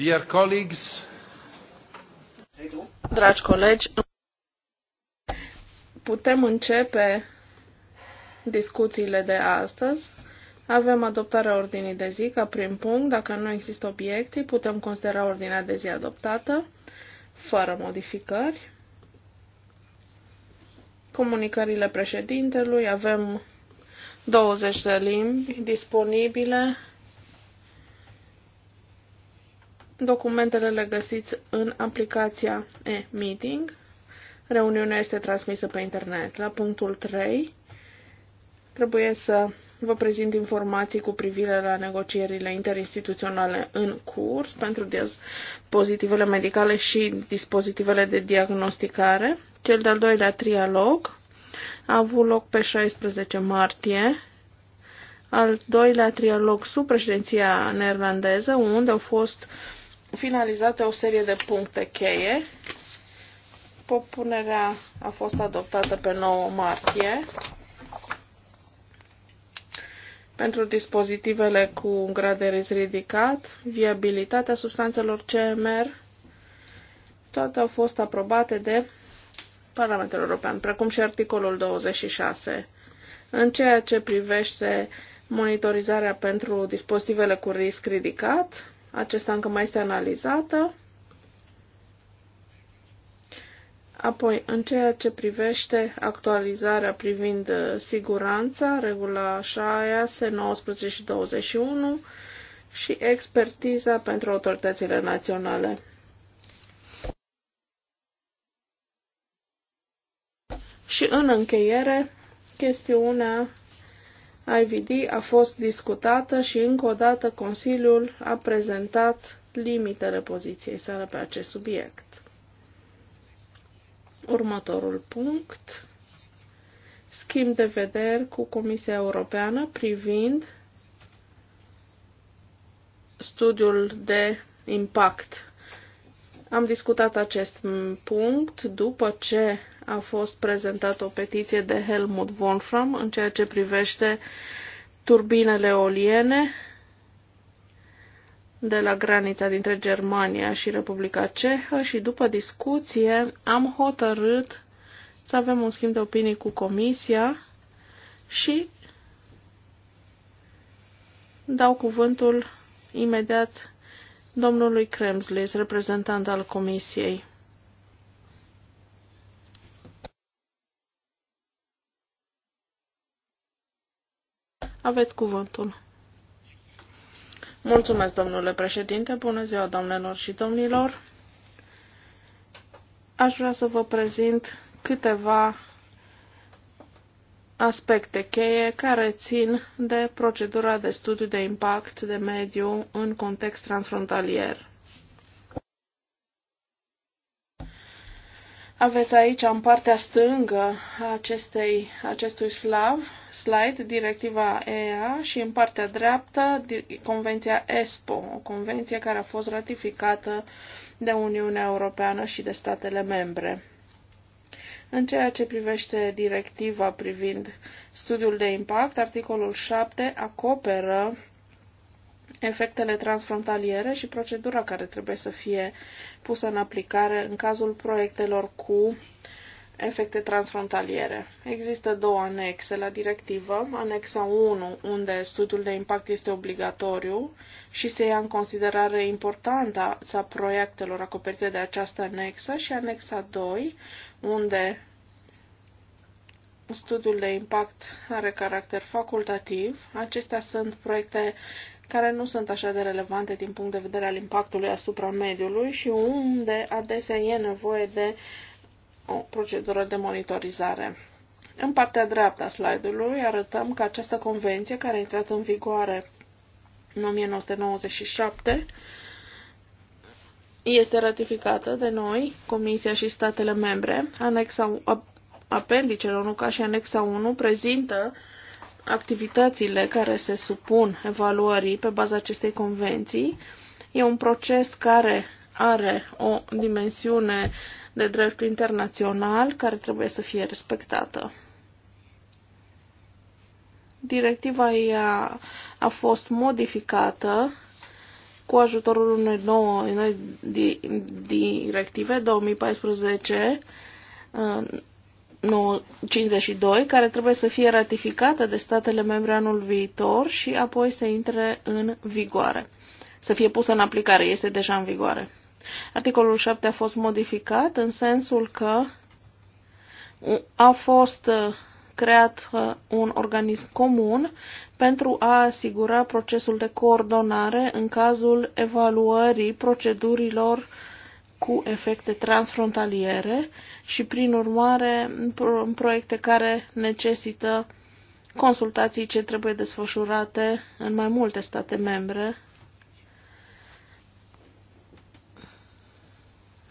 Dear colleagues, Dragi colegi, putem începe discuțiile de astăzi. Avem adoptarea ordinii de zi ca prim punct. Dacă nu există obiecții, putem considera ordinea de zi adoptată, fără modificări. Comunicările președintelui. Avem 20 de limbi disponibile Documentele le găsiți în aplicația e-meeting. Reuniunea este transmisă pe internet. La punctul 3 trebuie să vă prezint informații cu privire la negocierile interinstituționale în curs pentru dispozitivele medicale și dispozitivele de diagnosticare. Cel de-al doilea trialog a avut loc pe 16 martie. Al doilea trialog sub președinția neerlandeză, unde au fost uh, finalizate o serie de puncte cheie. Propunerea a fost adoptată pe 9 martie pentru dispozitivele cu un grad de risc ridicat, viabilitatea substanțelor CMR, toate au fost aprobate de Parlamentul European, precum și articolul 26. În ceea ce privește monitorizarea pentru dispozitivele cu risc ridicat, acesta încă mai este analizată. Apoi, în ceea ce privește actualizarea privind uh, siguranța, regula 6, 19 și 21 și expertiza pentru autoritățile naționale. Și în încheiere, chestiunea IVD a fost discutată și încă o dată Consiliul a prezentat limitele poziției sale pe acest subiect. Următorul punct. Schimb de vederi cu Comisia Europeană privind studiul de impact am discutat acest punct după ce a fost prezentată o petiție de Helmut Wolfram în ceea ce privește turbinele eoliene de la granița dintre Germania și Republica Cehă și după discuție am hotărât să avem un schimb de opinii cu Comisia și dau cuvântul imediat domnului Kremslis, reprezentant al Comisiei. Aveți cuvântul. Mulțumesc, domnule președinte. Bună ziua, doamnelor și domnilor. Aș vrea să vă prezint câteva aspecte cheie care țin de procedura de studiu de impact de mediu în context transfrontalier. Aveți aici, în partea stângă a acestei, acestui slav, slide, directiva EA și în partea dreaptă Convenția ESPO, o convenție care a fost ratificată de Uniunea Europeană și de statele membre. În ceea ce privește directiva privind studiul de impact, articolul 7 acoperă efectele transfrontaliere și procedura care trebuie să fie pusă în aplicare în cazul proiectelor cu efecte transfrontaliere. Există două anexe la directivă, anexa 1, unde studiul de impact este obligatoriu și se ia în considerare importanța proiectelor acoperite de această anexă și anexa 2, unde studiul de impact are caracter facultativ. Acestea sunt proiecte care nu sunt așa de relevante din punct de vedere al impactului asupra mediului și unde adesea e nevoie de uh, o procedură de monitorizare. În partea dreaptă a slide-ului arătăm că această convenție, care a intrat în vigoare în 1997, este ratificată de noi, Comisia și statele membre. Anexa, Apendicele 1 ca și anexa 1, prezintă activitățile care se supun evaluării pe baza acestei convenții. E un proces care are o dimensiune de drept internațional care trebuie să fie respectată. Directiva ea a fost modificată cu ajutorul unei nouă noi directive 2014 52, care trebuie să fie ratificată de statele membre anul viitor și apoi să intre în vigoare. Să fie pusă în aplicare, este deja în vigoare. Articolul 7 a fost modificat în sensul că a fost uh, creat uh, un organism comun pentru a asigura procesul de coordonare în cazul evaluării procedurilor cu efecte transfrontaliere și, prin urmare, proiecte care necesită consultații ce trebuie desfășurate în mai multe state membre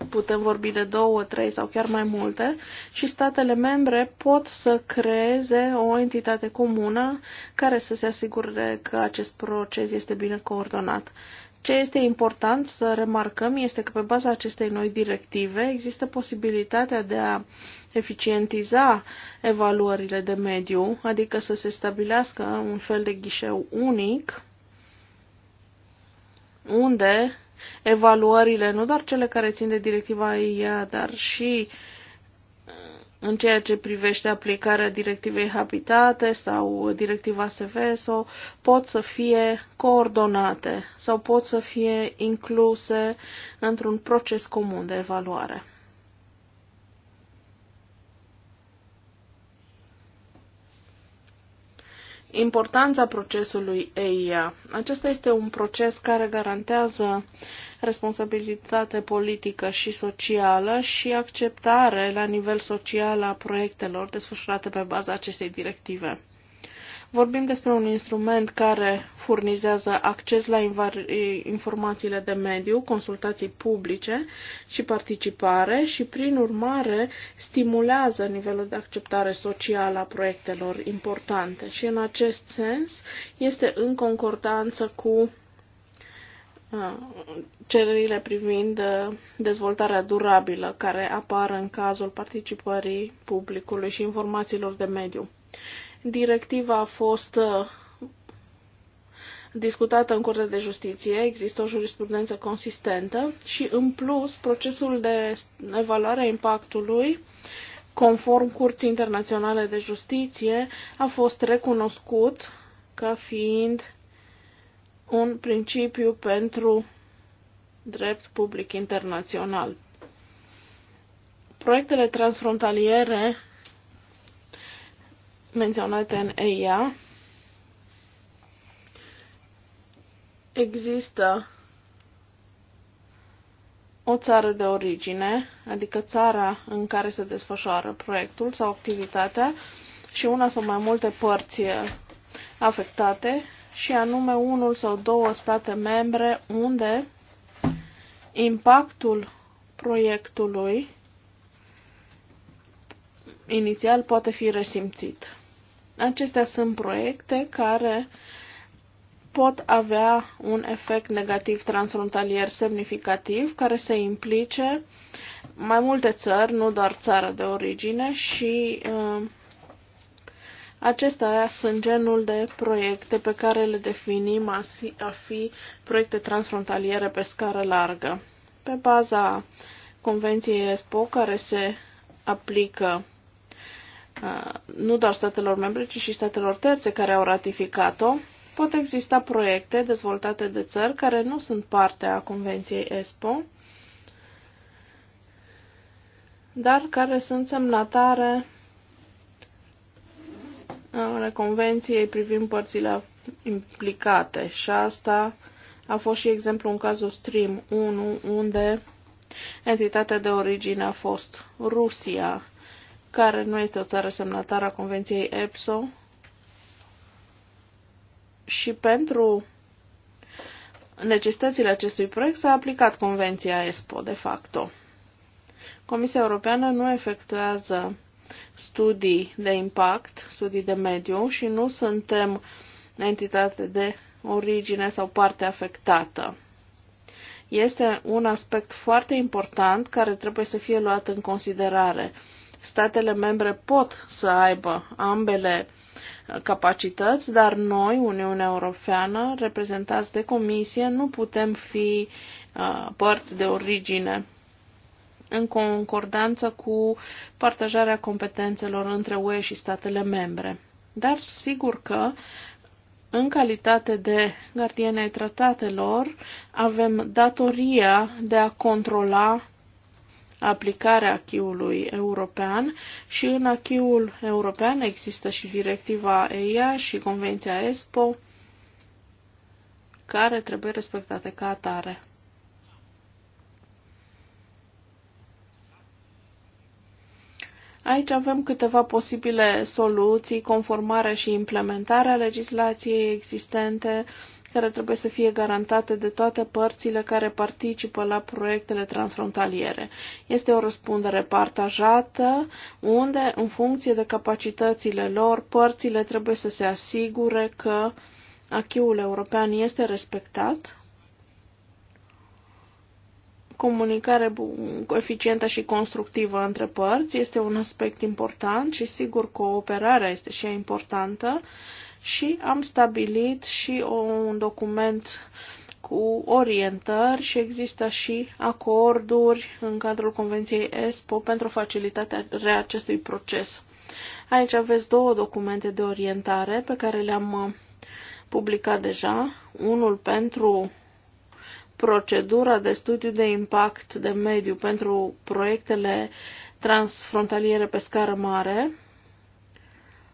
putem vorbi de două, trei sau chiar mai multe, și statele membre pot să creeze o entitate comună care să se asigure că acest proces este bine coordonat. Ce este important să remarcăm este că pe baza acestei noi directive există posibilitatea de a eficientiza evaluările de mediu, adică să se stabilească un fel de ghișeu unic unde evaluările, nu doar cele care țin de directiva EIA, dar și uh, în ceea ce privește aplicarea directivei Habitate sau directiva SVSO, pot să fie coordonate sau pot să fie incluse într-un proces comun de evaluare. importanța procesului EIA. Acesta este un proces care garantează responsabilitate politică și socială și acceptare la nivel social a proiectelor desfășurate pe baza acestei directive. Vorbim despre un instrument care furnizează acces la informațiile de mediu, consultații publice și participare și, prin urmare, stimulează nivelul de acceptare socială a proiectelor importante și, în acest sens, este în concordanță cu uh, cererile privind uh, dezvoltarea durabilă care apar în cazul participării publicului și informațiilor de mediu. Directiva a fost uh, discutată în Curtea de Justiție, există o jurisprudență consistentă și, în plus, procesul de evaluare a impactului, conform Curții Internaționale de Justiție, a fost recunoscut ca fiind un principiu pentru drept public internațional. Proiectele transfrontaliere menționate în EIA, există o țară de origine, adică țara în care se desfășoară proiectul sau activitatea, și una sau mai multe părți afectate, și anume unul sau două state membre unde impactul proiectului inițial poate fi resimțit. Acestea sunt proiecte care pot avea un efect negativ transfrontalier semnificativ care se implice mai multe țări, nu doar țara de origine și uh, Acestea sunt genul de proiecte pe care le definim a a fi proiecte transfrontaliere pe scară largă. Pe baza Convenției ESPO, care se aplică Uh, nu doar statelor membre, ci și statelor terțe care au ratificat-o, pot exista proiecte dezvoltate de țări care nu sunt parte a Convenției ESPO, dar care sunt semnatare ale Convenției privind părțile implicate. Și asta a fost și exemplu în cazul Stream 1, unde entitatea de origine a fost Rusia care nu este o țară semnatară a Convenției EPSO. Și pentru necesitățile acestui proiect s-a aplicat Convenția ESPO de facto. Comisia Europeană nu efectuează studii de impact, studii de mediu și nu suntem entitate de origine sau parte afectată. Este un aspect foarte important care trebuie să fie luat în considerare Statele membre pot să aibă ambele capacități, dar noi, Uniunea Europeană, reprezentați de Comisie, nu putem fi uh, părți de origine în concordanță cu partajarea competențelor între UE și statele membre. Dar sigur că, în calitate de gardiene ai tratatelor, avem datoria de a controla aplicarea achiului european și în achiul european există și directiva EIA și Convenția ESPO care trebuie respectate ca atare. Aici avem câteva posibile soluții, conformarea și implementarea legislației existente, care trebuie să fie garantate de toate părțile care participă la proiectele transfrontaliere. Este o răspundere partajată, unde, în funcție de capacitățile lor, părțile trebuie să se asigure că achiul european este respectat, comunicare eficientă și constructivă între părți este un aspect important și sigur cooperarea este și ea importantă și am stabilit și un document cu orientări și există și acorduri în cadrul Convenției ESPO pentru facilitarea acestui proces. Aici aveți două documente de orientare pe care le-am uh, publicat deja. Unul pentru procedura de studiu de impact de mediu pentru proiectele transfrontaliere pe scară mare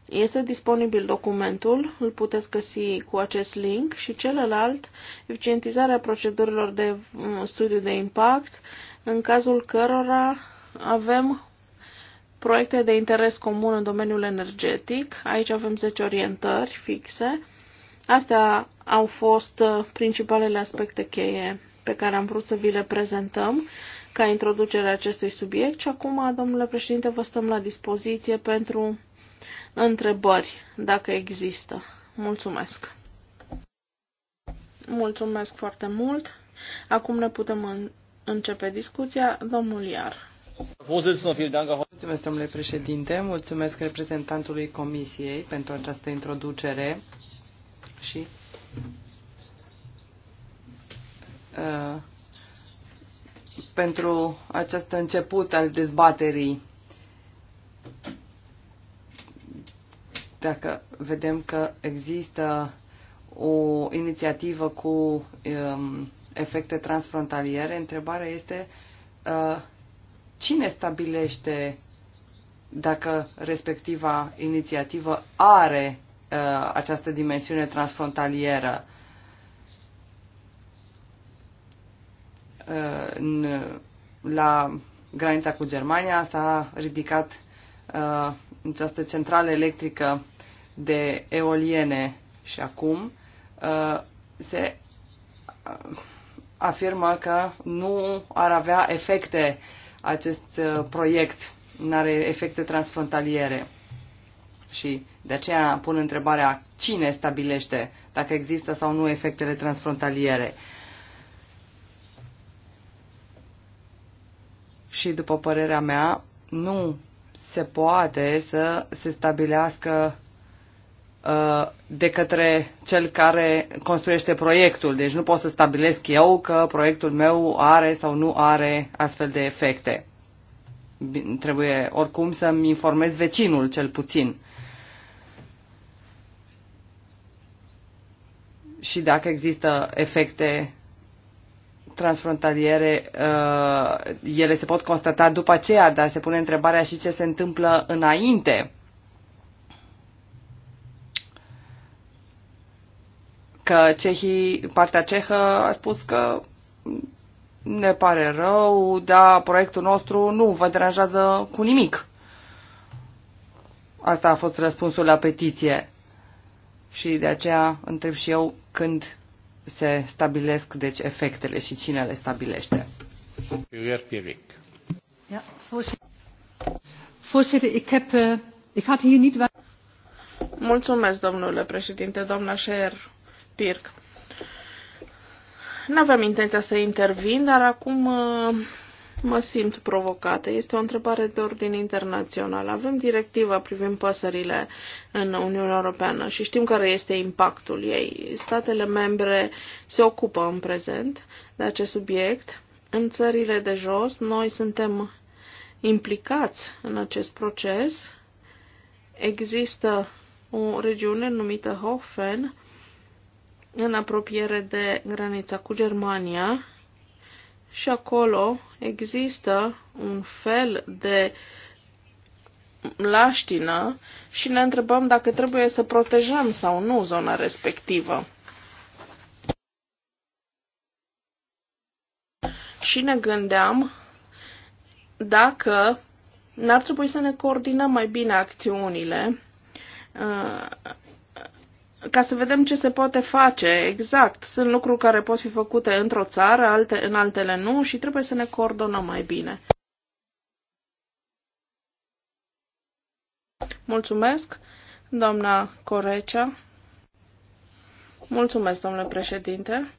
este disponibil documentul, îl puteți găsi cu acest link și celălalt, eficientizarea procedurilor de mm, studiu de impact, în cazul cărora avem proiecte de interes comun în domeniul energetic. Aici avem 10 orientări fixe. Astea au fost uh, principalele aspecte cheie pe care am vrut să vi le prezentăm ca introducerea acestui subiect și acum, domnule președinte, vă stăm la dispoziție pentru întrebări, dacă există. Mulțumesc! Mulțumesc foarte mult! Acum ne putem începe discuția. Domnul Iar. Mulțumesc, domnule președinte, mulțumesc reprezentantului Comisiei pentru această introducere și uh, pentru această început al dezbaterii dacă vedem că există o inițiativă cu um, efecte transfrontaliere, întrebarea este uh, cine stabilește dacă respectiva inițiativă are uh, această dimensiune transfrontalieră. Uh, la granița cu Germania s-a ridicat uh, această centrală electrică de eoliene și acum uh, se uh, afirmă că nu ar avea efecte acest uh, proiect, nu are efecte transfrontaliere. Și de aceea pun întrebarea cine stabilește dacă există sau nu efectele transfrontaliere. Și după părerea mea, nu se poate să se stabilească Uh, de către cel care construiește proiectul. Deci nu pot să stabilesc eu că proiectul meu are sau nu are astfel de efecte. Trebuie oricum să-mi informez vecinul cel puțin. Și dacă există efecte transfrontaliere, uh, ele se pot constata după aceea, dar se pune întrebarea și ce se întâmplă înainte că cehii, partea cehă a spus că ne pare rău, dar proiectul nostru nu vă deranjează cu nimic. Asta a fost răspunsul la petiție. Și de aceea întreb și eu când se stabilesc deci efectele și cine le stabilește. Eh, Mulțumesc, domnule președinte, doamna Scher Pirc. Nu aveam intenția să intervin, dar acum uh, mă simt provocată. Este o întrebare de ordin internațional. Avem directiva privind păsările în Uniunea Europeană și știm care este impactul ei. Statele membre se ocupă în prezent de acest subiect. În țările de jos, noi suntem implicați în acest proces. Există o regiune numită Hofen, în apropiere de granița cu Germania și acolo există un fel de laștină și ne întrebăm dacă trebuie să protejăm sau nu zona respectivă. Și ne gândeam dacă n-ar trebui să ne coordinăm mai bine acțiunile uh, ca să vedem ce se poate face exact. Sunt lucruri care pot fi făcute într-o țară, alte, în altele nu și trebuie să ne coordonăm mai bine. Mulțumesc, doamna Corecea. Mulțumesc, domnule președinte.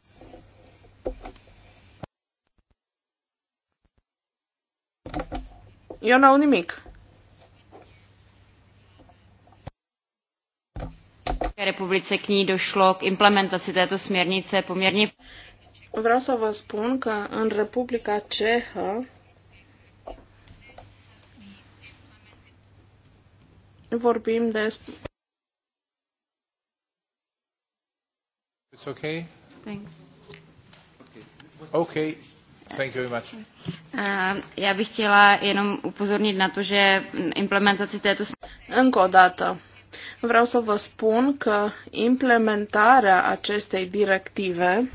Eu n-au nimic. české Republice k ní došlo k implementaci této směrnice poměrně... Vreau să vă spun că în Republica Cehă vorbim de... It's okay? Thanks. Okay. Thank you very much. Eh, já bych chtěla jenom upozornit na to, že implementaci této... Încă o dată. Vreau să vă spun că implementarea acestei directive,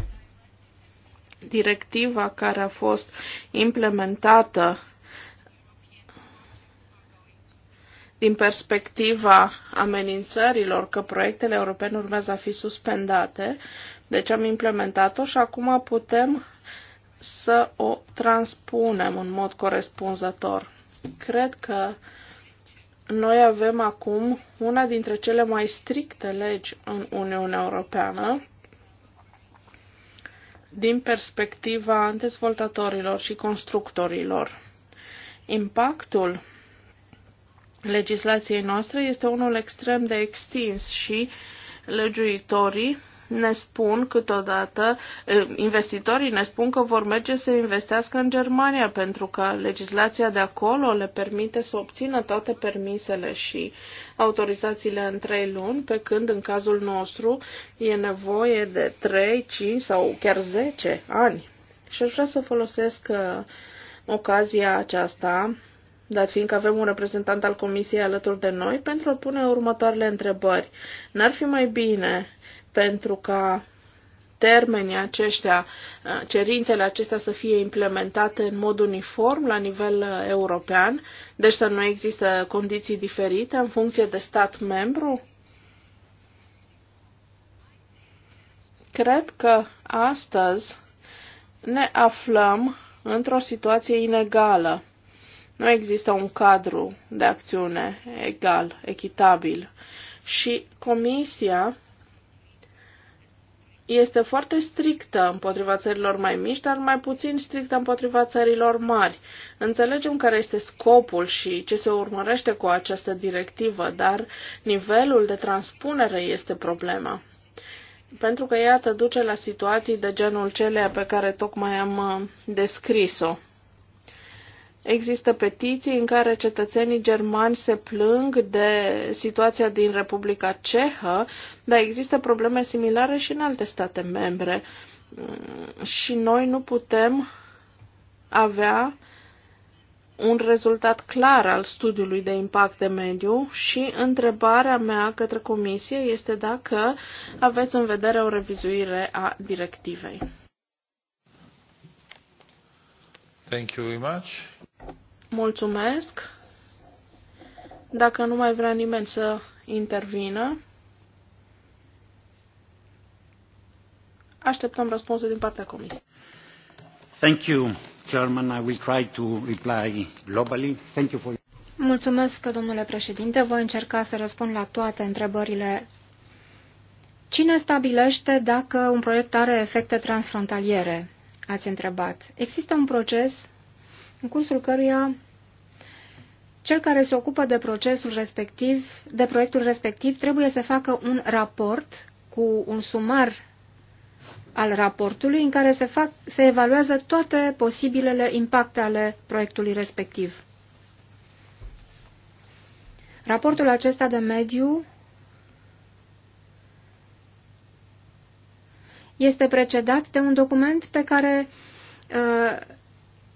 directiva care a fost implementată din perspectiva amenințărilor că proiectele europene urmează a fi suspendate, deci am implementat-o și acum putem să o transpunem în mod corespunzător. Cred că uh, noi avem acum una dintre cele mai stricte legi în Uniunea Europeană din perspectiva dezvoltatorilor și constructorilor. Impactul legislației noastre este unul extrem de extins și legiuitorii ne spun câteodată, investitorii ne spun că vor merge să investească în Germania pentru că legislația de acolo le permite să obțină toate permisele și autorizațiile în trei luni, pe când în cazul nostru e nevoie de 3, 5 sau chiar 10 ani. Și aș vrea să folosesc ocazia aceasta dat fiindcă avem un reprezentant al Comisiei alături de noi, pentru a pune următoarele întrebări. N-ar fi mai bine pentru ca termenii aceștia, cerințele acestea să fie implementate în mod uniform la nivel uh, european, deci să nu există condiții diferite în funcție de stat membru? Cred că astăzi ne aflăm într-o situație inegală. Nu există un cadru de acțiune egal, echitabil. Și Comisia este foarte strictă împotriva țărilor mai mici, dar mai puțin strictă împotriva țărilor mari. Înțelegem care este scopul și ce se urmărește cu această directivă, dar nivelul de transpunere este problema. Pentru că, iată, duce la situații de genul celea pe care tocmai am uh, descris-o. Există petiții în care cetățenii germani se plâng de situația din Republica Cehă, dar există probleme similare și în alte state membre. Mm, și noi nu putem avea un rezultat clar al studiului de impact de mediu și întrebarea mea către comisie este dacă aveți în vedere o revizuire a directivei. Thank you very much. Mulțumesc. Dacă nu mai vrea nimeni să intervină, așteptăm răspunsul din partea Comisiei. Thank you, Chairman. I will try to reply globally. Thank you for... Mulțumesc, domnule președinte. Voi încerca să răspund la toate întrebările. Cine stabilește dacă un proiect are efecte transfrontaliere? Ați întrebat. Există un proces în cursul căruia cel care se ocupă de procesul respectiv, de proiectul respectiv, trebuie să facă un raport cu un sumar al raportului în care se, fac, se evaluează toate posibilele impacte ale proiectului respectiv. Raportul acesta de mediu este precedat de un document pe care uh,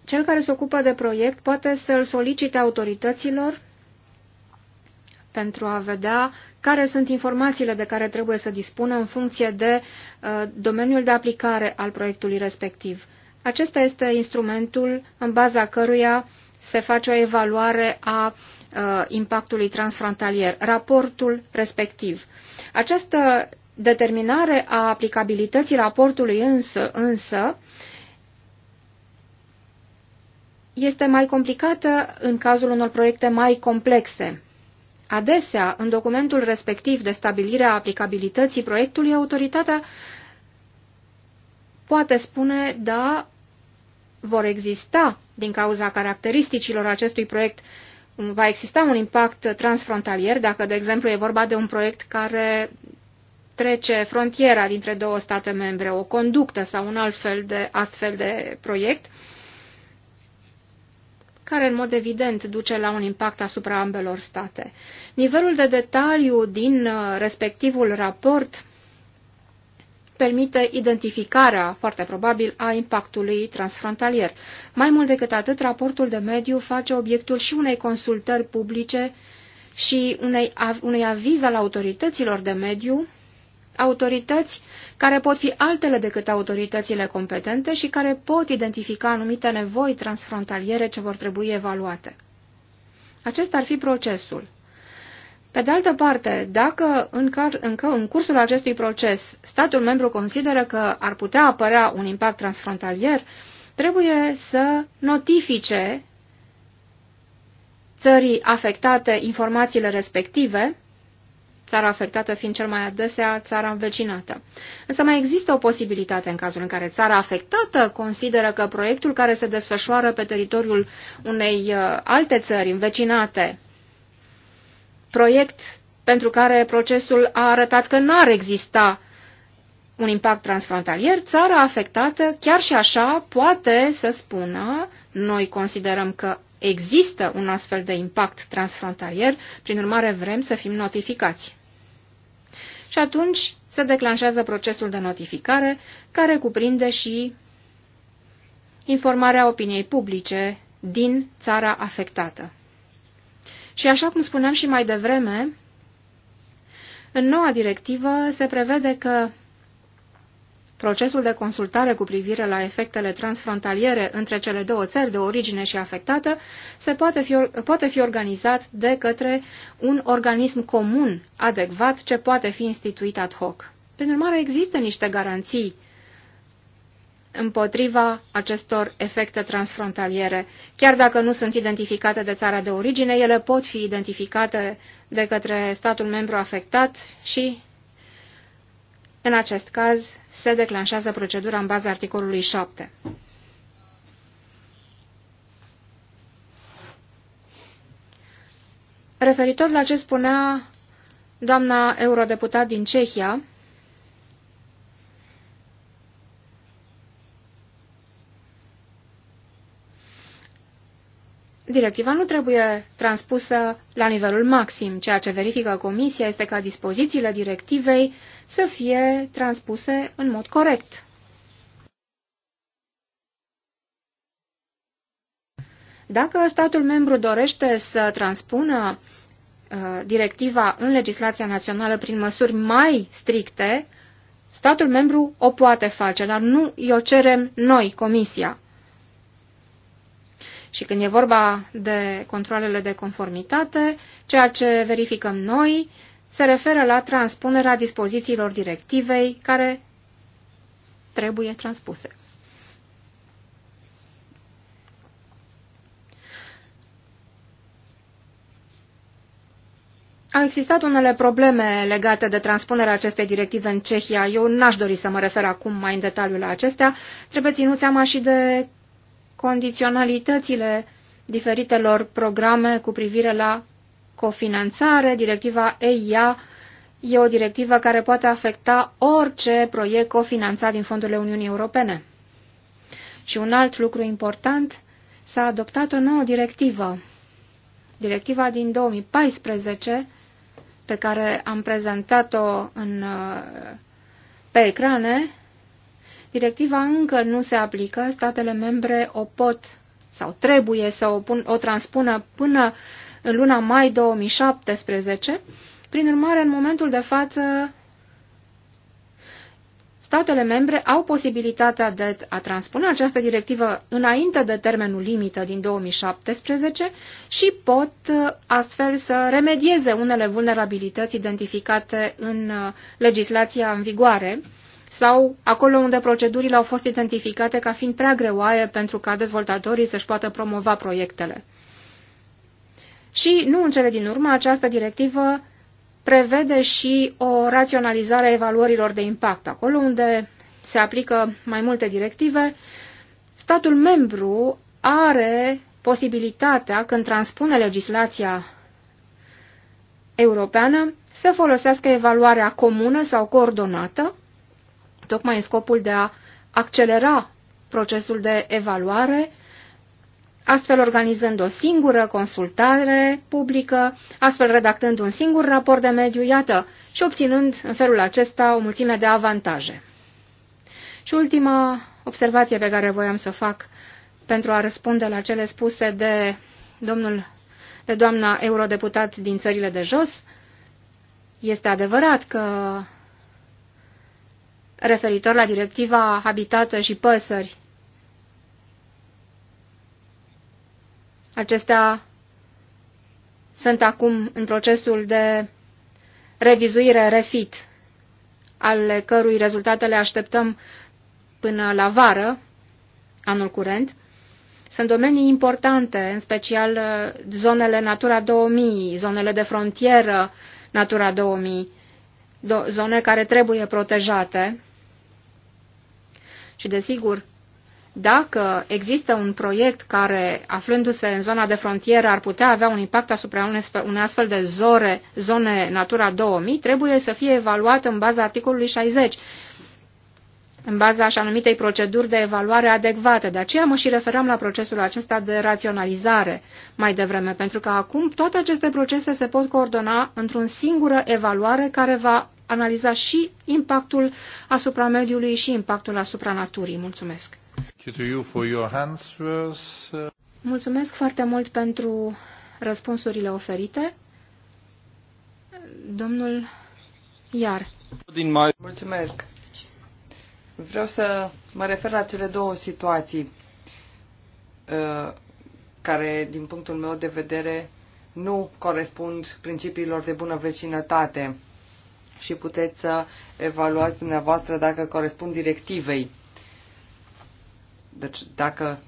cel care se ocupă de proiect poate să îl solicite autorităților pentru a vedea care sunt informațiile de care trebuie să dispună în funcție de uh, domeniul de aplicare al proiectului respectiv. Acesta este instrumentul în baza căruia se face o evaluare a uh, impactului transfrontalier, raportul respectiv. Această determinare a aplicabilității raportului însă, însă uh, este mai complicată în cazul unor proiecte mai complexe. Adesea, în documentul respectiv de stabilire a aplicabilității proiectului, autoritatea poate spune, da, vor exista, din cauza caracteristicilor acestui proiect, va exista un impact transfrontalier, dacă, de exemplu, e vorba de un proiect care trece frontiera dintre două state membre, o conductă sau un alt fel de, astfel de proiect, care în mod evident duce la un impact asupra ambelor state. Nivelul de detaliu din uh, respectivul raport permite identificarea, foarte probabil, a impactului transfrontalier. Mai mult decât atât, raportul de mediu face obiectul și unei consultări publice și unei, unei aviz al autorităților de mediu autorități care pot fi altele decât autoritățile competente și care pot identifica anumite nevoi transfrontaliere ce vor trebui evaluate. Acesta ar fi procesul. Pe de altă parte, dacă în, car, în, în cursul acestui proces statul membru consideră că ar putea apărea un impact transfrontalier, trebuie să notifice țării afectate informațiile respective țara afectată fiind cel mai adesea țara învecinată. Însă mai există o posibilitate în cazul în care țara afectată consideră că proiectul care se desfășoară pe teritoriul unei uh, alte țări învecinate, proiect pentru care procesul a arătat că n-ar exista un impact transfrontalier, țara afectată chiar și așa poate să spună, noi considerăm că există un astfel de impact transfrontalier, prin urmare vrem să fim notificați. Și atunci se declanșează procesul de notificare, care cuprinde și informarea opiniei publice din țara afectată. Și așa cum spuneam și mai devreme, în noua directivă se prevede că Procesul de consultare cu privire la efectele transfrontaliere între cele două țări de origine și afectată se poate fi, poate fi organizat de către un organism comun adecvat ce poate fi instituit ad hoc. Prin urmare, există niște garanții împotriva acestor efecte transfrontaliere. Chiar dacă nu sunt identificate de țara de origine, ele pot fi identificate de către statul membru afectat și în acest caz, se declanșează procedura în baza articolului 7. Referitor la ce spunea doamna eurodeputat din Cehia, Directiva nu trebuie transpusă la nivelul maxim. Ceea ce verifică Comisia este ca dispozițiile directivei să fie transpuse în mod corect. Dacă statul membru dorește să transpună uh, directiva în legislația națională prin măsuri mai stricte, statul membru o poate face, dar nu i-o cerem noi, Comisia. Și când e vorba de controlele de conformitate, ceea ce verificăm noi se referă la transpunerea dispozițiilor directivei care trebuie transpuse. Au existat unele probleme legate de transpunerea acestei directive în Cehia. Eu n-aș dori să mă refer acum mai în detaliu la acestea. Trebuie ținut seama și de condiționalitățile diferitelor programe cu privire la cofinanțare. Directiva EIA e o directivă care poate afecta orice proiect cofinanțat din fondurile Uniunii Europene. Și un alt lucru important, s-a adoptat o nouă directivă. Directiva din 2014, pe care am prezentat-o în, pe ecrane, Directiva încă nu se aplică, statele membre o pot sau trebuie să o, pun, o transpună până în luna mai 2017. Prin urmare, în momentul de față, statele membre au posibilitatea de a transpune această directivă înainte de termenul limită din 2017 și pot uh, astfel să remedieze unele vulnerabilități identificate în uh, legislația în vigoare, sau acolo unde procedurile au fost identificate ca fiind prea greoaie pentru ca dezvoltatorii să-și poată promova proiectele. Și, nu în cele din urmă, această directivă prevede și o raționalizare a evaluărilor de impact. Acolo unde se aplică mai multe directive, statul membru are posibilitatea, când transpune legislația europeană, să folosească evaluarea comună sau coordonată tocmai în scopul de a accelera procesul de evaluare, astfel organizând o singură consultare publică, astfel redactând un singur raport de mediu, iată, și obținând în felul acesta o mulțime de avantaje. Și ultima observație pe care voiam să o fac pentru a răspunde la cele spuse de domnul de doamna eurodeputat din țările de jos, este adevărat că referitor la directiva Habitată și Păsări. Acestea sunt acum în procesul de revizuire refit, ale cărui rezultate le așteptăm până la vară, anul curent. Sunt domenii importante, în special uh, zonele Natura 2000, zonele de frontieră Natura 2000, zone care trebuie protejate și desigur, dacă există un proiect care, aflându-se în zona de frontieră, ar putea avea un impact asupra unei astfel de zore, zone Natura 2000, trebuie să fie evaluat în baza articolului 60, în baza așa numitei proceduri de evaluare adecvate. De aceea mă și referam la procesul acesta de raționalizare mai devreme, pentru că acum toate aceste procese se pot coordona într-o singură evaluare care va analiza și impactul asupra mediului și impactul asupra naturii. Mulțumesc! Mulțumesc foarte mult pentru răspunsurile oferite. Domnul Iar. Mulțumesc. Vreau să mă refer la cele două situații uh, care, din punctul meu de vedere, nu corespund principiilor de bună vecinătate și puteți să evaluați dumneavoastră dacă corespund directivei. Deci dacă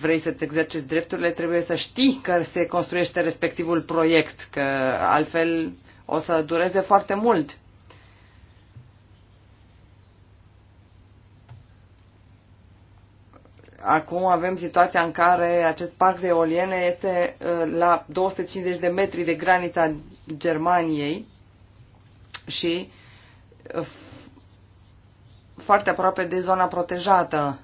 vrei să-ți exerciți drepturile, trebuie să știi că se construiește respectivul proiect, că altfel o să dureze foarte mult. Acum avem situația în care acest parc de eoliene este uh, la 250 de metri de granița Germaniei și uh, foarte aproape de zona protejată.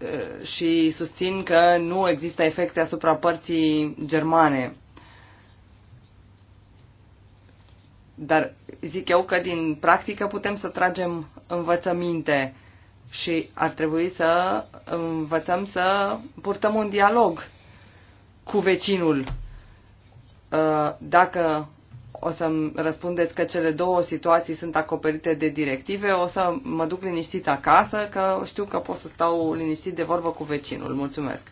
Uh, și susțin că nu există efecte asupra părții germane. Dar zic eu că din practică putem să tragem învățăminte și ar trebui să învățăm să purtăm un dialog cu vecinul Uh, dacă o să răspundeți că cele două situații sunt acoperite de directive, o să mă duc liniștit acasă, că știu că pot să stau liniștit de vorbă cu vecinul. Mulțumesc!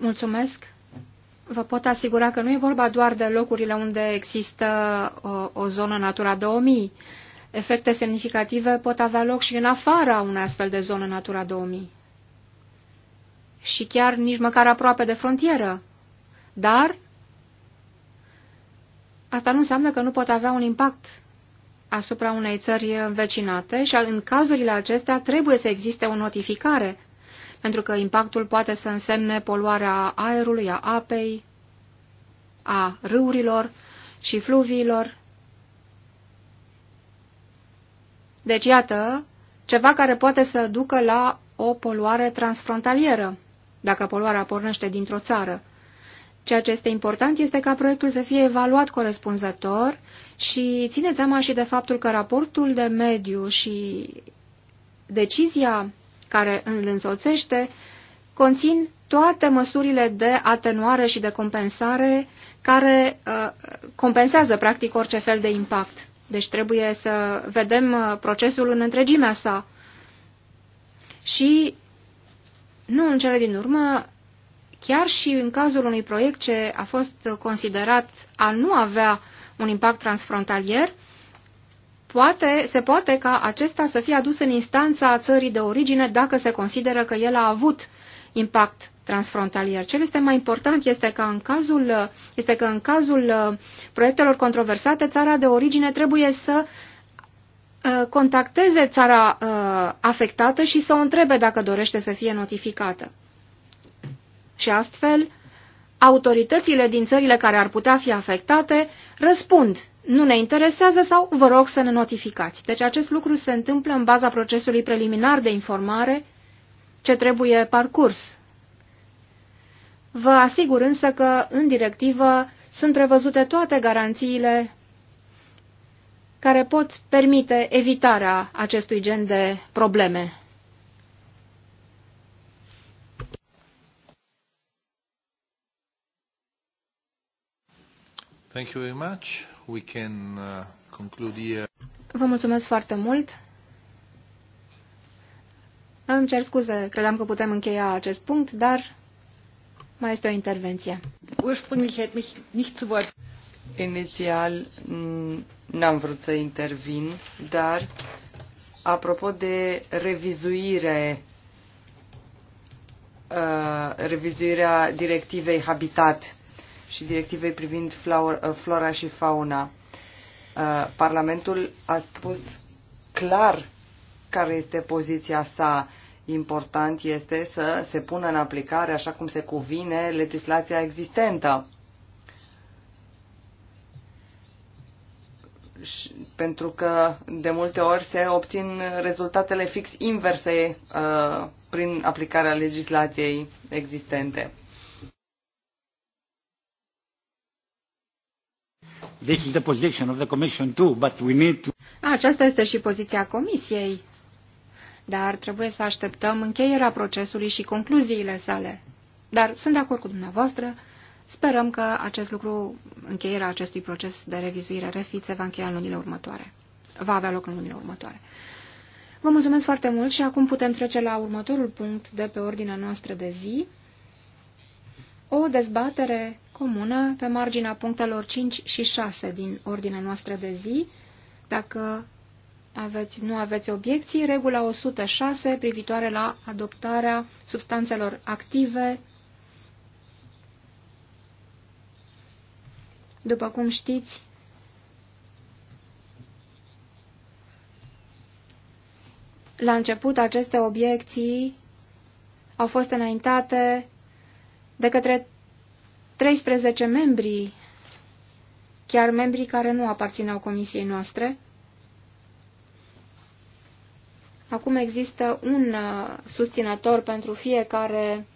Mulțumesc! Vă pot asigura că nu e vorba doar de locurile unde există o, uh, o zonă Natura 2000. Efecte semnificative pot avea loc și în afara unei astfel de zonă Natura 2000. Și chiar nici măcar aproape de frontieră dar asta nu înseamnă că nu pot avea un impact asupra unei țări învecinate și în cazurile acestea trebuie să existe o notificare, pentru că impactul poate să însemne poluarea aerului, a apei, a râurilor și fluviilor. Deci, iată, ceva care poate să ducă la o poluare transfrontalieră, dacă poluarea pornește dintr-o țară. Ceea ce este important este ca proiectul să fie evaluat corespunzător și țineți seama și de faptul că raportul de mediu și decizia care îl însoțește conțin toate măsurile de atenuare și de compensare care uh, compensează practic orice fel de impact. Deci trebuie să vedem uh, procesul în întregimea sa. Și, nu în cele din urmă, chiar și în cazul unui proiect ce a fost considerat a nu avea un impact transfrontalier, poate, se poate ca acesta să fie adus în instanța țării de origine dacă se consideră că el a avut impact transfrontalier. Cel este mai important este că în cazul, este că în cazul uh, proiectelor controversate, țara de origine trebuie să uh, contacteze țara uh, afectată și să o întrebe dacă dorește să fie notificată. Și astfel, autoritățile din țările care ar putea fi afectate răspund, nu ne interesează sau vă rog să ne notificați. Deci acest lucru se întâmplă în baza procesului preliminar de informare ce trebuie parcurs. Vă asigur însă că în directivă sunt prevăzute toate garanțiile care pot permite evitarea acestui gen de probleme. Thank you very much. We can uh, conclude here. Vă mulțumesc foarte mult. Îmi cer scuze, credeam că putem încheia acest punct, dar mai este o intervenție. Ursprünglich hätte mich nicht zu Wort. Inițial n-am vrut să intervin, dar apropo de revizuire uh, revizuirea directivei Habitat și directivei privind uh, flora și fauna. Uh, Parlamentul a spus clar care este poziția sa. Important este să se pună în aplicare, așa cum se cuvine, legislația existentă. pentru că de multe ori se obțin rezultatele fix inverse uh, prin aplicarea legislației existente. This is the position of the Commission too, but we need to... Aceasta este și poziția Comisiei, dar trebuie să așteptăm încheierea procesului și concluziile sale. Dar sunt de acord cu dumneavoastră, sperăm că acest lucru, încheierea acestui proces de revizuire refit se va încheia în lunile următoare. Va avea loc în lunile următoare. Vă mulțumesc foarte mult și acum putem trece la următorul punct de pe ordinea noastră de zi o dezbatere comună pe marginea punctelor 5 și 6 din ordinea noastră de zi. Dacă aveți, nu aveți obiecții, regula 106 privitoare la adoptarea substanțelor active. După cum știți, la început aceste obiecții au fost înaintate de către 13 membri, chiar membrii care nu aparțineau comisiei noastre. Acum există un uh, susținător pentru fiecare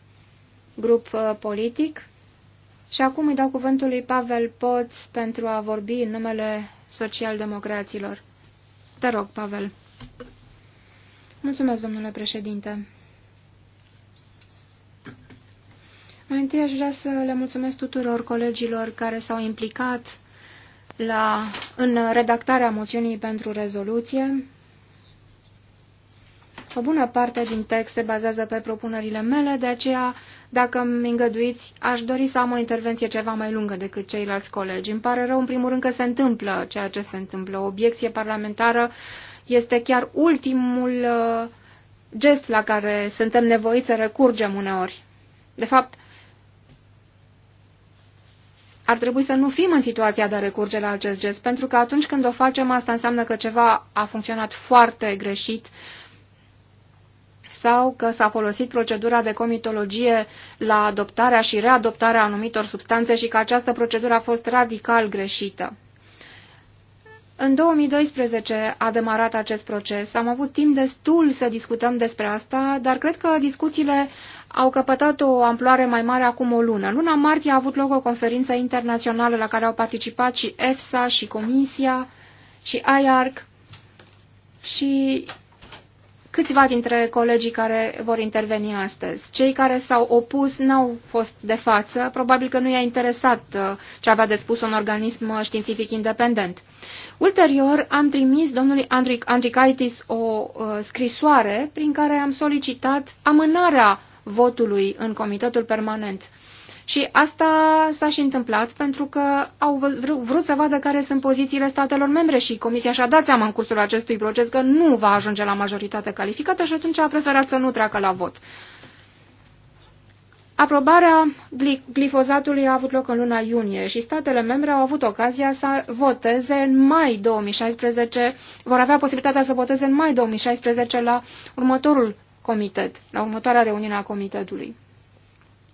grup uh, politic și acum îi dau cuvântul lui Pavel Poț pentru a vorbi în numele socialdemocraților. Te rog, Pavel. Mulțumesc, domnule președinte. Mai întâi aș vrea să le mulțumesc tuturor colegilor care s-au implicat la, în redactarea moțiunii pentru rezoluție. O bună parte din text se bazează pe propunerile mele, de aceea, dacă îmi îngăduiți, aș dori să am o intervenție ceva mai lungă decât ceilalți colegi. Îmi pare rău, în primul rând, că se întâmplă ceea ce se întâmplă. O obiecție parlamentară este chiar ultimul uh, gest la care suntem nevoiți să recurgem uneori. De fapt, ar trebui să nu fim în situația de a recurge la acest gest, pentru că atunci când o facem, asta înseamnă că ceva a funcționat foarte greșit sau că s-a folosit procedura de comitologie la adoptarea și readoptarea anumitor substanțe și că această procedură a fost radical greșită. În 2012 a demarat acest proces. Am avut timp destul să discutăm despre asta, dar cred că discuțiile au căpătat o amploare mai mare acum o lună. În luna martie a avut loc o conferință internațională la care au participat și EFSA, și Comisia, și IARC, și câțiva dintre colegii care vor interveni astăzi. Cei care s-au opus n-au fost de față, probabil că nu i-a interesat uh, ce avea de spus un organism uh, științific independent. Ulterior, am trimis domnului Andricaitis o uh, scrisoare prin care am solicitat amânarea votului în comitetul permanent. Și asta s-a și întâmplat pentru că au vrut să vadă care sunt pozițiile statelor membre și Comisia și-a dat seama în cursul acestui proces că nu va ajunge la majoritate calificată și atunci a preferat să nu treacă la vot. Aprobarea glifozatului a avut loc în luna iunie și statele membre au avut ocazia să voteze în mai 2016, vor avea posibilitatea să voteze în mai 2016 la următorul comitet, la următoarea reuniune a comitetului.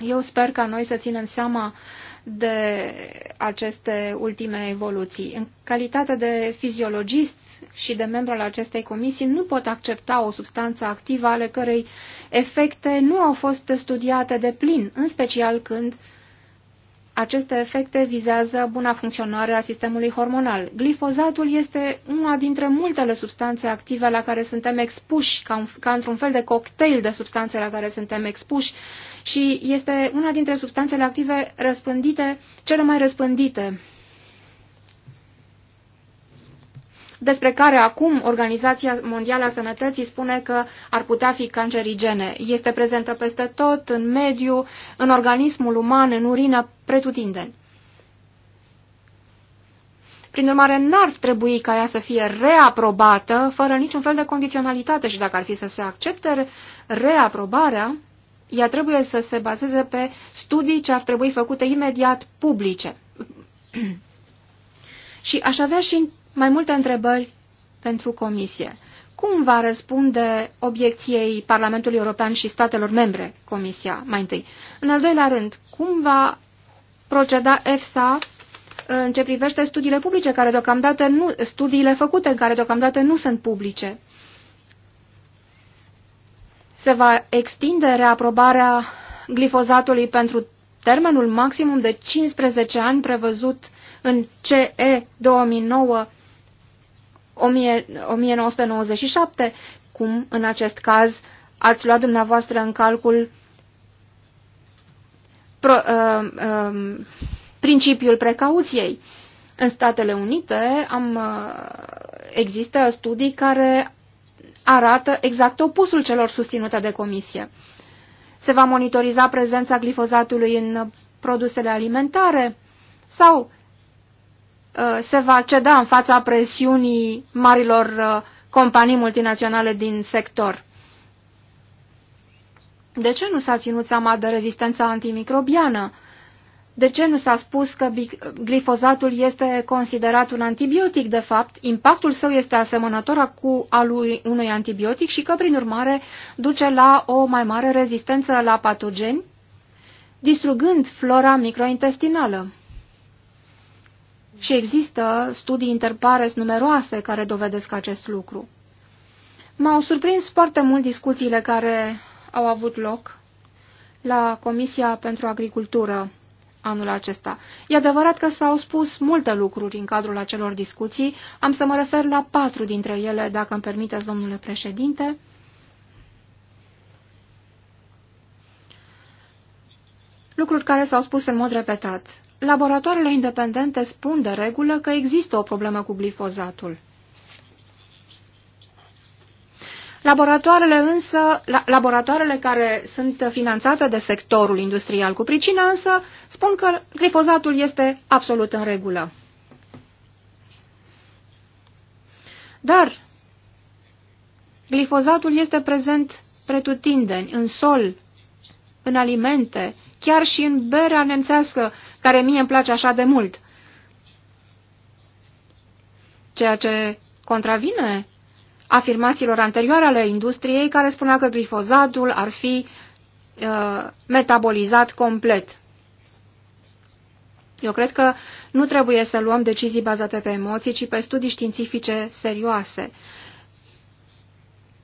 Eu sper ca noi să ținem seama de aceste ultime evoluții. În calitate de fiziologist și de membru al acestei comisii, nu pot accepta o substanță activă ale cărei efecte nu au fost studiate de plin, în special când uh, aceste efecte vizează buna funcționare a sistemului hormonal. Glifozatul este una dintre multele substanțe active la care suntem expuși, ca, un, ca într-un fel de cocktail de substanțe la care suntem expuși și este una dintre substanțele active răspândite, cele mai răspândite despre care acum Organizația Mondială a Sănătății spune că ar putea fi cancerigene. Este prezentă peste tot, în mediu, în organismul uman, în urină, pretutindeni. Prin urmare, n-ar trebui ca ea să fie reaprobată fără niciun fel de condiționalitate și dacă ar fi să se accepte reaprobarea, ea trebuie să se bazeze pe studii ce ar trebui făcute imediat publice. și aș avea și mai multe întrebări pentru Comisie. Cum va răspunde obiecției Parlamentului European și statelor membre Comisia mai întâi? În al doilea rând, cum va proceda EFSA în ce privește studiile publice, care deocamdată nu, studiile făcute, care deocamdată nu sunt publice? Se va extinde reaprobarea glifozatului pentru termenul maximum de 15 ani prevăzut în CE 2009 1997, cum în acest caz ați luat dumneavoastră în calcul pro, uh, uh, principiul precauției. În Statele Unite am, uh, există studii care arată exact opusul celor susținute de comisie. Se va monitoriza prezența glifozatului în produsele alimentare sau Uh, se va ceda în fața presiunii marilor uh, companii multinaționale din sector. De ce nu s-a ținut seama de rezistența antimicrobiană? De ce nu s-a spus că glifozatul este considerat un antibiotic, de fapt, impactul său este asemănător cu al unui antibiotic și că, prin urmare, duce la o mai mare rezistență la patogeni, distrugând flora microintestinală? Și există studii interpares numeroase care dovedesc acest lucru. M-au surprins foarte mult discuțiile care au avut loc la Comisia pentru Agricultură anul acesta. E adevărat că s-au spus multe lucruri în cadrul acelor discuții, am să mă refer la patru dintre ele, dacă îmi permiteți, domnule președinte. Lucruri care s-au spus în mod repetat. Laboratoarele independente spun de regulă că există o problemă cu glifozatul. Laboratoarele însă, la, laboratoarele care sunt finanțate de sectorul industrial cu pricina însă, spun că glifozatul este absolut în regulă. Dar glifozatul este prezent pretutindeni, în sol, în alimente, chiar și în berea nemțească care mie îmi place așa de mult. Ceea ce contravine afirmațiilor anterioare ale industriei care spunea că glifozatul ar fi uh, metabolizat complet. Eu cred că nu trebuie să luăm decizii bazate pe emoții, ci pe studii științifice serioase.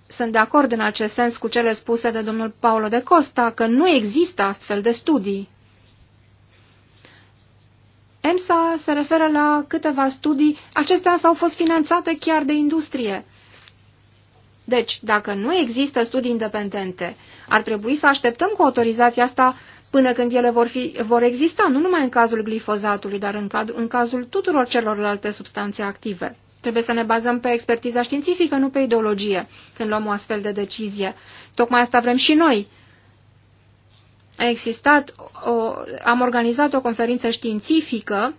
Sunt de acord în acest sens cu cele spuse de domnul Paolo de Costa, că nu există astfel de studii. EMSA se referă la câteva studii, acestea s-au fost finanțate chiar de industrie. Deci, dacă nu există studii independente, ar trebui să așteptăm cu autorizația asta până când ele vor, fi, vor exista, nu numai în cazul glifozatului, dar în, cad, în cazul tuturor celorlalte substanțe active. Trebuie să ne bazăm pe expertiza științifică, nu pe ideologie, când luăm o astfel de decizie. Tocmai asta vrem și noi, a existat o, am organizat o conferință științifică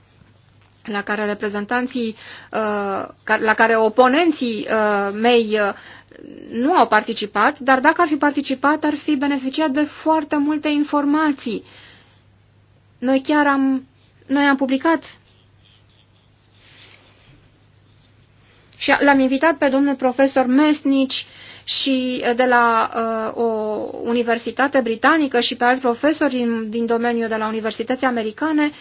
la care reprezentanții, uh, la care oponenții uh, mei uh, nu au participat, dar dacă ar fi participat, ar fi beneficiat de foarte multe informații. Noi chiar am, noi am publicat și l-am invitat pe domnul profesor Mesnici uh, și eh, de la uh, o universitate britanică și pe alți profesori din, din domeniul de la universități americane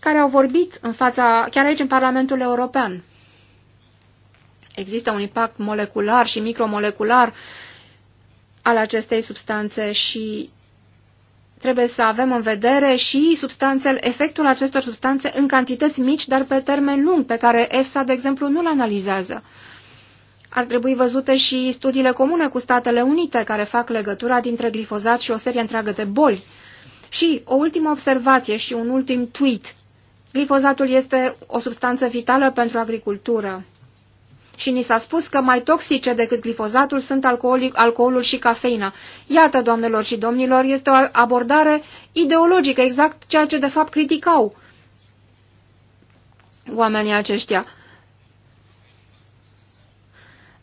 care au vorbit în fața, chiar aici în Parlamentul European. Există un impact molecular și micromolecular al acestei substanțe și trebuie să avem în vedere și substanțele, efectul acestor substanțe în cantități mici, dar pe termen lung, pe care EFSA, de exemplu, nu-l analizează. Ar trebui văzute și studiile comune cu Statele Unite care fac legătura dintre glifozat și o serie întreagă de boli. Și o ultimă observație și un ultim tweet. Glifozatul este o substanță vitală pentru agricultură. Și ni s-a spus că mai toxice decât glifozatul sunt alcoolul și cafeina. Iată, doamnelor și domnilor, este o abordare ideologică, exact ceea ce de fapt criticau oamenii aceștia.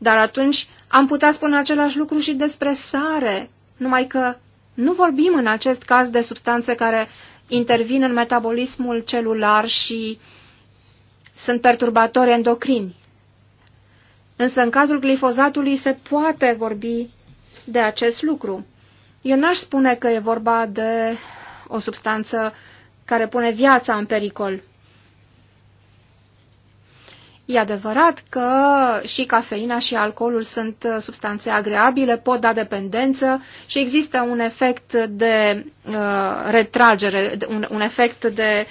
Dar atunci am putea spune același lucru și despre sare, numai că nu vorbim în acest caz de substanțe care intervin în metabolismul celular și sunt perturbatori endocrini. Însă în cazul glifozatului se poate vorbi de acest lucru. Eu n-aș spune că e vorba de o substanță care pune viața în pericol. E adevărat că și cafeina și alcoolul sunt substanțe agreabile, pot da dependență și există un efect de uh, retragere, un, un efect de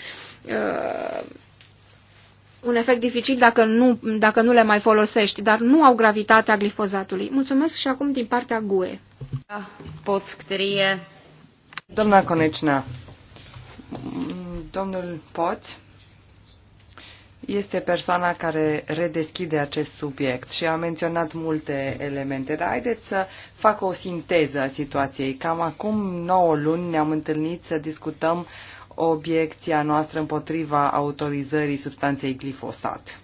uh, un efect dificil dacă nu, dacă nu le mai folosești, dar nu au gravitatea glifozatului. Mulțumesc și acum din partea GUE. Poți scrie. Doamna Conecina, domnul Poți este persoana care redeschide acest subiect și a menționat multe elemente, dar haideți să fac o sinteză a situației. Cam acum 9 luni ne-am întâlnit să discutăm obiecția noastră împotriva autorizării substanței glifosat.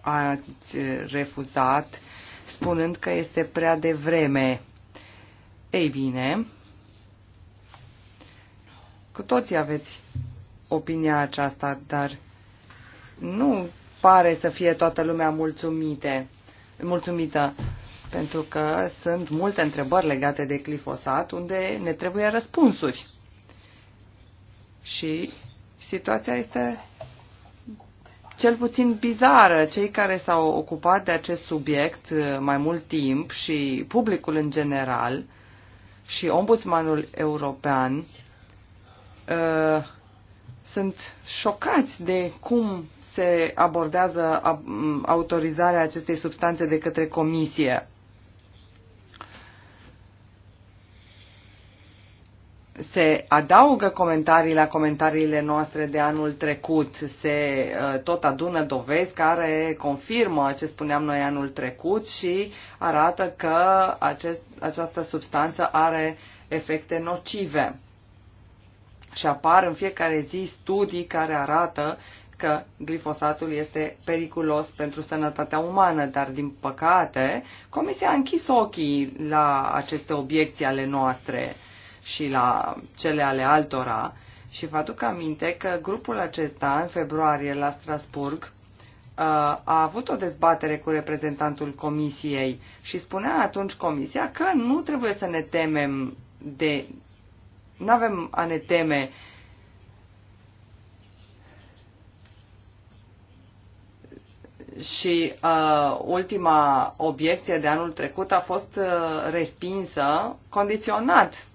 Ați refuzat spunând că este prea devreme. Ei bine, cu toții aveți opinia aceasta, dar nu pare să fie toată lumea mulțumite, mulțumită, pentru că sunt multe întrebări legate de glifosat unde ne trebuie răspunsuri. Și situația este cel puțin bizară. Cei care s-au ocupat de acest subiect uh, mai mult timp și publicul în general și ombudsmanul european uh, sunt șocați de cum se abordează autorizarea acestei substanțe de către comisie. se adaugă comentarii la comentariile noastre de anul trecut, se uh, tot adună dovezi care confirmă ce spuneam noi anul trecut și arată că acest, această substanță are efecte nocive și apar în fiecare zi studii care arată că glifosatul este periculos pentru sănătatea umană, dar din păcate Comisia a închis ochii la aceste obiecții ale noastre și la cele ale altora și vă aduc aminte că grupul acesta în februarie la Strasburg uh, a avut o dezbatere cu reprezentantul Comisiei și spunea atunci Comisia că nu trebuie să ne temem de nu avem a ne teme și uh, ultima obiecție de anul trecut a fost uh, respinsă condiționat.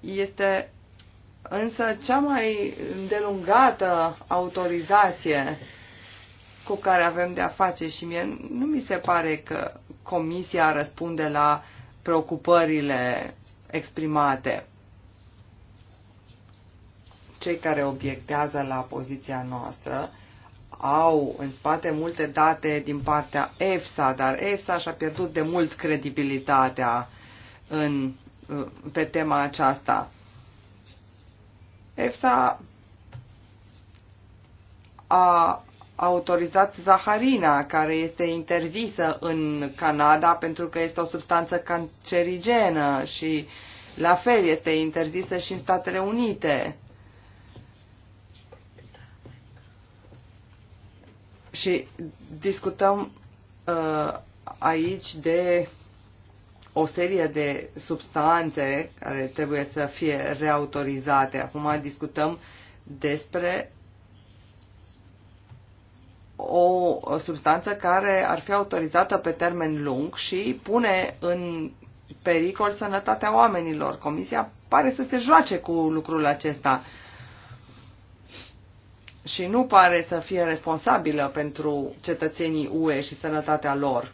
Este însă cea mai îndelungată autorizație cu care avem de a face și mie nu mi se pare că comisia răspunde la preocupările exprimate. Cei care obiectează la poziția noastră au în spate multe date din partea EFSA, dar EFSA și-a pierdut de mult credibilitatea în, pe tema aceasta. EFSA a autorizat zaharina, care este interzisă în Canada pentru că este o substanță cancerigenă și la fel este interzisă și în Statele Unite. Și discutăm uh, aici de o serie de substanțe care trebuie să fie reautorizate. Acum discutăm despre o substanță care ar fi autorizată pe termen lung și pune în pericol sănătatea oamenilor. Comisia pare să se joace cu lucrul acesta și nu pare să fie responsabilă pentru cetățenii UE și sănătatea lor.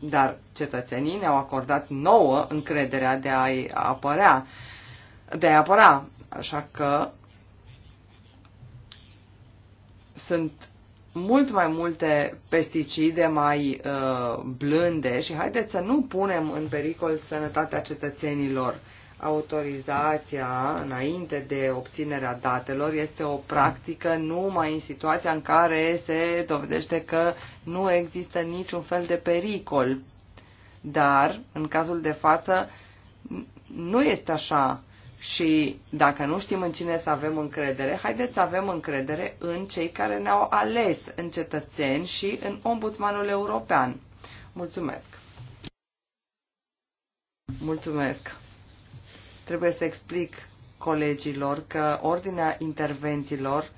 Dar cetățenii ne-au acordat nouă încrederea de a-i apărea, de a apăra. Așa că sunt mult mai multe pesticide mai uh, blânde și haideți să nu punem în pericol sănătatea cetățenilor. Autorizația înainte de obținerea datelor este o practică numai în situația în care se dovedește că nu există niciun fel de pericol. Dar, în cazul de față, nu este așa și dacă nu știm în cine să avem încredere, haideți să avem încredere în cei care ne-au ales, în cetățeni și în ombudsmanul european. Mulțumesc! Mulțumesc! Trebuie să explic colegilor că ordinea intervențiilor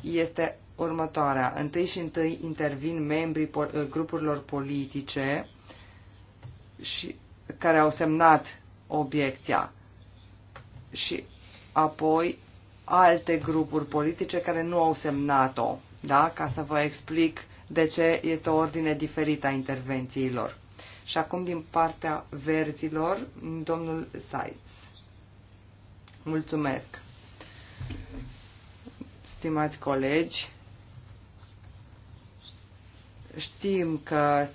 este următoarea. Întâi și întâi intervin membrii grupurilor politice și care au semnat obiecția și apoi alte grupuri politice care nu au semnat-o, da? ca să vă explic de ce este o ordine diferită a intervențiilor. Și acum din partea verzilor, domnul Saiz. Mulțumesc. Stimați colegi, știm că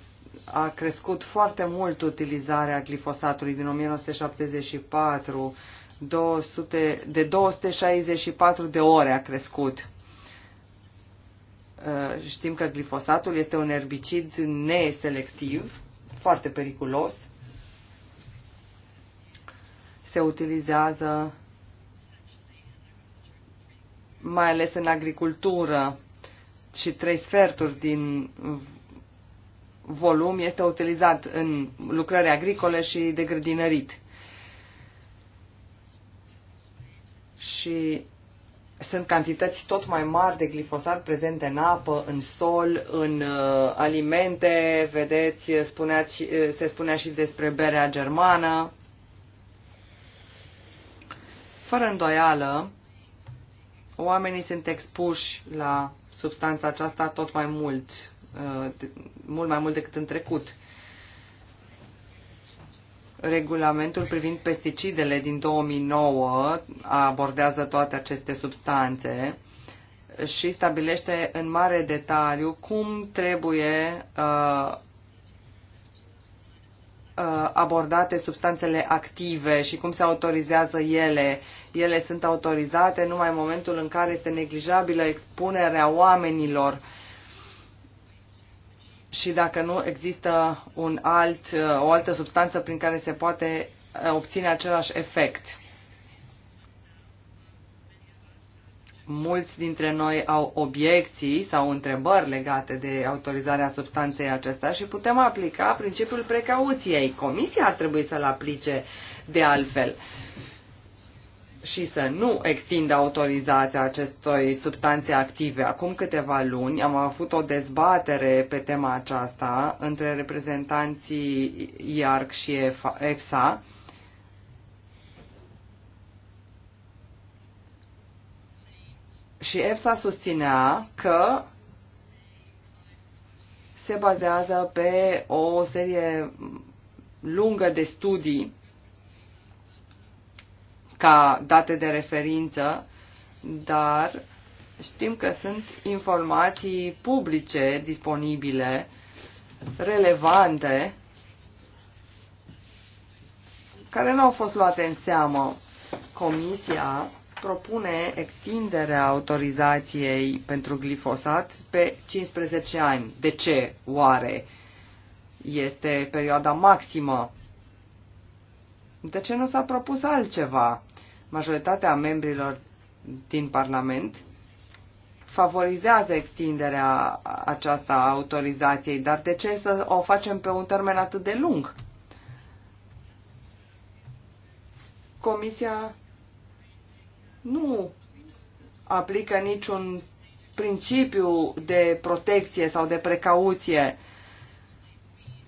a crescut foarte mult utilizarea glifosatului din 1974 200, de 264 de ore a crescut. Uh, știm că glifosatul este un erbicid neselectiv, foarte periculos. Se utilizează mai ales în agricultură și trei sferturi din volum este utilizat în lucrări agricole și de grădinărit. și sunt cantități tot mai mari de glifosat prezente în apă, în sol, în uh, alimente, vedeți, spuneați, uh, se spunea și despre berea germană. Fără îndoială, oamenii sunt expuși la substanța aceasta tot mai mult, uh, mult mai mult decât în trecut regulamentul privind pesticidele din 2009 abordează toate aceste substanțe și stabilește în mare detaliu cum trebuie uh, uh, abordate substanțele active și cum se autorizează ele. Ele sunt autorizate numai în momentul în care este neglijabilă expunerea oamenilor uh, și dacă nu există un alt, o altă substanță prin care se poate uh, obține același efect. Mulți dintre noi au obiecții sau întrebări legate de autorizarea substanței acestea și putem aplica principiul precauției. Comisia ar trebui să-l aplice de altfel. Uh, și să nu extindă autorizația acestor substanțe active. Acum câteva luni am avut o dezbatere pe tema aceasta între reprezentanții IARC și EFSA. Și EFSA susținea că se bazează pe o serie lungă de studii ca date de referință, dar știm că sunt informații publice disponibile, relevante, care nu au fost luate în seamă. Comisia propune extinderea autorizației pentru glifosat pe 15 ani. De ce oare? Este perioada maximă. De ce nu s-a propus altceva? majoritatea membrilor din Parlament favorizează extinderea aceasta a autorizației, dar de ce să o facem pe un termen atât de lung? Comisia nu aplică niciun principiu de protecție sau de precauție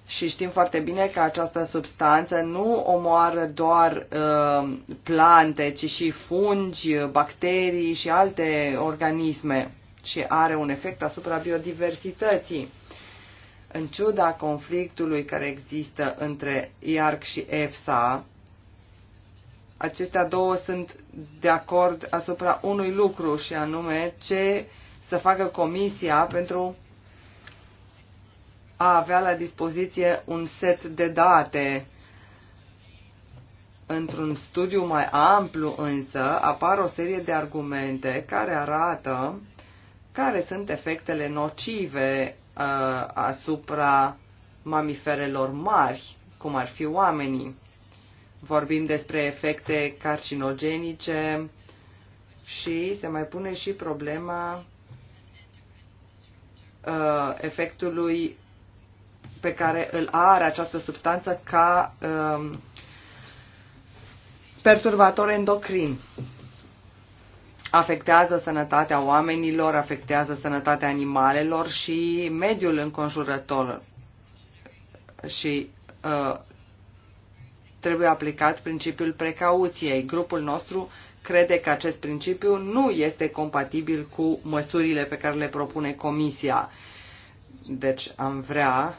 și știm foarte bine că această substanță nu omoară doar uh, plante, ci și fungi, bacterii și alte organisme și are un efect asupra biodiversității. În ciuda conflictului care există între IARC și EFSA, acestea două sunt de acord asupra unui lucru și anume ce să facă Comisia pentru a avea la dispoziție un set de date. Într-un studiu mai amplu însă apar o serie de argumente care arată care sunt efectele nocive uh, asupra mamiferelor mari, cum ar fi oamenii. Vorbim despre efecte carcinogenice și se mai pune și problema uh, efectului pe care îl are această substanță ca um, perturbator endocrin. Afectează sănătatea oamenilor, afectează sănătatea animalelor și mediul înconjurător. Și uh, trebuie aplicat principiul precauției. Grupul nostru crede că acest principiu nu este compatibil cu măsurile pe care le propune Comisia. Deci am vrea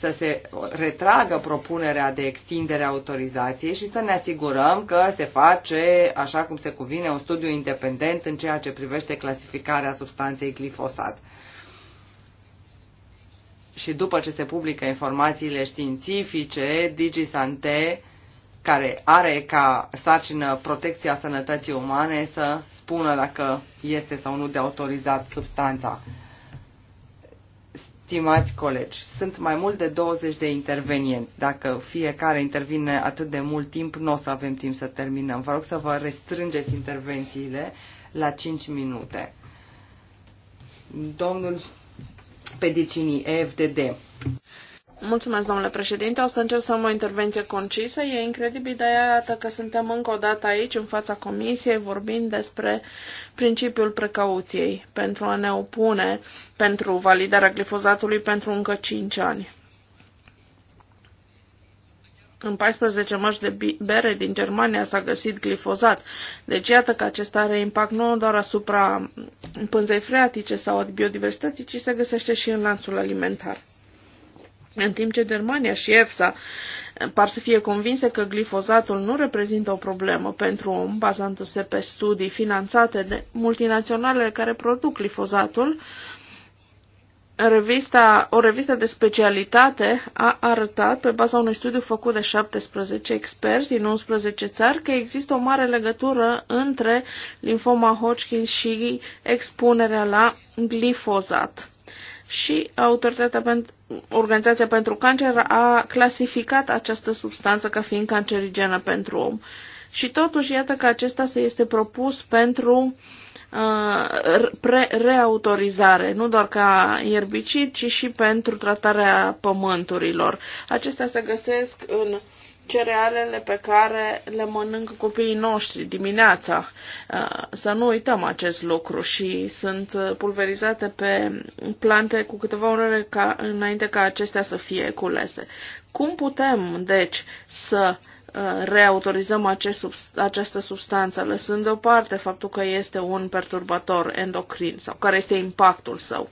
să se retragă propunerea de extindere a autorizației și să ne asigurăm că se face, așa cum se cuvine, un studiu independent în ceea ce privește clasificarea substanței glifosat. Și după ce se publică informațiile științifice, DigiSante, care are ca sarcină protecția sănătății umane, să spună dacă este sau nu de autorizat substanța. Stimați colegi, sunt mai mult de 20 de intervenienți. Dacă fiecare intervine atât de mult timp, nu o să avem timp să terminăm. Vă rog să vă restrângeți intervențiile la 5 minute. Domnul Pedicini, EFDD. Mulțumesc, domnule președinte. O să încerc să am o intervenție concisă. E incredibil de iată că suntem încă o dată aici, în fața comisiei, vorbind despre principiul precauției pentru a ne opune pentru validarea glifozatului pentru încă 5 ani. În 14 măști de bere din Germania s-a găsit glifozat. Deci iată că acesta are impact nu doar asupra pânzei freatice sau a biodiversității, ci se găsește și în lanțul alimentar. În timp ce Germania și EFSA par să fie convinse că glifozatul nu reprezintă o problemă pentru om, bazându-se pe studii finanțate de multinaționalele care produc glifozatul, revista, o revistă de specialitate a arătat, pe baza unui studiu făcut de 17 experți din 11 țări, că există o mare legătură între linfoma Hodgkin și expunerea la glifozat și Autoritatea pentru, Organizația pentru Cancer a clasificat această substanță ca fiind cancerigenă pentru om. Și totuși, iată că acesta se este propus pentru uh, reautorizare, nu doar ca ierbicid, ci și pentru tratarea pământurilor. Acestea se găsesc în cerealele pe care le mănâncă copiii noștri dimineața. Uh, să nu uităm acest lucru și sunt uh, pulverizate pe plante cu câteva ore ca, înainte ca acestea să fie culese. Cum putem, deci, să uh, Uh, reautorizăm acest, subst această substanță, lăsând deoparte faptul că este un perturbator endocrin sau care este impactul său.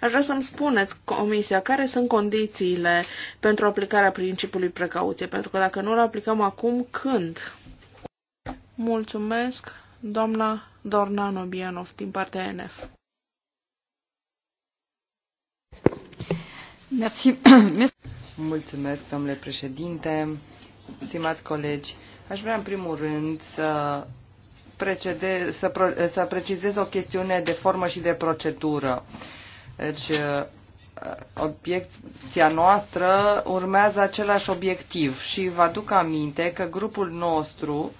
Aș vrea să-mi spuneți, Comisia, care sunt condițiile pentru aplicarea principiului precauție, pentru că dacă nu îl aplicăm acum, când? Mulțumesc, doamna Dorna Nobianov din partea NF. Mulțumesc, domnule președinte stimați colegi, aș vrea în primul rând să, precede, să, pro, să precizez o chestiune de formă și de procedură. Deci, uh, obiecția noastră urmează același obiectiv și vă aduc aminte că grupul nostru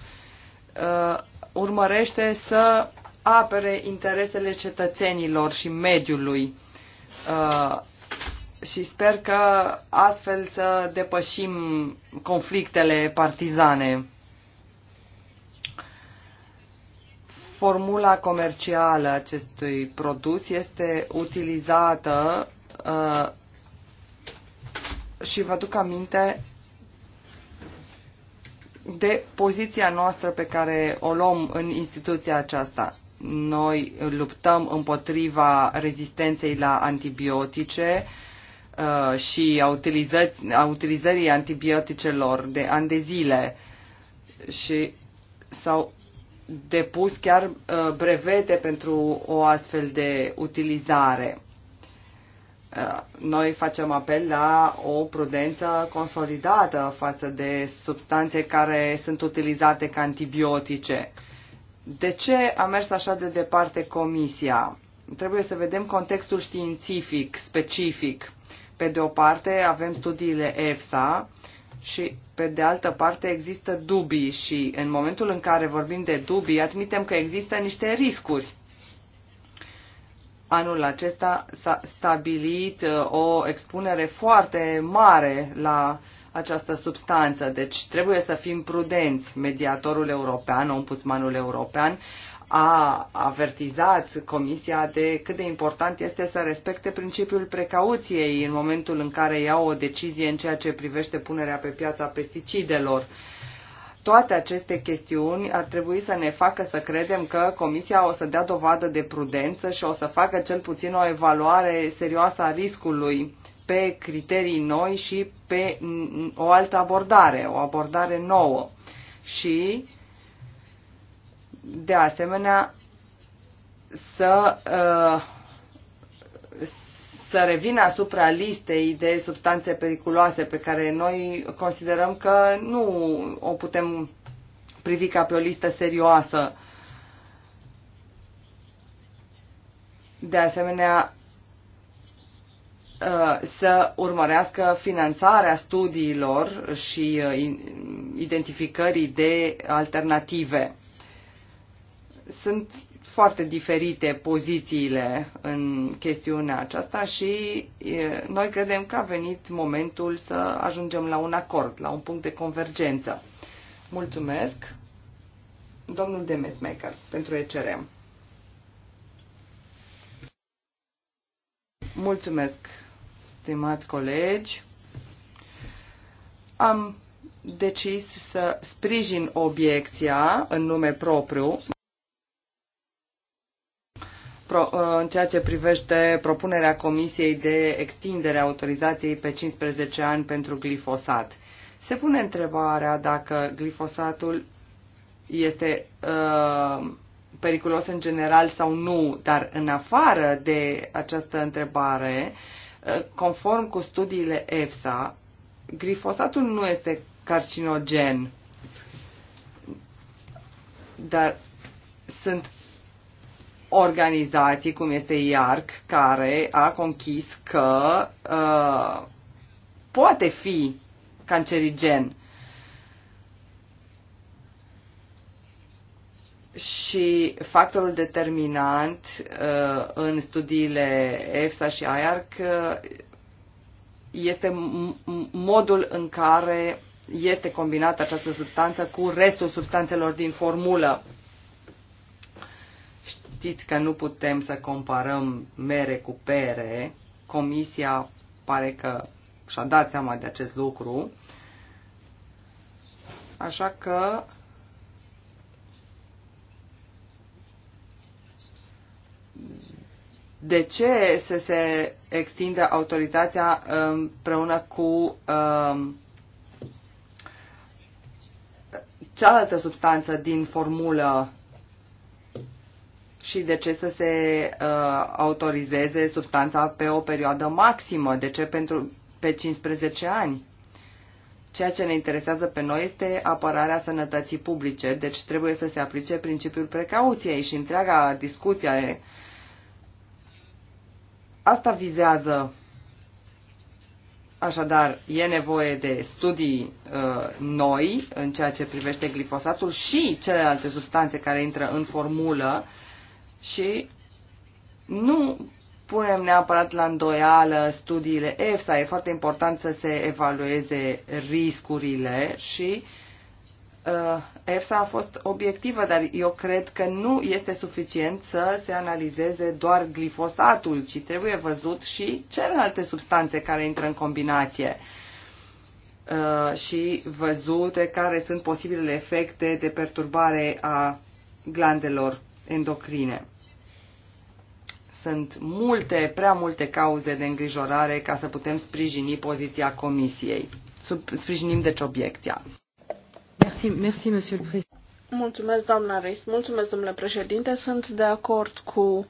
uh, urmărește să apere interesele cetățenilor și mediului. Uh, și sper că astfel să depășim conflictele partizane. Formula comercială acestui produs este utilizată uh, și vă duc aminte de poziția noastră pe care o luăm în instituția aceasta. Noi luptăm împotriva rezistenței la antibiotice, uh, Uh, și a, utiliză, a utilizării antibioticelor de ani de zile și s-au depus chiar uh, brevete pentru o astfel de utilizare. Uh, noi facem apel la o prudență consolidată față de substanțe care sunt utilizate ca antibiotice. De ce a mers așa de departe comisia? Trebuie să vedem contextul științific, specific pe de o parte avem studiile EFSA și pe de altă parte există dubii și în momentul în care vorbim de dubii admitem că există niște riscuri. Anul acesta s-a stabilit uh, o expunere foarte mare la această substanță, deci trebuie să fim prudenți. Mediatorul european, ombudsmanul european, a avertizat Comisia de cât de important este să respecte principiul precauției în momentul în care ia o decizie în ceea ce privește punerea pe piața pesticidelor. Toate aceste chestiuni ar trebui să ne facă să credem că Comisia o să dea dovadă de prudență și o să facă cel puțin o evaluare serioasă a riscului pe criterii noi și pe o altă abordare, o abordare nouă. Și uh, de asemenea să, uh, să revină asupra listei de substanțe periculoase pe care noi considerăm că nu o putem privi ca pe o listă serioasă. De asemenea, uh, să urmărească finanțarea studiilor și uh, identificării de alternative sunt foarte diferite pozițiile în chestiunea aceasta și noi credem că a venit momentul să ajungem la un acord, la un punct de convergență. Mulțumesc, domnul Demesmaker, pentru ECRM. Mulțumesc, stimați colegi. Am decis să sprijin obiecția în nume propriu. Uh, în ceea ce privește propunerea Comisiei de extindere a autorizației pe 15 ani pentru glifosat. Se pune întrebarea dacă glifosatul este uh, periculos în general sau nu, dar în afară de această întrebare, uh, conform cu studiile EFSA, glifosatul nu este carcinogen. Dar sunt organizații, cum este IARC, care a conchis că uh, poate fi cancerigen. Și factorul determinant uh, în studiile EFSA și IARC uh, este modul în care este combinată această substanță cu restul substanțelor din formulă știți că nu putem să comparăm mere cu pere. Comisia pare că și-a dat seama de acest lucru. Așa că de ce să se extindă autorizația um, împreună cu um, cealaltă substanță din formulă și de ce să se uh, autorizeze substanța pe o perioadă maximă, de ce pentru pe 15 ani. Ceea ce ne interesează pe noi este apărarea sănătății publice, deci trebuie să se aplice principiul precauției și întreaga discuție. Asta vizează. Așadar, e nevoie de studii uh, noi în ceea ce privește glifosatul și celelalte substanțe care intră în formulă uh, și nu punem neapărat la îndoială studiile EFSA. E foarte important să se evalueze riscurile și uh, EFSA a fost obiectivă, dar eu cred că nu este suficient să se analizeze doar glifosatul, ci trebuie văzut și celelalte substanțe care intră în combinație uh, și văzute care sunt posibilele efecte de perturbare a glandelor endocrine. Sunt multe, prea multe cauze de îngrijorare ca să putem sprijini poziția Comisiei. Sub, sprijinim deci obiecția. Merci, merci, monsieur le président. Mulțumesc, doamna Reis. Mulțumesc, domnule președinte. Sunt de acord cu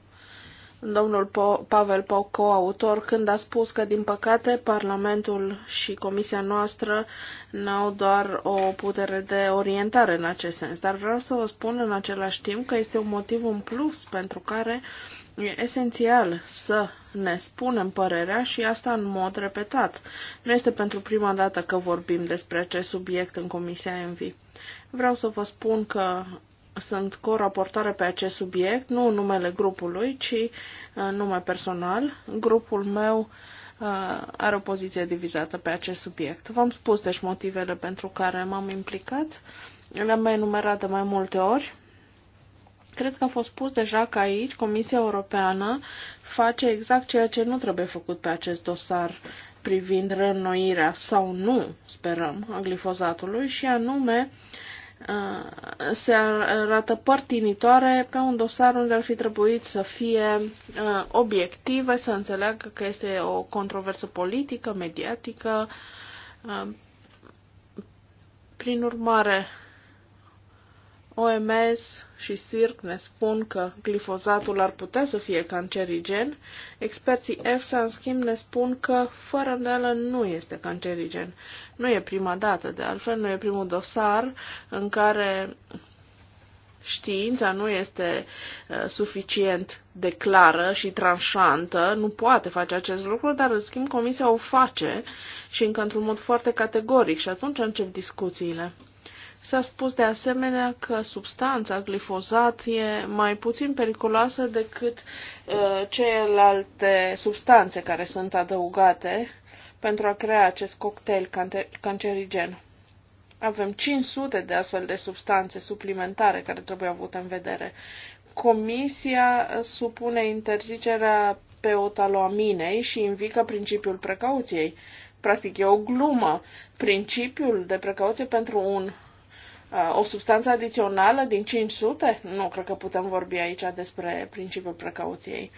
domnul po- Pavel Poco, autor, când a spus că, din păcate, Parlamentul și Comisia noastră n-au doar o putere de orientare în acest sens. Dar vreau să vă spun în același timp că este un motiv în plus pentru care E esențial să ne spunem părerea și asta în mod repetat. Nu este pentru prima dată că vorbim despre acest subiect în Comisia Envi. Vreau să vă spun că sunt coraportare pe acest subiect, nu în numele grupului, ci în nume personal. Grupul meu uh, are o poziție divizată pe acest subiect. V-am spus deci motivele pentru care m-am implicat. Le-am enumerat de mai multe ori Cred că a fost spus deja că aici Comisia Europeană face exact ceea ce nu trebuie făcut pe acest dosar privind reînnoirea sau nu, sperăm, a glifozatului și anume uh, se arată părtinitoare pe un dosar unde ar fi trebuit să fie uh, obiective, să înțeleagă că este o controversă politică, mediatică. Uh, prin urmare, OMS și CIRC ne spun că glifozatul ar putea să fie cancerigen, experții EFSA, în schimb, ne spun că, fără îndoială, nu este cancerigen. Nu e prima dată, de altfel, nu e primul dosar în care știința nu este uh, suficient de clară și tranșantă, nu poate face acest lucru, dar, în schimb, comisia o face și încă într-un mod foarte categoric și atunci încep discuțiile. S-a spus de asemenea că substanța glifozat e mai puțin periculoasă decât uh, celelalte substanțe care sunt adăugate pentru a crea acest cocktail cancerigen. Avem 500 de astfel de substanțe suplimentare care trebuie avute în vedere. Comisia supune interzicerea peotaloaminei și invică principiul precauției. Practic e o glumă. Principiul de precauție pentru un Uh, o substanță adițională din 500? Nu cred că putem vorbi aici despre principiul precauției.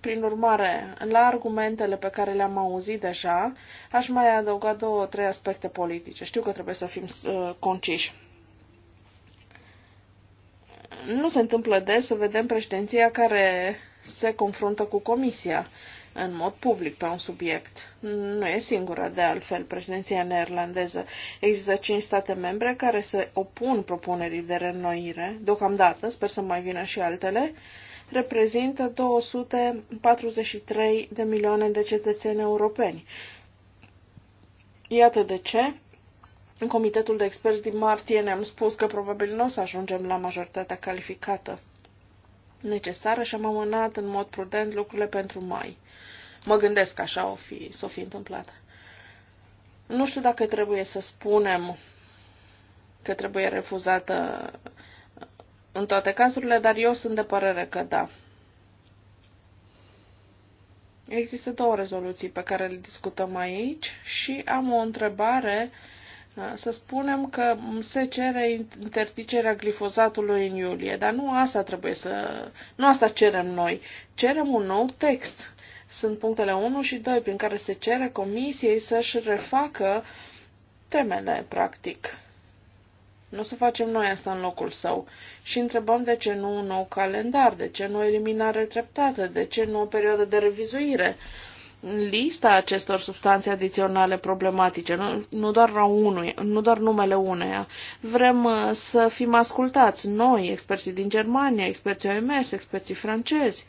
Prin urmare, la argumentele pe care le-am auzit deja, aș mai adăuga două, trei aspecte politice. Știu că trebuie să fim uh, conciși. Nu se întâmplă des să vedem președinția care se confruntă cu comisia. Uh, în mod public pe un subiect. Nu e singura, de altfel, președinția neerlandeză. Există cinci state membre care se opun propunerii de renoire, deocamdată, sper să mai vină și altele, reprezintă 243 de milioane de cetățeni europeni. Iată de ce în comitetul de experți din martie ne-am spus că probabil nu o să ajungem la majoritatea calificată necesară și am amânat în mod prudent lucrurile pentru mai. Mă gândesc că așa o fi, s-o fi întâmplat. Nu știu dacă trebuie să spunem că trebuie refuzată în toate cazurile, dar eu sunt de părere că da. Există două rezoluții pe care le discutăm aici și am o întrebare uh, să spunem că se cere interzicerea glifozatului în iulie, dar nu asta trebuie să... Nu asta cerem noi. Cerem un nou text. Sunt punctele 1 și 2 prin care se cere comisiei să-și refacă temele, practic. Nu să facem noi asta în locul său. Și întrebăm de ce nu un nou calendar, de ce nu o eliminare treptată, de ce nu o perioadă de revizuire. Uh, lista acestor substanțe adiționale problematice, nu, nu, doar, unui, nu doar numele uneia. Vrem uh, să fim ascultați noi, experții din Germania, experții OMS, experții francezi.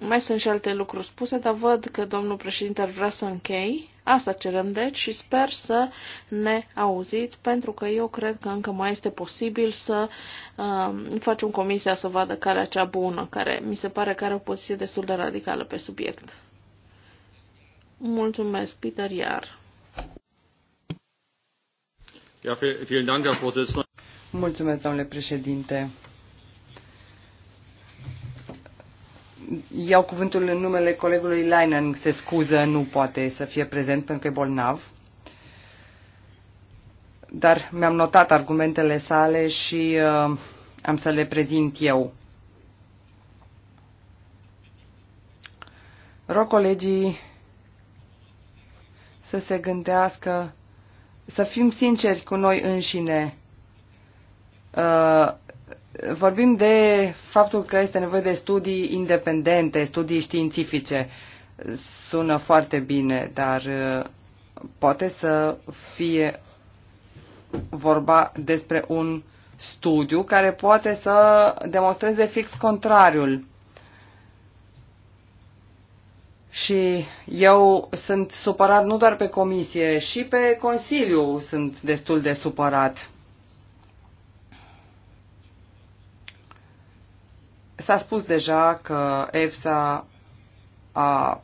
Mai sunt și alte lucruri spuse, dar văd că domnul președinte vrea să închei. Asta cerem deci și sper să ne auziți, pentru că eu cred că încă mai este posibil să uh, facem comisia să vadă care cea bună, care mi se pare că are o poziție destul de radicală pe subiect. Mulțumesc, Peter Iar. Mulțumesc, domnule președinte. Iau cuvântul în numele colegului Leinen, se scuză, nu poate să fie prezent pentru că e bolnav. Dar mi-am notat argumentele sale și uh, am să le prezint eu. Rog colegii să se gândească, să fim sinceri cu noi înșine. Uh, vorbim de faptul că este nevoie de studii independente, studii științifice. Sună foarte bine, dar uh, poate să fie vorba despre un studiu care poate să demonstreze fix contrariul. Și eu sunt supărat nu doar pe comisie, și pe Consiliu sunt destul de supărat. S-a spus deja că EFSA a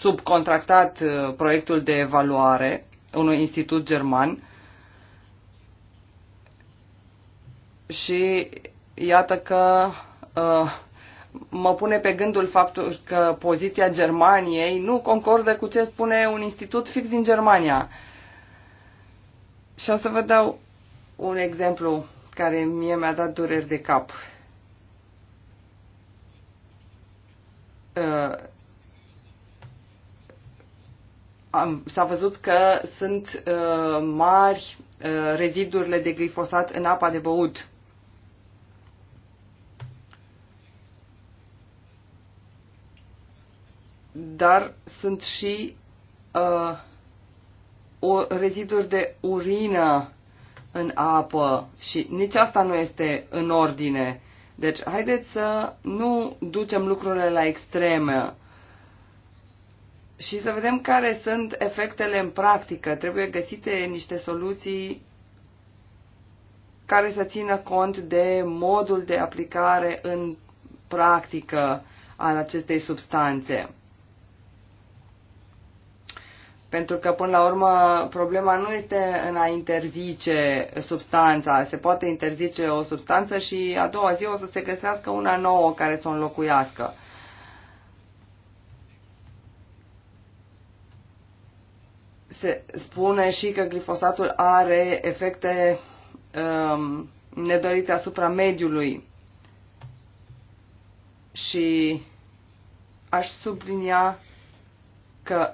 subcontractat uh, proiectul de evaluare unui institut german și iată că uh, mă pune pe gândul faptul că poziția Germaniei nu concordă cu ce spune un institut fix din Germania. Și o să vă dau un exemplu care mie mi-a dat dureri de cap. Uh, am, s-a văzut că sunt uh, mari uh, rezidurile de glifosat în apa de băut. dar sunt și uh, o, reziduri de urină în apă și nici asta nu este în ordine. Deci, haideți să nu ducem lucrurile la extreme și să vedem care sunt efectele în practică. Trebuie găsite niște soluții care să țină cont de modul de aplicare în practică al acestei substanțe. Pentru că, până la urmă, problema nu este în a interzice substanța. Se poate interzice o substanță și a doua zi o să se găsească una nouă care să o înlocuiască. Se spune și că glifosatul are efecte um, nedorite asupra mediului. Și aș sublinia că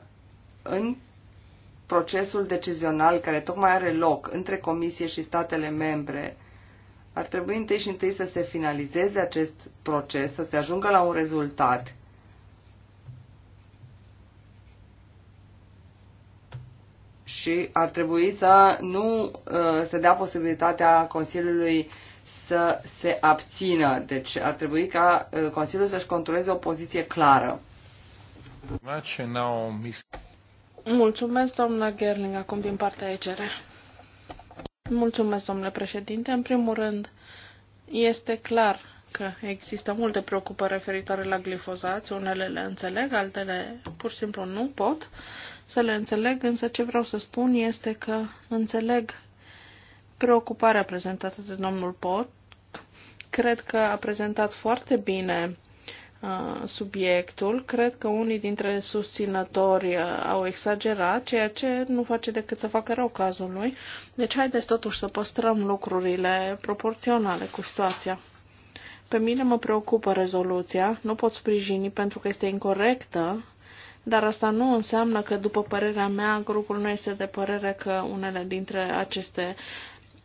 în procesul decizional care tocmai are loc între Comisie și statele membre, ar trebui întâi și întâi să se finalizeze acest proces, să se ajungă la un rezultat. Și ar trebui să nu uh, se dea posibilitatea Consiliului să se abțină. Deci ar trebui ca uh, Consiliul să-și controleze o poziție clară. Mulțumesc, doamna Gerling, acum din partea ECR. Mulțumesc, domnule președinte. În primul rând, este clar că există multe preocupări referitoare la glifozați. Unele le înțeleg, altele pur și simplu nu pot să le înțeleg, însă ce vreau să spun este că înțeleg preocuparea prezentată de domnul Pot. Cred că a prezentat foarte bine Uh, subiectul. Cred că unii dintre susținători uh, au exagerat, ceea ce nu face decât să facă rău cazului. Deci haideți totuși să păstrăm lucrurile proporționale cu situația. Pe mine mă preocupă rezoluția, nu pot sprijini pentru că este incorrectă, dar asta nu înseamnă că, după părerea mea, grupul nu este de părere că unele dintre aceste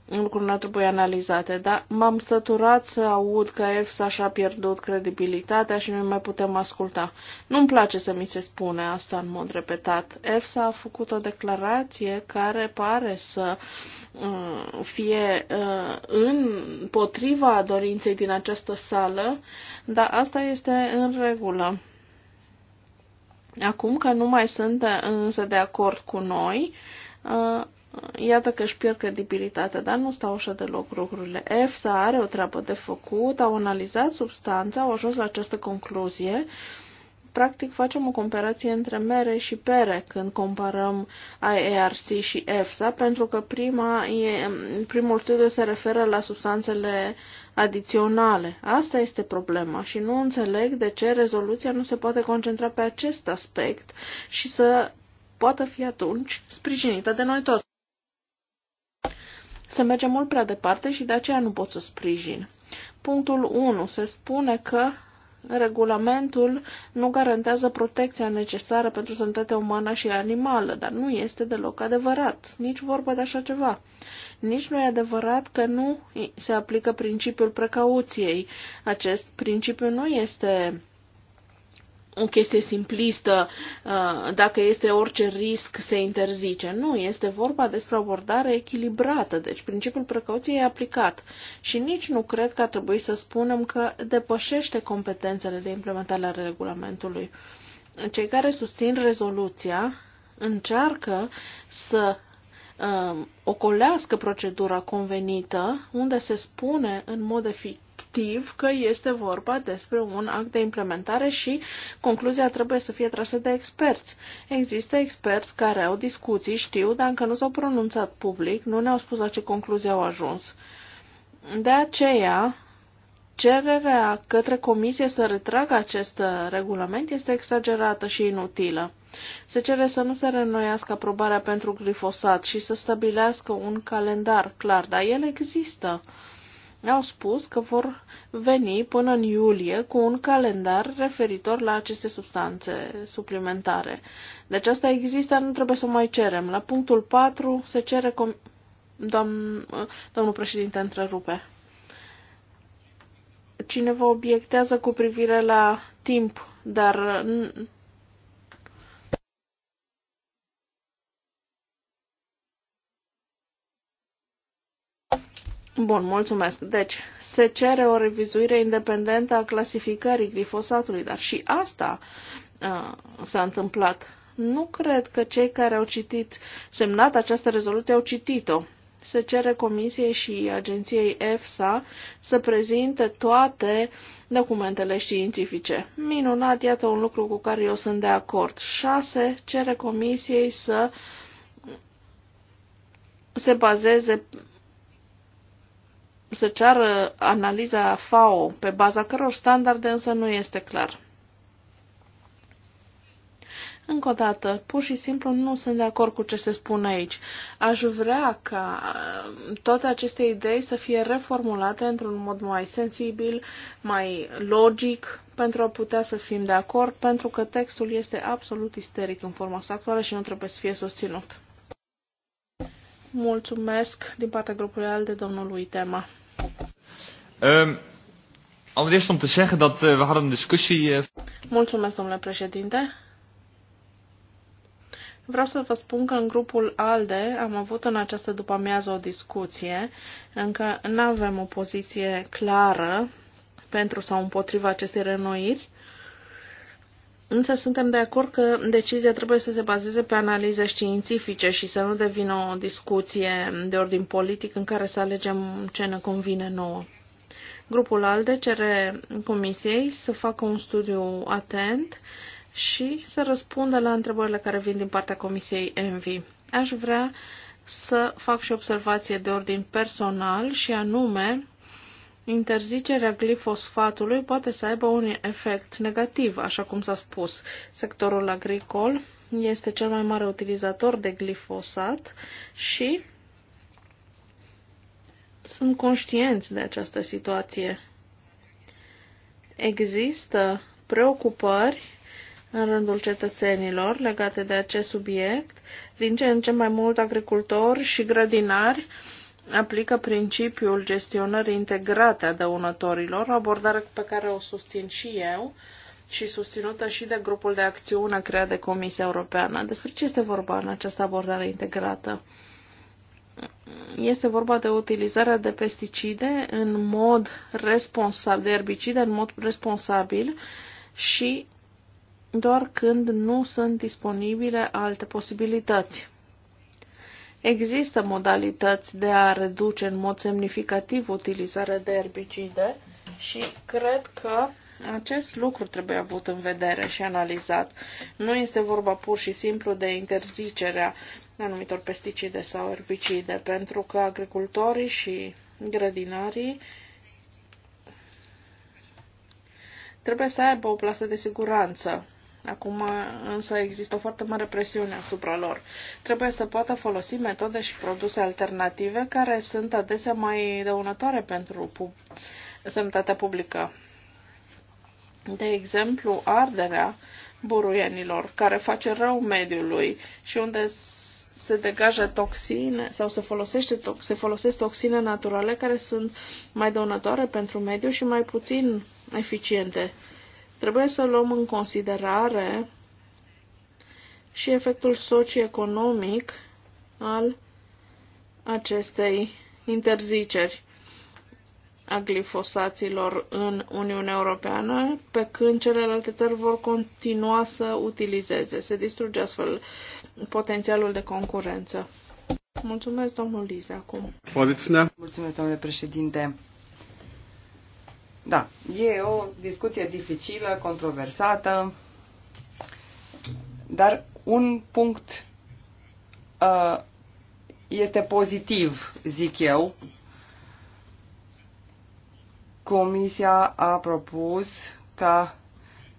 lucruri n-ar trebui analizate, dar m-am săturat să aud că EFSA și-a pierdut credibilitatea și nu mai putem asculta. Nu-mi place să mi se spune asta în mod repetat. EFSA a făcut o declarație care pare să uh, fie uh, în potriva dorinței din această sală, dar asta este în regulă. Acum că nu mai sunt însă de acord cu noi, uh, iată că își pierd credibilitatea, dar nu stau așa deloc lucrurile. EFSA are o treabă de făcut, au analizat substanța, au ajuns la această concluzie. Practic facem o comparație între mere și pere când comparăm IARC și EFSA, pentru că prima e, primul studiu se referă la substanțele adiționale. Asta este problema și nu înțeleg de ce rezoluția nu se poate concentra pe acest aspect și să poată fi atunci sprijinită de noi toți se merge mult prea departe și de aceea nu pot să sprijin. Punctul 1. Se spune că regulamentul nu garantează protecția necesară pentru sănătatea umană și animală, dar nu este deloc adevărat, nici vorba de așa ceva. Nici nu e adevărat că nu se aplică principiul precauției. Acest principiu nu este o chestie simplistă, uh, dacă este orice risc se interzice. Nu, este vorba despre abordare echilibrată, deci principiul precauției e aplicat. Și nici nu cred că ar trebui să spunem că depășește competențele de implementare a regulamentului. Cei care susțin rezoluția încearcă să uh, ocolească procedura convenită, unde se spune în mod efic- motiv că este vorba despre un act de implementare și concluzia trebuie să fie trasă de experți. Există experți care au discuții, știu, dar încă nu s-au pronunțat public, nu ne-au spus la ce concluzie au ajuns. De aceea, cererea către comisie să retragă acest regulament este exagerată și inutilă. Se cere să nu se renoiască aprobarea pentru glifosat și să stabilească un calendar clar, dar el există au spus că vor veni până în iulie cu un calendar referitor la aceste substanțe suplimentare. Deci asta există, nu trebuie să o mai cerem. La punctul 4 se cere... Com- Doamn, domnul președinte întrerupe. Cineva obiectează cu privire la timp, dar Bun, mulțumesc. Deci, se cere o revizuire independentă a clasificării glifosatului, dar și asta uh, s-a întâmplat. Nu cred că cei care au citit, semnat această rezoluție, au citit-o. Se cere Comisiei și Agenției EFSA să prezinte toate documentele științifice. Minunat, iată un lucru cu care eu sunt de acord. 6. Cere Comisiei să se bazeze să ceară analiza FAO, pe baza căror standarde însă nu este clar. Încă o dată, pur și simplu nu sunt de acord cu ce se spune aici. Aș vrea ca um, toate aceste idei să fie reformulate într-un mod mai sensibil, mai logic, pentru a putea să fim de acord, pentru că textul este absolut isteric în forma sa actuală și nu trebuie să fie susținut. Mulțumesc din partea grupului al ALDE domnului Tema. Um, allereerst om te zeggen dat uh, we hadden een discussie... Uh... Mulțumesc, domnule președinte. Vreau să vă spun că în grupul ALDE am avut în această după-amiază o discuție, încă nu avem o poziție clară pentru sau împotriva acestei renoiri, Însă suntem de acord că decizia trebuie să se bazeze pe analize științifice și să nu devină o discuție de ordin politic în care să alegem ce ne convine nouă. Grupul ALDE cere Comisiei să facă un studiu atent și să răspundă la întrebările care vin din partea Comisiei ENVI. Aș vrea să fac și observație de ordin personal și anume Interzicerea glifosfatului poate să aibă un efect negativ, așa cum s-a spus. Sectorul agricol este cel mai mare utilizator de glifosat și sunt conștienți de această situație. Există preocupări în rândul cetățenilor legate de acest subiect. Din ce în ce mai mult agricultori și grădinari aplică principiul gestionării integrate a dăunătorilor, abordare pe care o susțin și eu și susținută și de grupul de acțiune creat de Comisia Europeană. Despre ce este vorba în această abordare integrată? Este vorba de utilizarea de pesticide în mod responsabil, de erbicide în mod responsabil și doar când nu sunt disponibile alte posibilități. Există modalități de a reduce în mod semnificativ utilizarea de erbicide și cred că acest lucru trebuie avut în vedere și analizat. Nu este vorba pur și simplu de interzicerea anumitor pesticide sau erbicide, pentru că agricultorii și grădinarii trebuie să aibă o plasă de siguranță Acum însă există o foarte mare presiune asupra lor. Trebuie să poată folosi metode și produse alternative care sunt adesea mai dăunătoare pentru pub- sănătatea publică. De exemplu, arderea buruienilor, care face rău mediului și unde se degajă toxine sau se, folosește, se folosesc toxine naturale care sunt mai dăunătoare pentru mediu și mai puțin eficiente Trebuie să luăm în considerare și efectul socioeconomic al acestei interziceri a glifosaților în Uniunea Europeană, pe când celelalte țări vor continua să utilizeze. Se distruge astfel potențialul de concurență. Mulțumesc, domnul Lise acum. Mulțumesc, domnule președinte. Da, e o discuție dificilă, controversată, dar un punct uh, este pozitiv, zic eu. Comisia a propus ca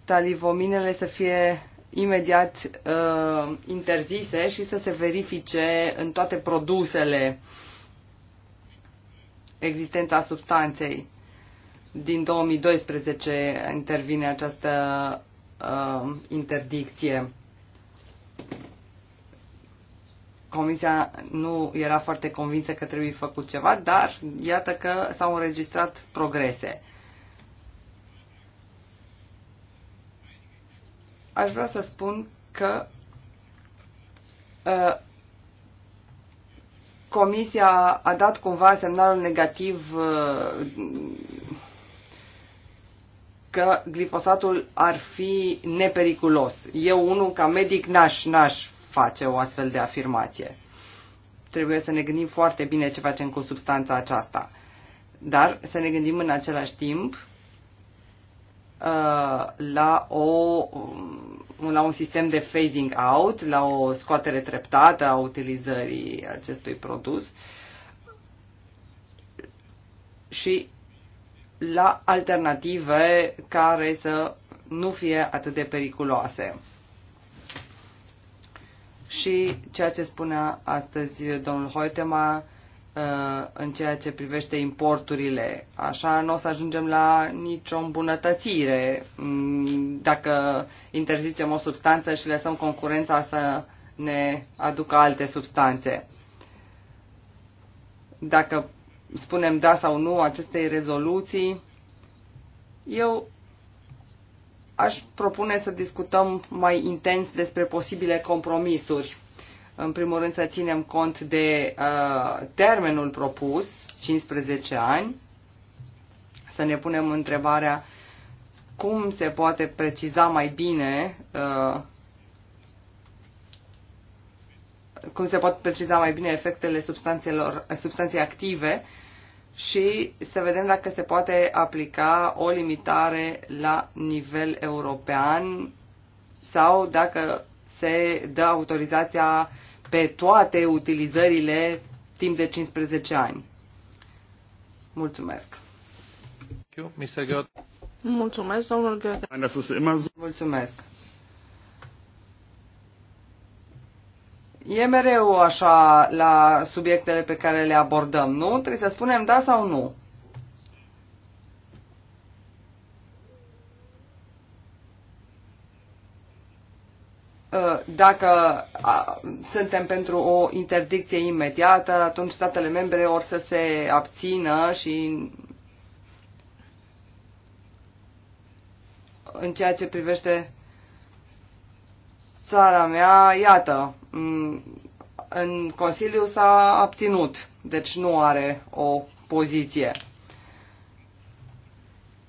talivominele să fie imediat uh, interzise și să se verifice în toate produsele existența substanței din 2012 intervine această uh, interdicție. Comisia nu era foarte convinsă că trebuie făcut ceva, dar iată că s-au înregistrat progrese. Aș vrea să spun că uh, Comisia a dat cumva semnalul negativ uh, că glifosatul ar fi nepericulos. Eu, unul ca medic, n-aș, n-aș face o astfel de afirmație. Trebuie să ne gândim foarte bine ce facem cu substanța aceasta. Dar să ne gândim în același timp uh, la, o, um, la un sistem de phasing out, la o scoatere treptată a utilizării acestui produs și la alternative care să nu fie atât de periculoase. Și ceea ce spunea astăzi domnul Hoitema uh, în ceea ce privește importurile. Așa nu o să ajungem la nicio îmbunătățire mm, dacă interzicem o substanță și lăsăm concurența să ne aducă alte substanțe. Dacă spunem da sau nu acestei rezoluții. Eu aș propune să discutăm mai intens despre posibile compromisuri. În primul rând să ținem cont de uh, termenul propus, 15 ani, să ne punem întrebarea cum se poate preciza mai bine uh, cum se pot preciza mai bine efectele substanțelor, substanței active și să vedem dacă se poate aplica o limitare la nivel european sau dacă se dă autorizația pe toate utilizările timp de 15 ani. Mulțumesc. Mulțumesc, domnul Mulțumesc. E mereu așa la subiectele pe care le abordăm, nu? Trebuie să spunem da sau nu. Ă, dacă suntem pentru o interdicție imediată, atunci statele membre or să se abțină și în ceea ce privește țara mea, iată, Mm, în Consiliu s-a abținut, deci nu are o poziție.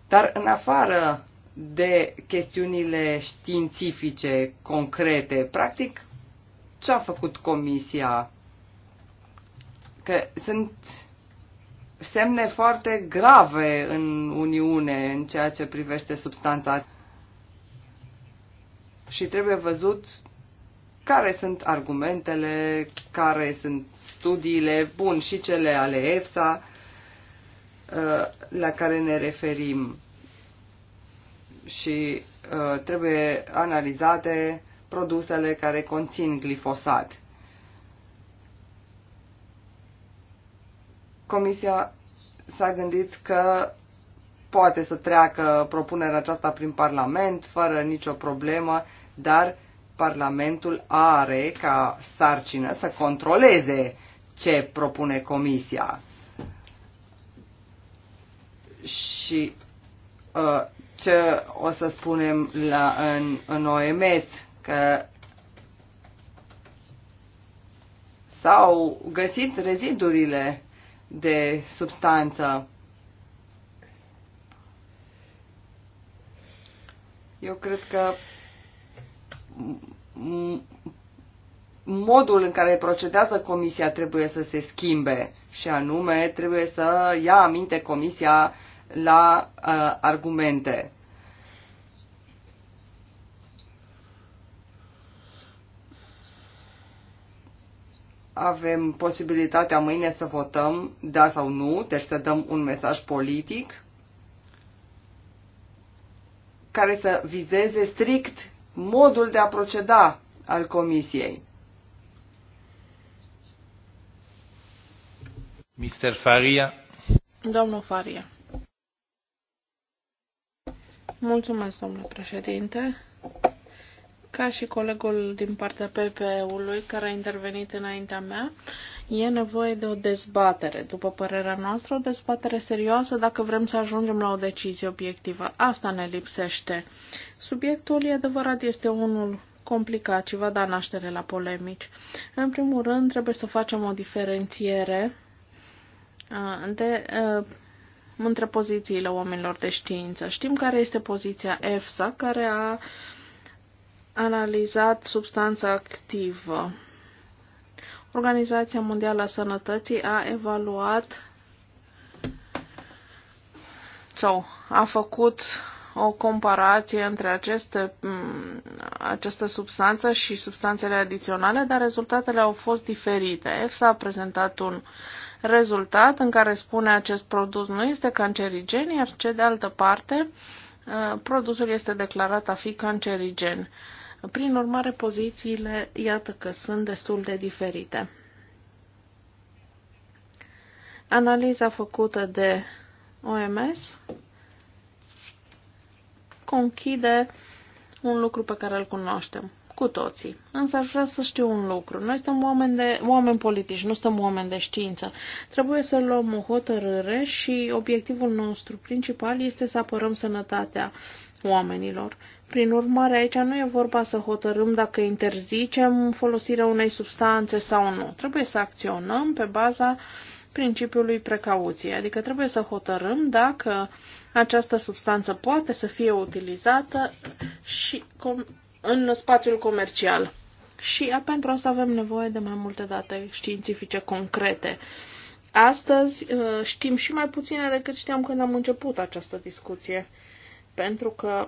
Dar în afară de chestiunile științifice, concrete, practic, ce a făcut Comisia? Că sunt semne foarte grave în Uniune în ceea ce privește substanța și trebuie văzut care sunt argumentele, care sunt studiile, bun, și cele ale EFSA uh, la care ne referim și uh, trebuie analizate produsele care conțin glifosat. Comisia s-a gândit că poate să treacă propunerea aceasta prin Parlament fără nicio problemă, dar Parlamentul are ca sarcină să controleze ce propune Comisia. Și uh, ce o să spunem la, în, în OMS, că s-au găsit rezidurile de substanță. Eu cred că modul în care procedează comisia trebuie să se schimbe și anume trebuie să ia aminte comisia la uh, argumente. Avem posibilitatea mâine să votăm da sau nu, deci să dăm un mesaj politic care să vizeze strict modul de a proceda al Comisiei. Mr. Faria. Domnul Faria. Mulțumesc, domnule președinte. Ca și colegul din partea PPE-ului care a intervenit înaintea mea, e nevoie de o dezbatere, după părerea noastră, o dezbatere serioasă dacă vrem să ajungem la o decizie obiectivă. Asta ne lipsește. Subiectul, e adevărat, este unul complicat și va da naștere la polemici. În primul rând, trebuie să facem o diferențiere de, între pozițiile oamenilor de știință. Știm care este poziția EFSA, care a uh, analizat substanța activă. Organizația Mondială a Sănătății a evaluat sau a făcut o comparație între aceste, mm, această substanță și substanțele adiționale, dar rezultatele au fost diferite. EFSA a prezentat un rezultat în care spune acest produs nu este cancerigen, iar ce de altă parte mm, produsul este declarat a fi cancerigen. Prin urmare, pozițiile, iată că sunt destul de diferite. Analiza făcută de OMS conchide un lucru pe care îl cunoaștem cu toții. Însă aș vrea să știu un lucru. Noi suntem oameni, de, oameni politici, nu suntem oameni de știință. Trebuie să luăm o hotărâre și obiectivul nostru principal este să apărăm sănătatea oamenilor. Prin urmare, aici nu e vorba să hotărâm dacă interzicem folosirea unei substanțe sau nu. Trebuie să acționăm pe baza principiului precauție, adică trebuie să hotărâm dacă această substanță poate să fie utilizată și în spațiul comercial. Și pentru asta avem nevoie de mai multe date științifice concrete. Astăzi uh, știm și mai puține decât știam când am început această discuție, pentru că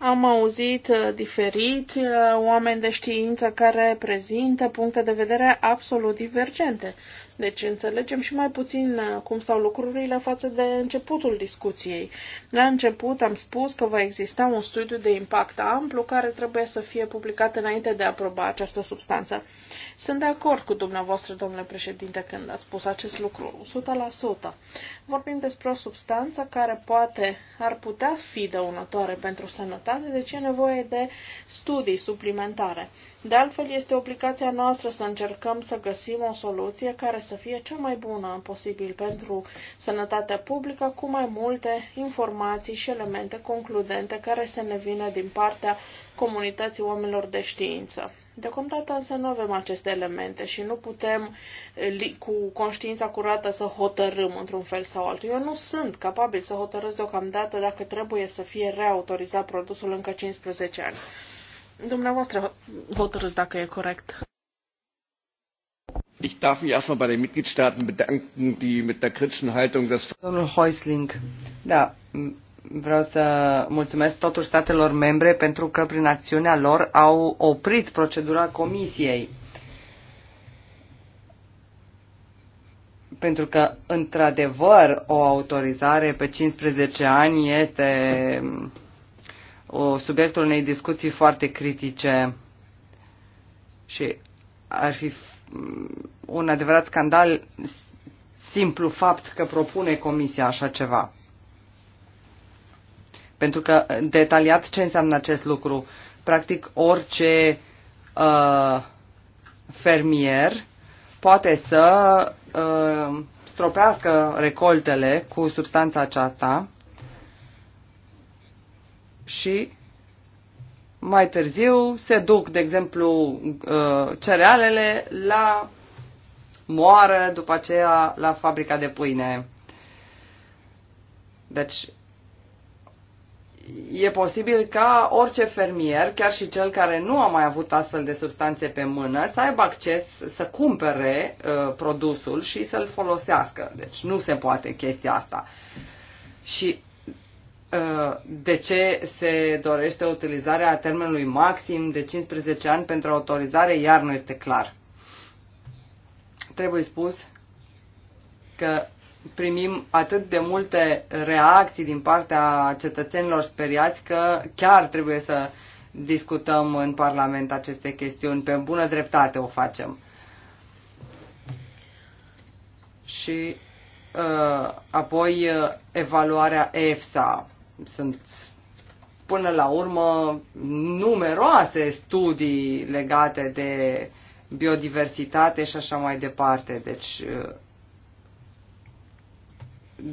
am auzit uh, diferit uh, oameni de știință care prezintă puncte de vedere absolut divergente. Deci înțelegem și mai puțin uh, cum stau lucrurile față de începutul discuției. La început am spus că va exista un studiu de impact amplu care trebuie să fie publicat înainte de a aproba această substanță. Sunt de acord cu dumneavoastră, domnule președinte, când a spus acest lucru, 100%. Vorbim despre o substanță care poate ar putea fi dăunătoare pentru sănătate, deci e nevoie de studii suplimentare. De altfel, este obligația noastră să încercăm să găsim o soluție care să fie cea mai bună posibil pentru sănătatea publică, cu mai multe informații și elemente concludente care să ne vină din partea comunității oamenilor de știință. Deocamdată însă nu avem aceste elemente și nu putem eh, cu conștiința curată să hotărâm într-un fel sau altul. Eu nu sunt capabil să hotărăsc deocamdată dacă trebuie să fie reautorizat produsul încă 15 ani. Dumneavoastră hotărâți dacă e corect. Ich darf mich erstmal bei den Mitgliedstaaten bedanken, die mit der kritischen Haltung des... Domnul Häusling, da, Vreau să mulțumesc totuși statelor membre pentru că prin acțiunea lor au oprit procedura comisiei. Pentru că, într-adevăr, o autorizare pe 15 ani este subiectul unei discuții foarte critice și ar fi mm, un adevărat scandal simplu fapt că propune Comisia așa ceva. Pentru că detaliat ce înseamnă acest lucru? Practic orice uh, fermier poate să uh, stropească recoltele cu substanța aceasta și mai târziu se duc, de exemplu, uh, cerealele la moară, după aceea la fabrica de pâine. Deci, e posibil ca orice fermier, chiar și cel care nu a mai avut astfel de substanțe pe mână, să aibă acces să cumpere uh, produsul și să-l folosească. Deci nu se poate chestia asta. Și uh, de ce se dorește utilizarea termenului maxim de 15 ani pentru autorizare, iar nu este clar. Trebuie spus că primim atât de multe reacții din partea cetățenilor speriați că chiar trebuie să discutăm în Parlament aceste chestiuni. Pe bună dreptate o facem. Și uh, apoi uh, evaluarea EFSA. Sunt până la urmă numeroase studii legate de biodiversitate și așa mai departe. Deci uh,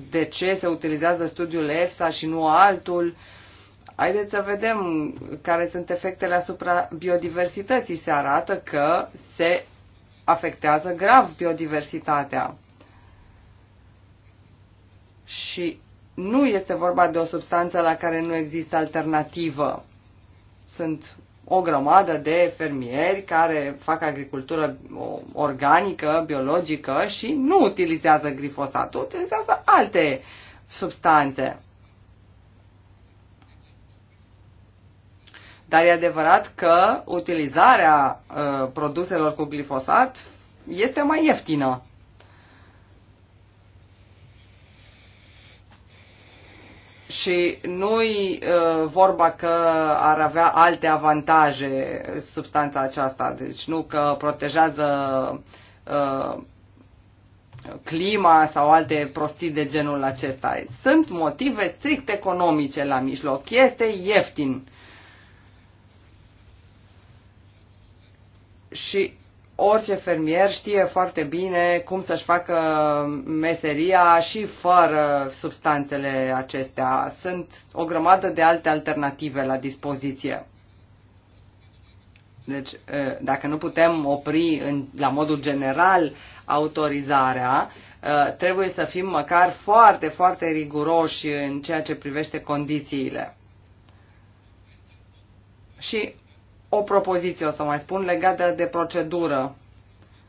de ce se utilizează studiul EFSA și nu altul. Haideți să vedem care sunt efectele asupra biodiversității. Se arată că se afectează grav biodiversitatea. Și nu este vorba de o substanță la care nu există alternativă. Sunt o grămadă de fermieri care fac agricultură organică, biologică și nu utilizează glifosatul, utilizează alte substanțe. Dar e adevărat că utilizarea uh, produselor cu glifosat este mai ieftină. și nu-i uh, vorba că ar avea alte avantaje substanța aceasta, deci nu că protejează uh, clima sau alte prostii de genul acesta. Sunt motive strict economice la mijloc. Este ieftin. Și orice fermier știe foarte bine cum să-și facă meseria și fără substanțele acestea. Sunt o grămadă de alte alternative la dispoziție. Deci, dacă nu putem opri în, la modul general autorizarea, trebuie să fim măcar foarte, foarte riguroși în ceea ce privește condițiile. Și o propoziție, o să mai spun, legată de procedură,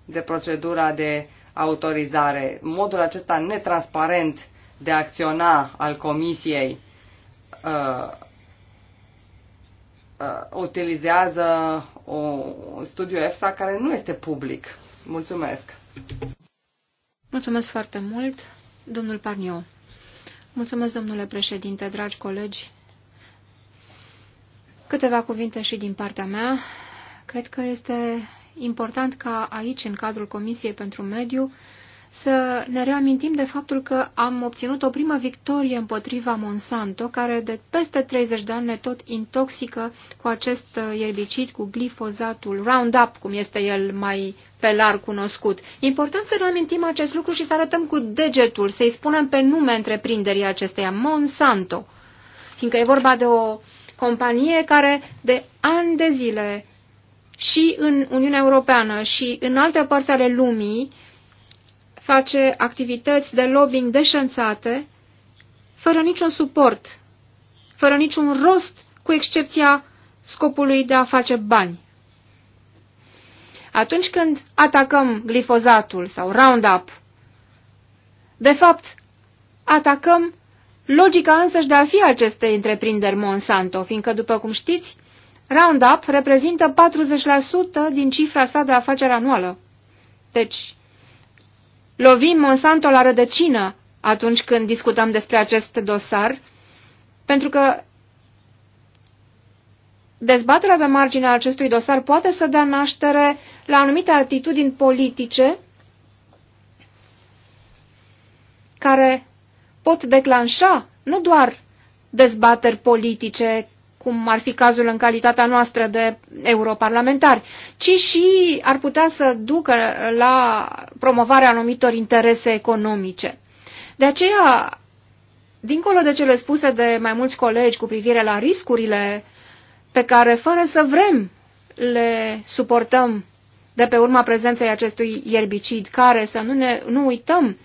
de procedura de autorizare. Modul acesta netransparent de a acționa al Comisiei uh, uh, utilizează o, un studiu EFSA care nu este public. Mulțumesc! Mulțumesc foarte mult, domnul Parniu. Mulțumesc, domnule președinte, dragi colegi. Câteva cuvinte și din partea mea. Cred că este important ca aici, în cadrul Comisiei pentru Mediu, să ne reamintim de faptul că am obținut o primă victorie împotriva Monsanto, care de peste 30 de ani ne tot intoxică cu acest ierbicid, cu glifozatul Roundup, cum este el mai pe larg cunoscut. E important să reamintim acest lucru și să arătăm cu degetul, să-i spunem pe nume întreprinderii acesteia, Monsanto, fiindcă e vorba de o companie care de ani de zile și în Uniunea Europeană și în alte părți ale lumii face activități de lobbying deșanțate, fără niciun suport, fără niciun rost, cu excepția scopului de a face bani. Atunci când atacăm glifozatul sau Roundup, de fapt, atacăm logica însăși de a fi acestei întreprinderi Monsanto, fiindcă, după cum știți, Roundup reprezintă 40% din cifra sa de afaceri anuală. Deci, lovim Monsanto la rădăcină atunci când discutăm despre acest dosar, pentru că dezbaterea pe marginea acestui dosar poate să dea naștere la anumite atitudini politice care pot declanșa nu doar dezbateri politice, cum ar fi cazul în calitatea noastră de europarlamentari, ci și ar putea să ducă la promovarea anumitor interese economice. De aceea, dincolo de cele spuse de mai mulți colegi cu privire la riscurile pe care, fără să vrem, le suportăm de pe urma prezenței acestui ierbicid, care, să nu, ne, nu uităm,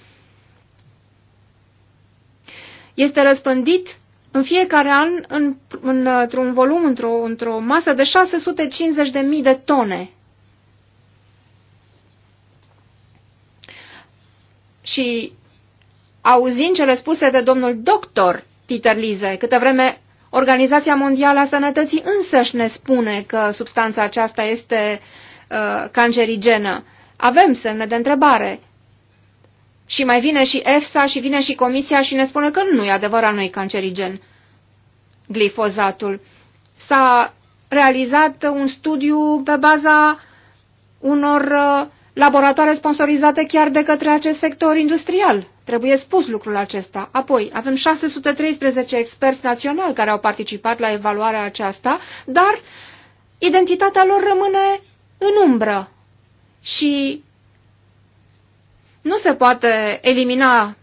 este răspândit în fiecare an în, în, într-un volum, într-o, într-o masă de 650.000 de tone. Și auzind cele spuse de domnul doctor Peter Lize, câtă vreme Organizația Mondială a Sănătății însăși ne spune că substanța aceasta este uh, cancerigenă. Avem semne de întrebare. Și mai vine și EFSA și vine și Comisia și ne spune că nu e adevărat, nu e cancerigen glifozatul. S-a realizat un studiu pe baza unor uh, laboratoare sponsorizate chiar de către acest sector industrial. Trebuie spus lucrul acesta. Apoi, avem 613 experți naționali care au participat la evaluarea aceasta, dar identitatea lor rămâne în umbră. Și nu se poate elimina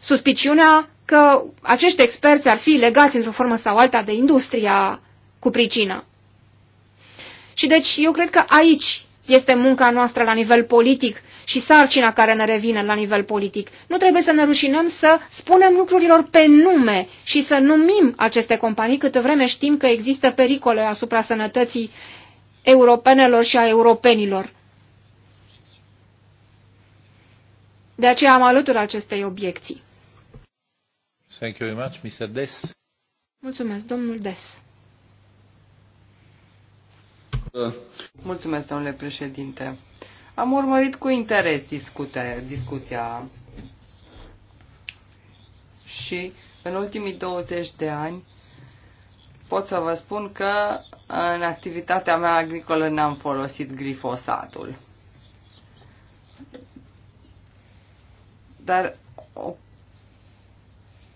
suspiciunea că acești experți ar fi legați într-o formă sau alta de industria cu pricină. Și deci eu cred că aici este munca noastră la nivel politic și sarcina care ne revine la nivel politic. Nu trebuie să ne rușinăm să spunem lucrurilor pe nume și să numim aceste companii câtă vreme știm că există pericole asupra sănătății europenelor și a europenilor. De aceea am alături acestei obiecții. Thank you very much, Mr. Des. Mulțumesc, domnul Des. Mulțumesc, domnule președinte. Am urmărit cu interes discute, discuția și în ultimii 20 de ani pot să vă spun că în activitatea mea agricolă n-am folosit glifosatul. Dar o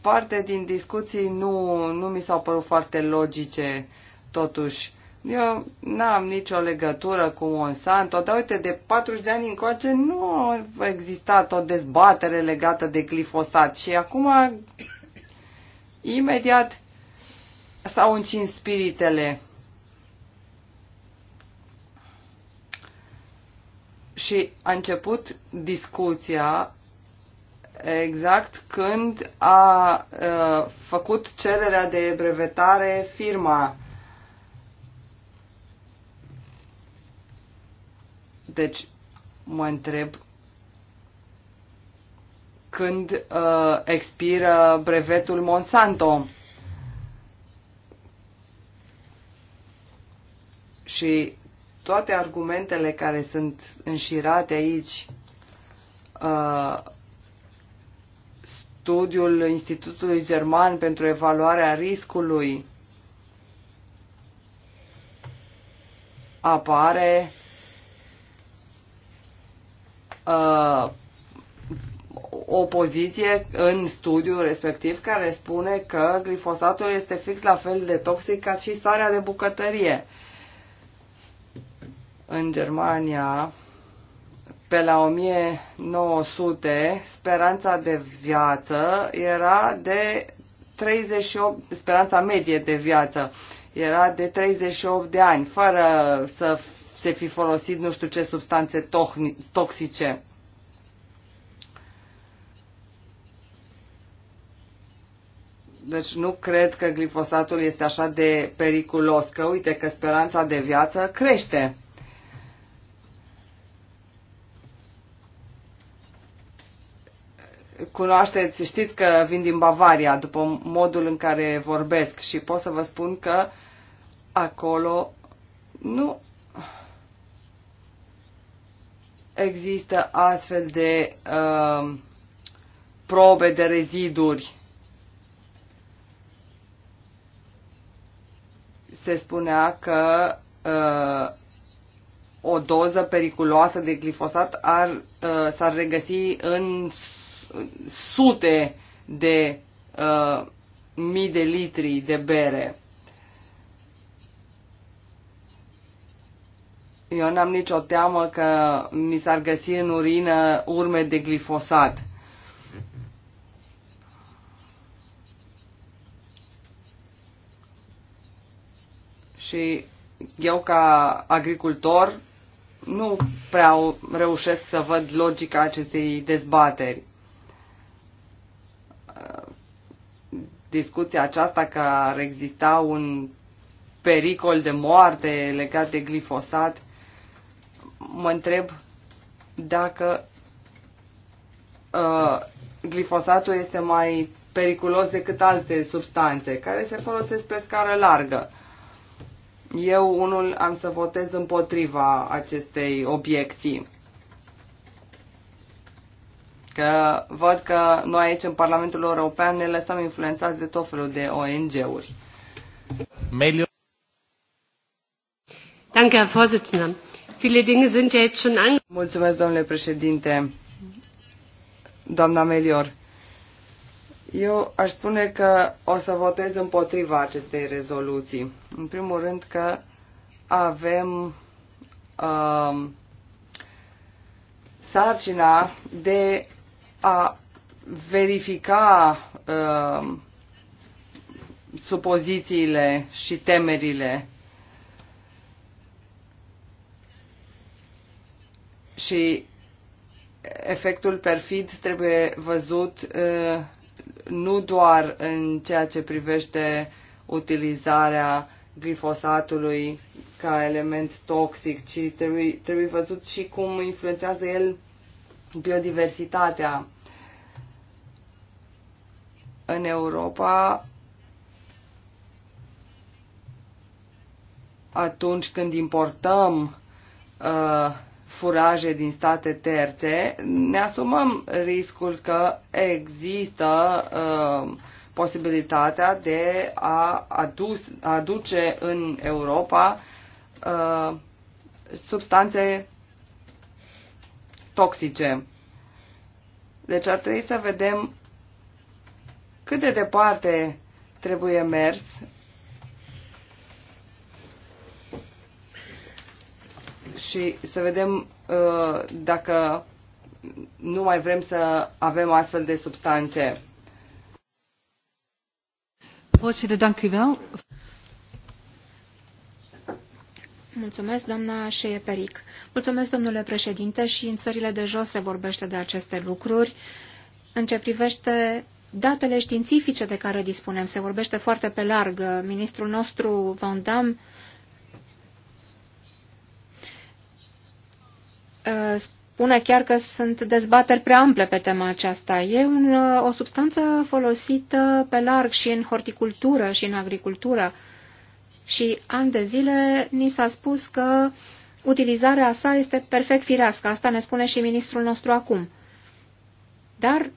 parte din discuții nu, nu mi s-au părut foarte logice, totuși. Eu n-am nicio legătură cu Monsanto, dar uite, de 40 de ani încoace nu a existat o dezbatere legată de glifosat și acum imediat s-au încins spiritele. Și a început discuția exact când a făcut cererea de brevetare firma. Deci, mă întreb când uh, expiră brevetul Monsanto. Și toate argumentele care sunt înșirate aici uh, studiul Institutului German pentru evaluarea riscului apare uh, o poziție în studiul respectiv care spune că glifosatul este fix la fel de toxic ca și sarea de bucătărie. În Germania pe la 1900, speranța de viață era de 38, speranța medie de viață era de 38 de ani, fără să se fi folosit nu știu ce substanțe toxice. Deci nu cred că glifosatul este așa de periculos, că uite că speranța de viață crește. cunoașteți, știți că vin din Bavaria după modul în care vorbesc și pot să vă spun că acolo nu există astfel de uh, probe de reziduri. Se spunea că uh, o doză periculoasă de glifosat ar, uh, s-ar regăsi în sute de uh, mii de litri de bere. Eu n-am nicio teamă că mi s-ar găsi în urină urme de glifosat. Și eu ca agricultor nu prea reușesc să văd logica acestei dezbateri. discuția aceasta că ar exista un pericol de moarte legat de glifosat, mă întreb dacă uh, glifosatul este mai periculos decât alte substanțe care se folosesc pe scară largă. Eu unul am să votez împotriva acestei obiecții. Că văd că noi aici în Parlamentul European ne lăsăm influențați de tot felul de ONG-uri. Danke, Herr Vorsitzender. Viele Dinge sind ja jetzt schon Mulțumesc, domnule președinte. Doamna Melior, eu aș spune că o să votez împotriva acestei rezoluții. În primul rând că avem uh, sarcina de a verifica uh, supozițiile și temerile și efectul perfid trebuie văzut uh, nu doar în ceea ce privește utilizarea glifosatului ca element toxic, ci trebuie, trebuie văzut și cum influențează el biodiversitatea în Europa atunci când importăm uh, furaje din state terțe, ne asumăm riscul că există uh, posibilitatea de a adus, aduce în Europa uh, substanțe toxice. Deci ar trebui să vedem cât de departe trebuie mers și să vedem uh, dacă nu mai vrem să avem astfel de substanțe. Voorzitter, dank u wel. Mulțumesc, doamna Peric. Mulțumesc, domnule președinte, și în țările de jos se vorbește de aceste lucruri. În ce privește datele științifice de care dispunem, se vorbește foarte pe larg. Ministrul nostru, Van Dam, uh, spune chiar că sunt dezbateri prea ample pe tema aceasta. E un, uh, o substanță folosită pe larg și în horticultură și în agricultură și ani de zile ni s-a spus că utilizarea sa este perfect firească. Asta ne spune și ministrul nostru acum. Dar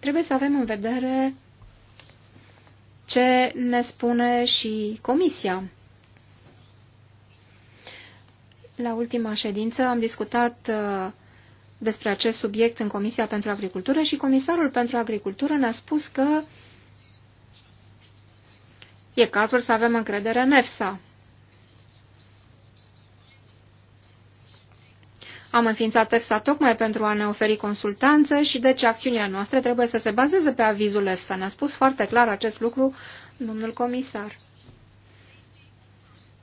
trebuie să avem în vedere ce ne spune și Comisia. La ultima ședință am discutat uh, despre acest subiect în Comisia pentru Agricultură și Comisarul pentru Agricultură ne-a spus că E cazul să avem încredere în EFSA. Am înființat EFSA tocmai pentru a ne oferi consultanțe și deci acțiunile noastre trebuie să se bazeze pe avizul EFSA. Ne-a spus foarte clar acest lucru domnul comisar.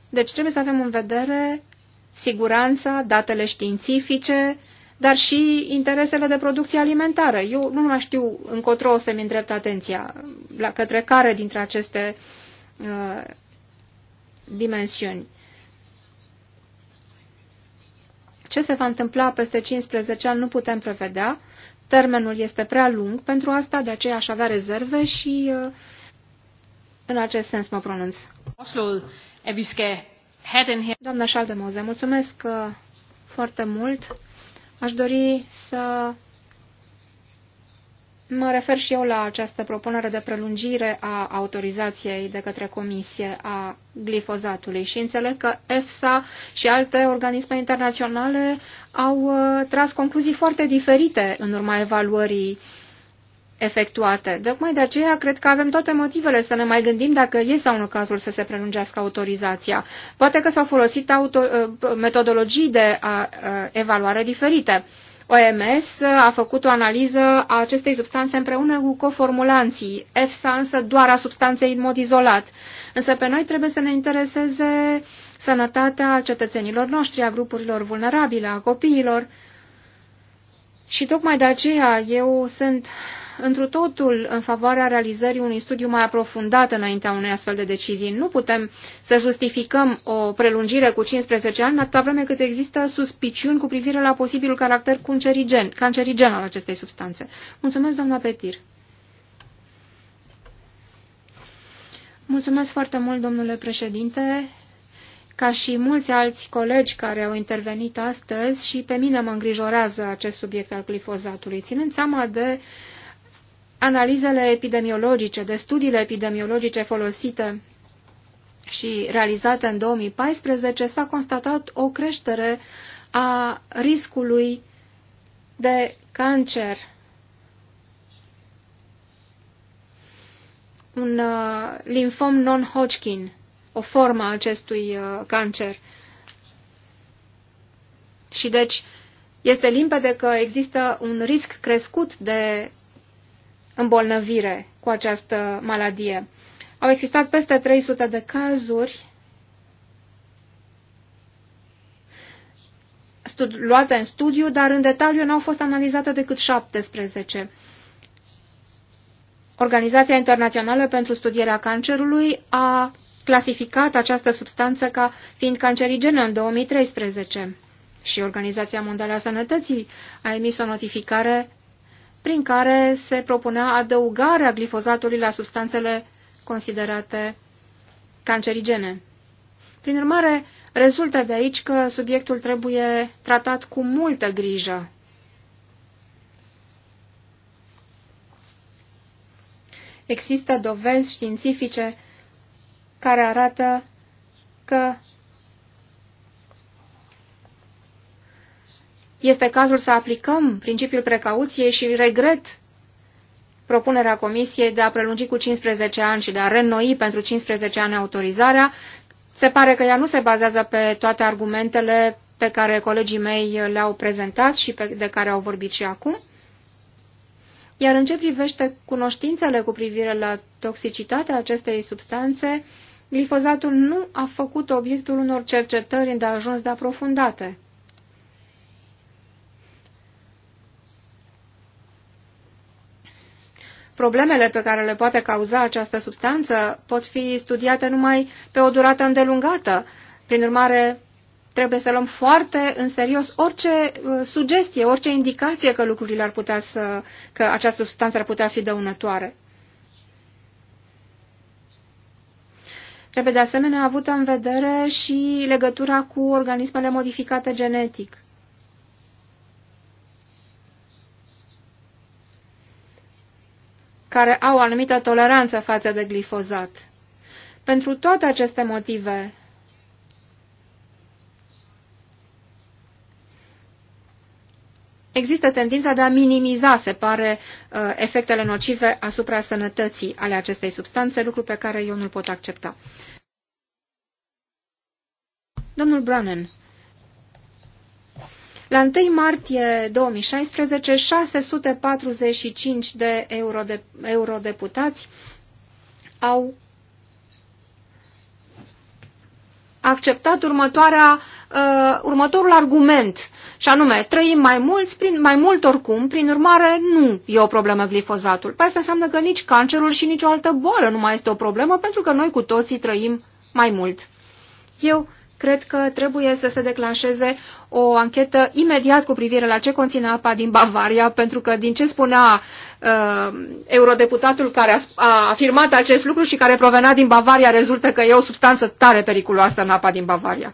Deci trebuie să avem în vedere siguranța, datele științifice, dar și interesele de producție alimentară. Eu nu mai știu încotro o să-mi îndrept atenția la către care dintre aceste uh, Uh, dimensiuni. Ce se va întâmpla peste 15 ani nu putem prevedea. Termenul este prea lung pentru asta, de aceea aș avea rezerve și uh, în acest sens mă pronunț. Doamna Schaldemose, mulțumesc uh, foarte mult. Aș dori să Mă refer și eu la această propunere de prelungire a autorizației de către Comisie a glifozatului și înțeleg că EFSA și alte organisme internaționale au uh, tras concluzii foarte diferite în urma evaluării efectuate. Tocmai de aceea cred că avem toate motivele să ne mai gândim dacă e sau nu cazul să se prelungească autorizația. Poate că s-au folosit auto, uh, metodologii de uh, evaluare diferite. OMS a făcut o analiză a acestei substanțe împreună cu coformulanții, EFSA însă doar a substanței în mod izolat. Însă pe noi trebuie să ne intereseze sănătatea cetățenilor noștri, a grupurilor vulnerabile, a copiilor. Și tocmai de aceea eu sunt întru totul în favoarea realizării unui studiu mai aprofundat înaintea unei astfel de decizii. Nu putem să justificăm o prelungire cu 15 ani atâta vreme cât există suspiciuni cu privire la posibilul caracter cancerigen, cancerigen al acestei substanțe. Mulțumesc, doamna Petir. Mulțumesc foarte mult, domnule președinte. Ca și mulți alți colegi care au intervenit astăzi și pe mine mă îngrijorează acest subiect al glifozatului, ținând seama de uh, analizele epidemiologice, de studiile epidemiologice folosite și realizate în 2014, s-a constatat o creștere a riscului de cancer. Un uh, linfom non-Hodgkin, o formă a acestui uh, cancer. Și deci este limpede că există un risc crescut de îmbolnăvire cu această maladie. Au existat peste 300 de cazuri luate în studiu, dar în detaliu n-au fost analizate decât 17. Organizația Internațională pentru Studierea Cancerului a clasificat această substanță ca fiind cancerigenă în 2013 și Organizația Mondială a Sănătății a emis o notificare prin care se propunea adăugarea glifozatului la substanțele considerate cancerigene. Prin urmare, rezultă de aici că subiectul trebuie tratat cu multă grijă. Există dovezi științifice care arată că este cazul să aplicăm principiul precauției și regret propunerea Comisiei de a prelungi cu 15 ani și de a reînnoi pentru 15 ani autorizarea. Se pare că ea nu se bazează pe toate argumentele pe care colegii mei le-au prezentat și pe, de care au vorbit și acum. Iar în ce privește cunoștințele cu privire la toxicitatea acestei substanțe, glifozatul nu a făcut obiectul unor cercetări îndeajuns de aprofundate. problemele pe care le poate cauza această substanță pot fi studiate numai pe o durată îndelungată. Prin urmare, trebuie să luăm foarte în serios orice uh, sugestie, orice indicație că lucrurile ar putea să, că această substanță ar putea fi dăunătoare. Trebuie de asemenea avută în vedere și legătura cu organismele modificate genetic. care au anumită toleranță față de glifozat. Pentru toate aceste motive, există tendința de a minimiza, se pare, uh, efectele nocive asupra sănătății ale acestei substanțe, lucru pe care eu nu-l pot accepta. Domnul Brannan, la 1 martie 2016, 645 de eurodeputați au acceptat următoarea, uh, următorul argument, și anume, trăim mai mulți, prin, mai mult oricum, prin urmare, nu e o problemă glifozatul. Păi asta înseamnă că nici cancerul și nicio altă boală nu mai este o problemă, pentru că noi cu toții trăim mai mult. Eu cred că trebuie să se declanșeze o anchetă imediat cu privire la ce conține apa din Bavaria, pentru că din ce spunea uh, eurodeputatul care a, a afirmat acest lucru și care provenea din Bavaria, rezultă că e o substanță tare periculoasă în apa din Bavaria.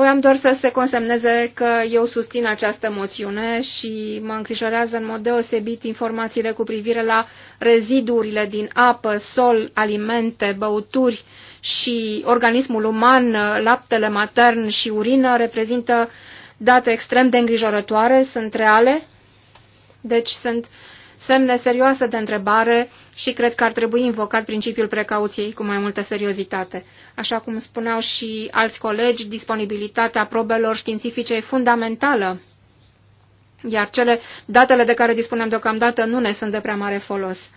Voiam doar să se consemneze că eu susțin această moțiune și mă îngrijorează în mod deosebit informațiile cu privire la reziduurile din apă, sol, alimente, băuturi și organismul uman, laptele matern și urină reprezintă date extrem de îngrijorătoare, sunt reale, deci sunt semne serioase de întrebare și cred că ar trebui invocat principiul precauției cu mai multă seriozitate. Așa cum spuneau și alți colegi, disponibilitatea probelor științifice e fundamentală, iar cele datele de care dispunem deocamdată nu ne sunt de prea mare folos.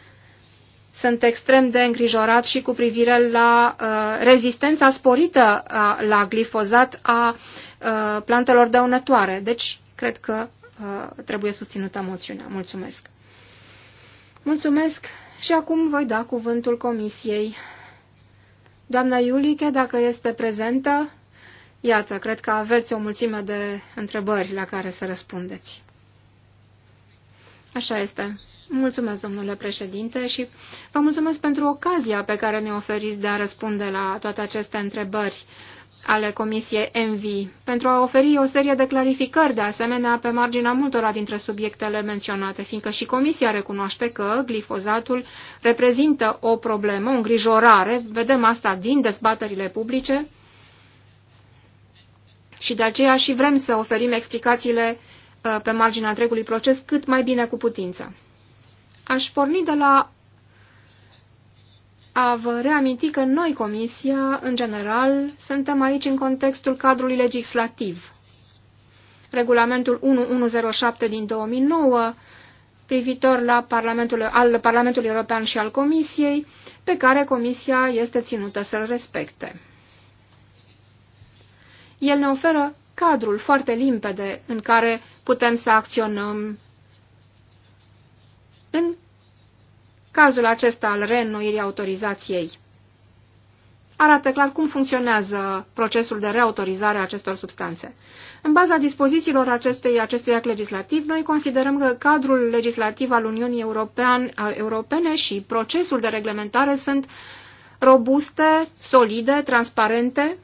Sunt extrem de îngrijorat și cu privire la uh, rezistența sporită a, uh, la glifozat a uh, plantelor dăunătoare. Deci, cred că uh, trebuie susținută moțiunea. Mulțumesc! Mulțumesc! Și acum voi da cuvântul comisiei. Doamna Iulie, dacă este prezentă, iată, cred că aveți o mulțime de întrebări la care să răspundeți. Așa este. Mulțumesc, domnule președinte, și vă mulțumesc pentru ocazia pe care mi-o oferiți de a răspunde la toate aceste întrebări ale Comisiei ENVI pentru a oferi o serie de clarificări de asemenea pe marginea multora dintre subiectele menționate, fiindcă și Comisia recunoaște că glifozatul reprezintă o problemă, o îngrijorare, vedem asta din dezbaterile publice și de aceea și vrem să oferim explicațiile uh, pe marginea întregului proces cât mai bine cu putință. Aș porni de la a vă reaminti că noi, Comisia, în general, suntem aici în contextul cadrului legislativ. Regulamentul 1107 din 2009 privitor la Parlamentul, al Parlamentului European și al Comisiei, pe care Comisia este ținută să-l respecte. El ne oferă cadrul foarte limpede în care putem să acționăm în Cazul acesta al reînnoirii autorizației arată clar cum funcționează procesul de reautorizare a acestor substanțe. În baza dispozițiilor acestei, acestui act legislativ, noi considerăm că cadrul legislativ al Uniunii European, Europene și procesul de reglementare sunt robuste, solide, transparente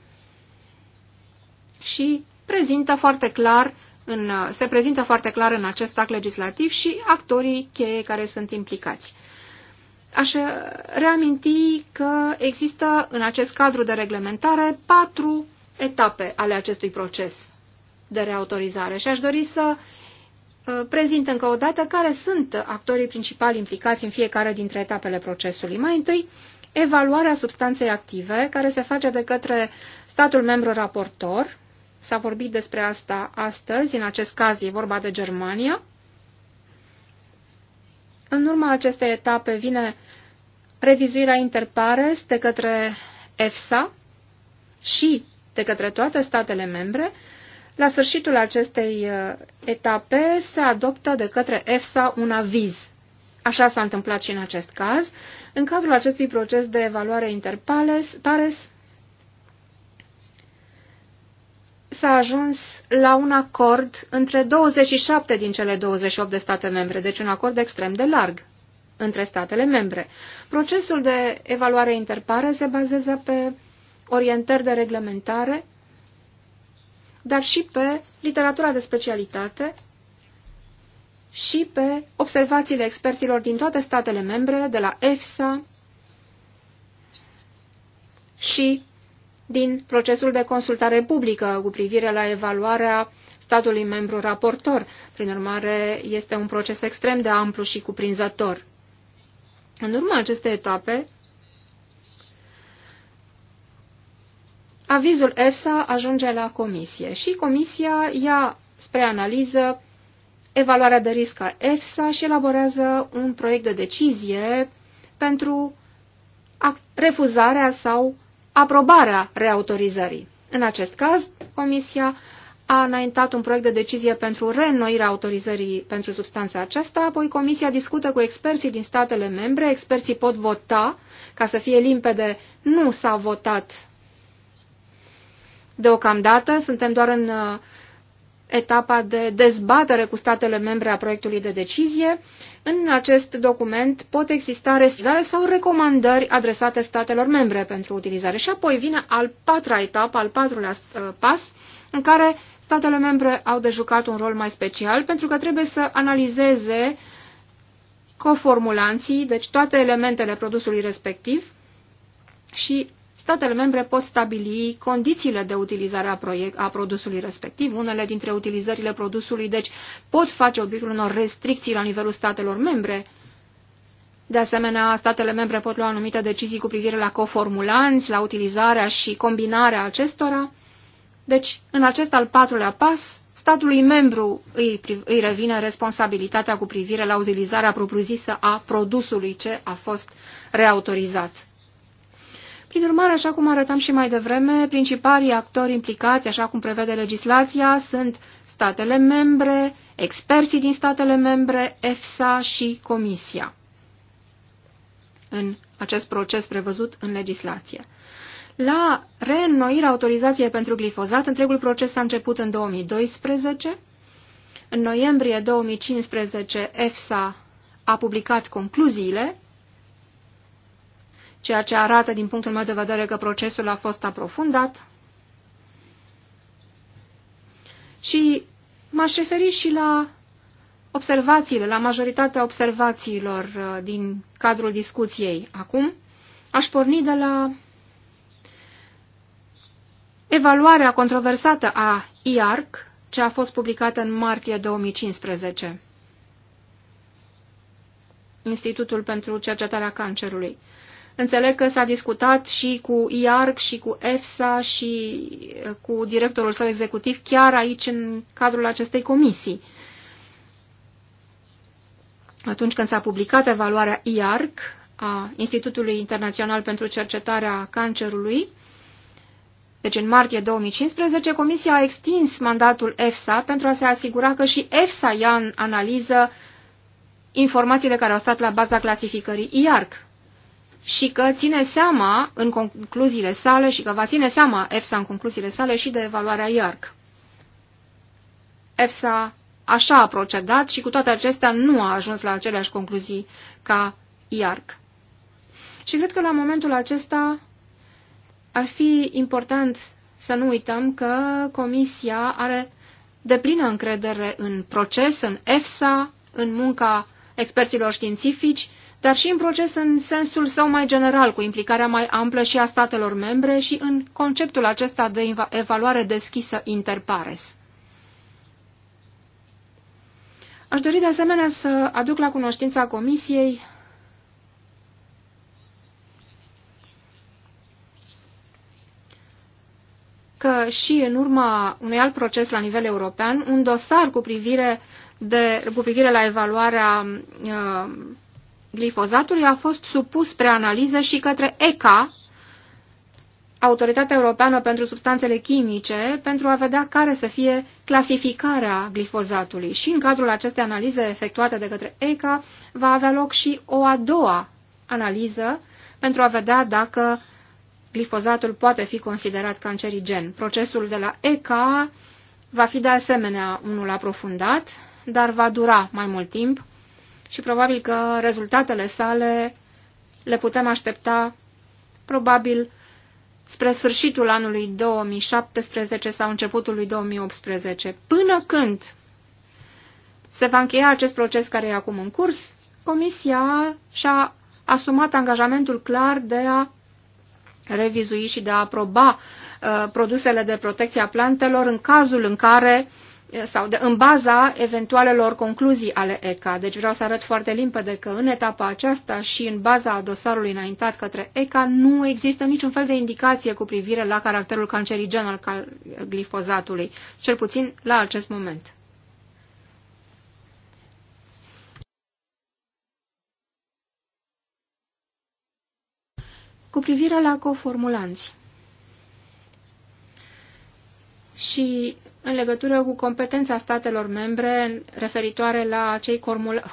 și prezintă foarte clar în, se prezintă foarte clar în acest act legislativ și actorii cheie care sunt implicați. Aș reaminti că există în acest cadru de reglementare patru etape ale acestui proces de reautorizare și aș dori să uh, prezint încă o dată care sunt actorii principali implicați în fiecare dintre etapele procesului. Mai întâi, evaluarea substanței active, care se face de către statul membru raportor. S-a vorbit despre asta astăzi, în acest caz e vorba de Germania. În urma acestei etape vine revizuirea interpares de către EFSA și de către toate statele membre, la sfârșitul acestei uh, etape se adoptă de către EFSA un aviz. Așa s-a întâmplat și în acest caz. În cadrul acestui proces de evaluare interpares, pares, s-a ajuns la un acord între 27 din cele 28 de state membre, deci un acord extrem de larg între statele membre. Procesul de evaluare interpară se bazează pe orientări de reglementare, dar și pe literatura de specialitate și pe observațiile experților din toate statele membre, de la EFSA și din procesul de consultare publică cu privire la evaluarea statului membru raportor. Prin urmare, este un proces extrem de amplu și cuprinzător. În urma acestei etape, avizul EFSA ajunge la comisie și comisia ia spre analiză evaluarea de risc a EFSA și elaborează un proiect de decizie pentru refuzarea sau aprobarea reautorizării. În acest caz, Comisia a înaintat un proiect de decizie pentru reînnoirea autorizării pentru substanța aceasta, apoi Comisia discută cu experții din statele membre, experții pot vota, ca să fie limpede, nu s-a votat deocamdată, suntem doar în uh, etapa de dezbatere cu statele membre a proiectului de decizie. În acest document pot exista restrizare sau recomandări adresate statelor membre pentru utilizare. Și apoi vine al patra etapă, al patrulea uh, pas, în care statele membre au de jucat un rol mai special pentru că trebuie să analizeze coformulanții, deci toate elementele produsului respectiv și statele membre pot stabili condițiile de utilizare a, proiect, a produsului respectiv. Unele dintre utilizările produsului, deci, pot face obiectul unor restricții la nivelul statelor membre. De asemenea, statele membre pot lua anumite decizii cu privire la coformulanți, la utilizarea și combinarea acestora. Deci, în acest al patrulea pas, statului membru îi, îi revine responsabilitatea cu privire la utilizarea propriu-zisă a produsului ce a fost reautorizat. Prin urmare, așa cum arătam și mai devreme, principalii actori implicați, așa cum prevede legislația, sunt statele membre, experții din statele membre, EFSA și Comisia. În acest proces prevăzut în legislație. La reînnoirea autorizației pentru glifozat, întregul proces a început în 2012. În noiembrie 2015, EFSA a publicat concluziile, ceea ce arată, din punctul meu de vedere, că procesul a fost aprofundat. Și m-aș referi și la observațiile, la majoritatea observațiilor uh, din cadrul discuției acum. Aș porni de la evaluarea controversată a IARC, ce a fost publicată în martie 2015. Institutul pentru Cercetarea Cancerului. Înțeleg că s-a discutat și cu IARC și cu EFSA și uh, cu directorul său executiv chiar aici în cadrul acestei comisii. Atunci când s-a publicat evaluarea IARC a Institutului Internațional pentru Cercetarea Cancerului, deci în martie 2015, Comisia a extins mandatul EFSA pentru a se asigura că și EFSA ia în analiză informațiile care au stat la baza clasificării IARC și că ține seama în concluziile sale și că va ține seama EFSA în concluziile sale și de evaluarea IARC. EFSA așa a procedat și cu toate acestea nu a ajuns la aceleași concluzii ca IARC. Și cred că la momentul acesta ar fi important să nu uităm că Comisia are deplină încredere în proces, în EFSA, în munca experților științifici, dar și în proces în sensul său mai general, cu implicarea mai amplă și a statelor membre și în conceptul acesta de evaluare deschisă interpares. Aș dori de asemenea să aduc la cunoștința Comisiei că și în urma unui alt proces la nivel european, un dosar cu privire, de, cu privire la evaluarea uh, glifozatului a fost supus spre analiză și către ECA, Autoritatea Europeană pentru Substanțele Chimice, pentru a vedea care să fie clasificarea glifozatului. Și în cadrul acestei analize efectuate de către ECA va avea loc și o a doua analiză pentru a vedea dacă uh, glifozatul poate fi considerat cancerigen. Procesul de la ECA va fi de asemenea unul aprofundat, dar va dura mai mult timp și probabil că rezultatele sale le putem aștepta probabil spre sfârșitul anului 2017 sau începutul lui 2018. Până când se va încheia acest proces care e acum în curs, Comisia și-a asumat angajamentul clar de a revizui și de a aproba uh, produsele de protecție a plantelor în cazul în care uh, sau de, în baza eventualelor concluzii ale ECA. Deci vreau să arăt foarte limpede că în etapa aceasta și în baza dosarului înaintat către ECA nu există niciun fel de indicație cu privire la caracterul cancerigen al glifozatului, cel puțin la acest moment. privire la coformulanți și în legătură cu competența statelor membre referitoare la cei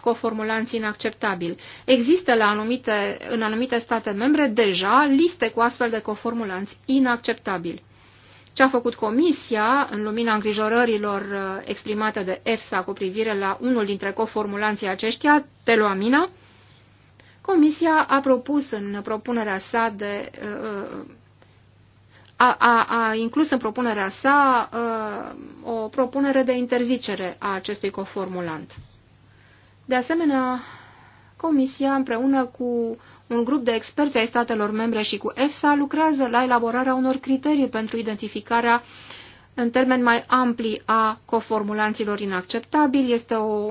coformulanți inacceptabili. Există la anumite, în anumite state membre deja liste cu astfel de coformulanți inacceptabili. Ce a făcut Comisia, în lumina îngrijorărilor uh, exprimate de EFSA cu privire la unul dintre coformulanții aceștia, teloamina, Comisia a propus în propunerea sa de... Uh, uh, a, a, a inclus în propunerea sa a, uh, o propunere de interzicere a acestui coformulant. De asemenea, Comisia, împreună cu un grup de experți ai statelor membre și cu EFSA, lucrează la elaborarea unor criterii pentru identificarea în termen mai ampli a coformulanților inacceptabili. Este o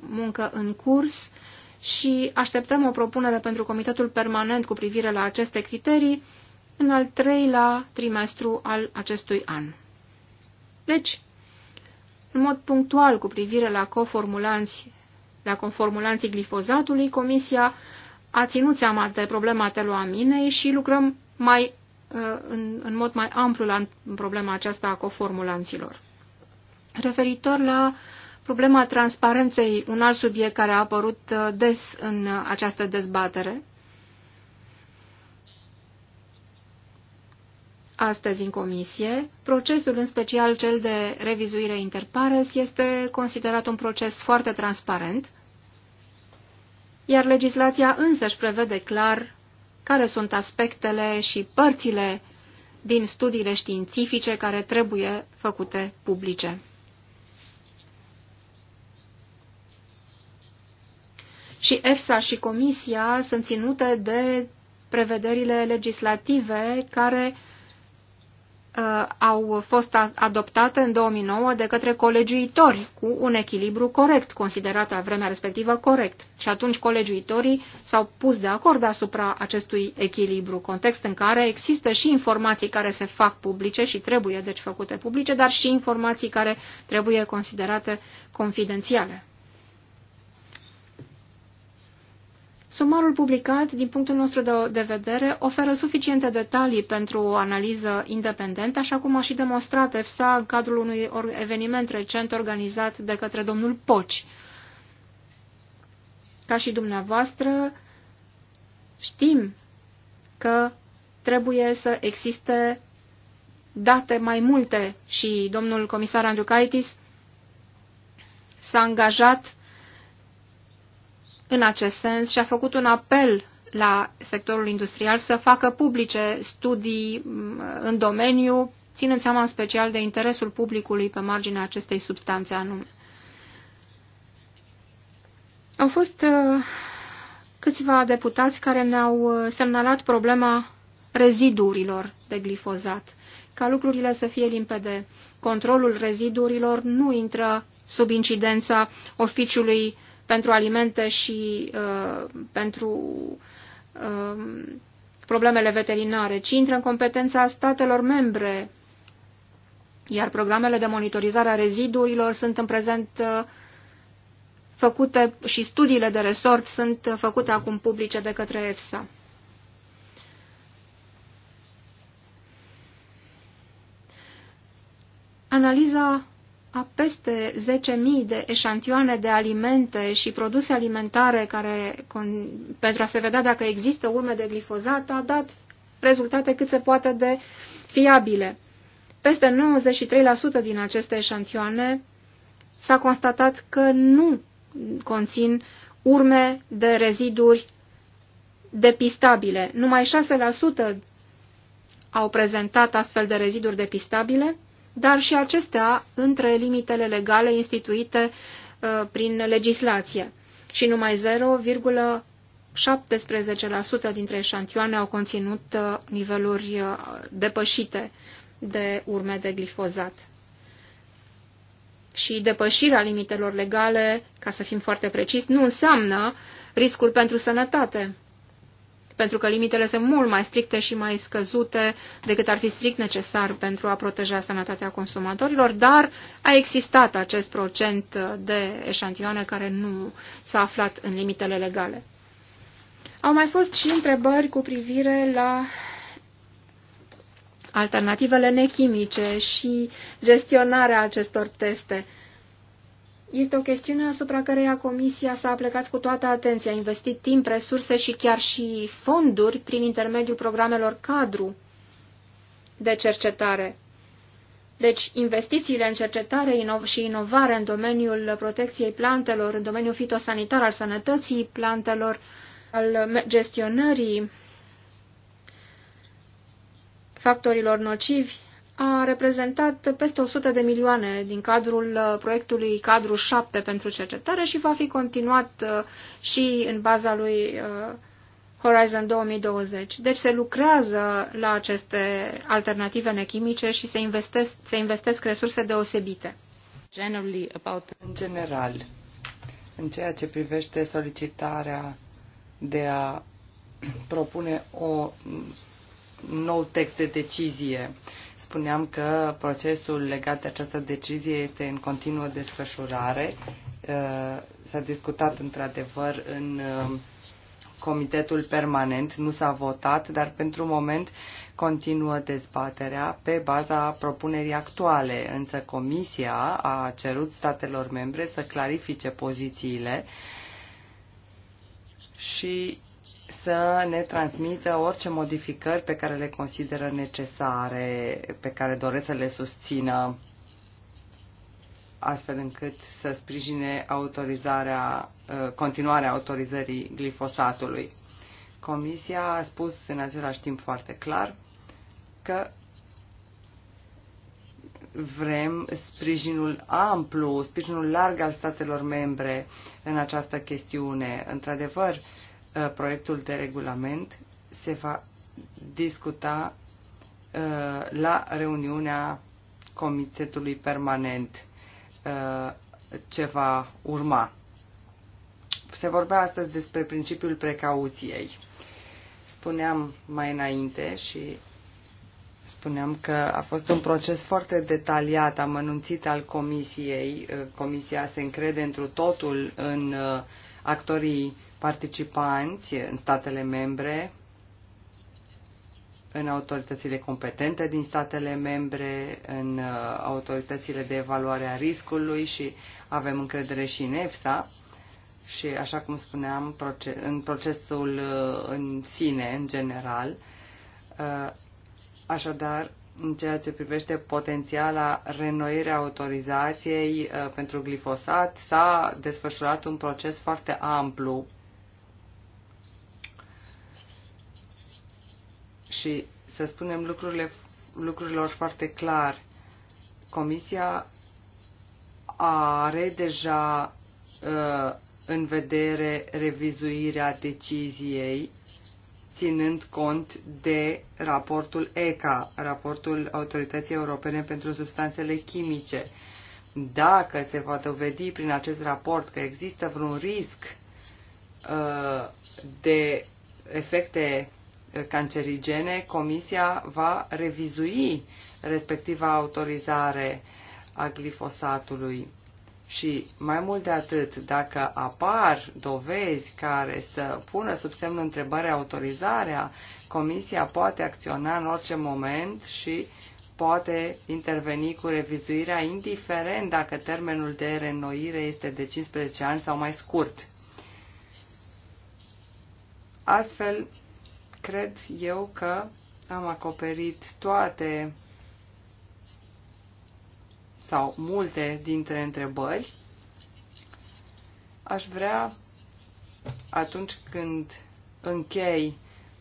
muncă în curs și așteptăm o propunere pentru Comitetul Permanent cu privire la aceste criterii în al treilea trimestru al acestui an. Deci, în mod punctual cu privire la coformulanți, la conformulanții glifozatului, Comisia a ținut seama de problema teloaminei și lucrăm mai, uh, în, în mod mai amplu la problema aceasta a coformulanților. Referitor la uh, Problema transparenței, un alt subiect care a apărut uh, des în uh, această dezbatere. Astăzi în comisie, procesul, în special cel de revizuire interpares, este considerat un proces foarte transparent, iar legislația însă, își prevede clar care sunt aspectele și părțile din studiile științifice care trebuie făcute publice. și EFSA și Comisia sunt ținute de prevederile legislative care uh, au fost adoptate în 2009 de către colegiuitori cu un echilibru corect, considerat la vremea respectivă corect. Și atunci colegiuitorii s-au pus de acord asupra acestui echilibru, context în care există și informații care se fac publice și trebuie deci făcute publice, dar și informații care trebuie considerate confidențiale. Sumarul publicat, din punctul nostru de, de vedere, oferă suficiente detalii pentru o analiză independentă, așa cum a și demonstrat EFSA în cadrul unui eveniment recent organizat de către domnul Poci. Ca și dumneavoastră, știm că trebuie să existe date mai multe și domnul comisar Andriukaitis s-a angajat în acest sens și a făcut un apel la sectorul industrial să facă publice studii mm, în domeniu, ținând seama în special de interesul publicului pe marginea acestei substanțe anume. Au fost uh, câțiva deputați care ne-au uh, semnalat problema rezidurilor de glifozat. Ca lucrurile să fie limpede, controlul rezidurilor nu intră sub incidența oficiului pentru alimente și uh, pentru uh, problemele veterinare, ci intră în competența statelor membre, iar programele de monitorizare a rezidurilor sunt în prezent uh, făcute și studiile de resort sunt făcute acum publice de către EFSA. Analiza a peste 10.000 de eșantioane de alimente și produse alimentare care, pentru a se vedea dacă există urme de glifozat, a dat rezultate cât se poate de fiabile. Peste 93% din aceste eșantioane s-a constatat că nu conțin urme de reziduri depistabile. Numai 6% au prezentat astfel de reziduri depistabile, dar și acestea între limitele legale instituite uh, prin legislație. Și numai 0,17% dintre eșantioane au conținut uh, niveluri uh, depășite de urme de glifozat. Și depășirea limitelor legale, ca să fim foarte precis, nu înseamnă riscuri pentru sănătate pentru că limitele sunt mult mai stricte și mai scăzute decât ar fi strict necesar pentru a proteja sănătatea consumatorilor, dar a existat acest procent de eșantioane care nu s-a aflat în limitele legale. Au mai fost și întrebări cu privire la alternativele nechimice și gestionarea acestor teste. Este o chestiune asupra căreia Comisia s-a plecat cu toată atenția, a investit timp, resurse și chiar și fonduri prin intermediul programelor cadru de cercetare. Deci, investițiile în cercetare și inovare în domeniul protecției plantelor, în domeniul fitosanitar al sănătății plantelor, al gestionării factorilor nocivi a reprezentat peste 100 de milioane din cadrul uh, proiectului Cadru 7 pentru cercetare și va fi continuat uh, și în baza lui uh, Horizon 2020. Deci se lucrează la aceste alternative nechimice și se investesc, se investesc resurse deosebite. În general, în ceea ce privește solicitarea de a propune o nou text de decizie spuneam că procesul legat de această decizie este în continuă desfășurare. Uh, s-a discutat într-adevăr în uh, comitetul permanent, nu s-a votat, dar pentru moment continuă dezbaterea pe baza propunerii actuale, însă Comisia a cerut statelor membre să clarifice pozițiile și să ne transmită orice modificări pe care le consideră necesare, pe care doresc să le susțină, astfel încât să sprijine autorizarea, ă, continuarea autorizării glifosatului. Comisia a spus în același timp foarte clar că vrem sprijinul amplu, sprijinul larg al statelor membre în această chestiune. Într-adevăr, uh, Uh, proiectul de regulament se va discuta uh, la reuniunea Comitetului Permanent uh, ce va urma. Se vorbea astăzi despre principiul precauției. Spuneam mai înainte și spuneam că a fost un proces foarte detaliat, amănunțit al comisiei. Comisia se încrede întru totul în actorii participanți în statele membre, în autoritățile competente din statele membre, în uh, autoritățile de evaluare a riscului și avem încredere și în EFSA și, așa cum spuneam, în procesul uh, în sine, în general. Uh, așadar, în ceea ce privește potențiala renoirea a autorizației pentru glifosat, s-a desfășurat un proces foarte amplu și să spunem lucrurile, lucrurilor foarte clar. Comisia are deja uh, în vedere revizuirea deciziei ținând cont de raportul ECA, raportul Autorității Europene pentru Substanțele Chimice. Dacă se va dovedi prin acest raport că există vreun risc uh, de efecte cancerigene, Comisia va revizui respectiva autorizare a glifosatului. Și mai mult de atât, dacă apar dovezi care să pună sub semnul întrebare autorizarea, Comisia poate acționa în orice moment și poate interveni cu revizuirea, indiferent dacă termenul de renoire este de 15 ani sau mai scurt. Astfel, Cred eu că am acoperit toate sau multe dintre întrebări. Aș vrea, atunci când închei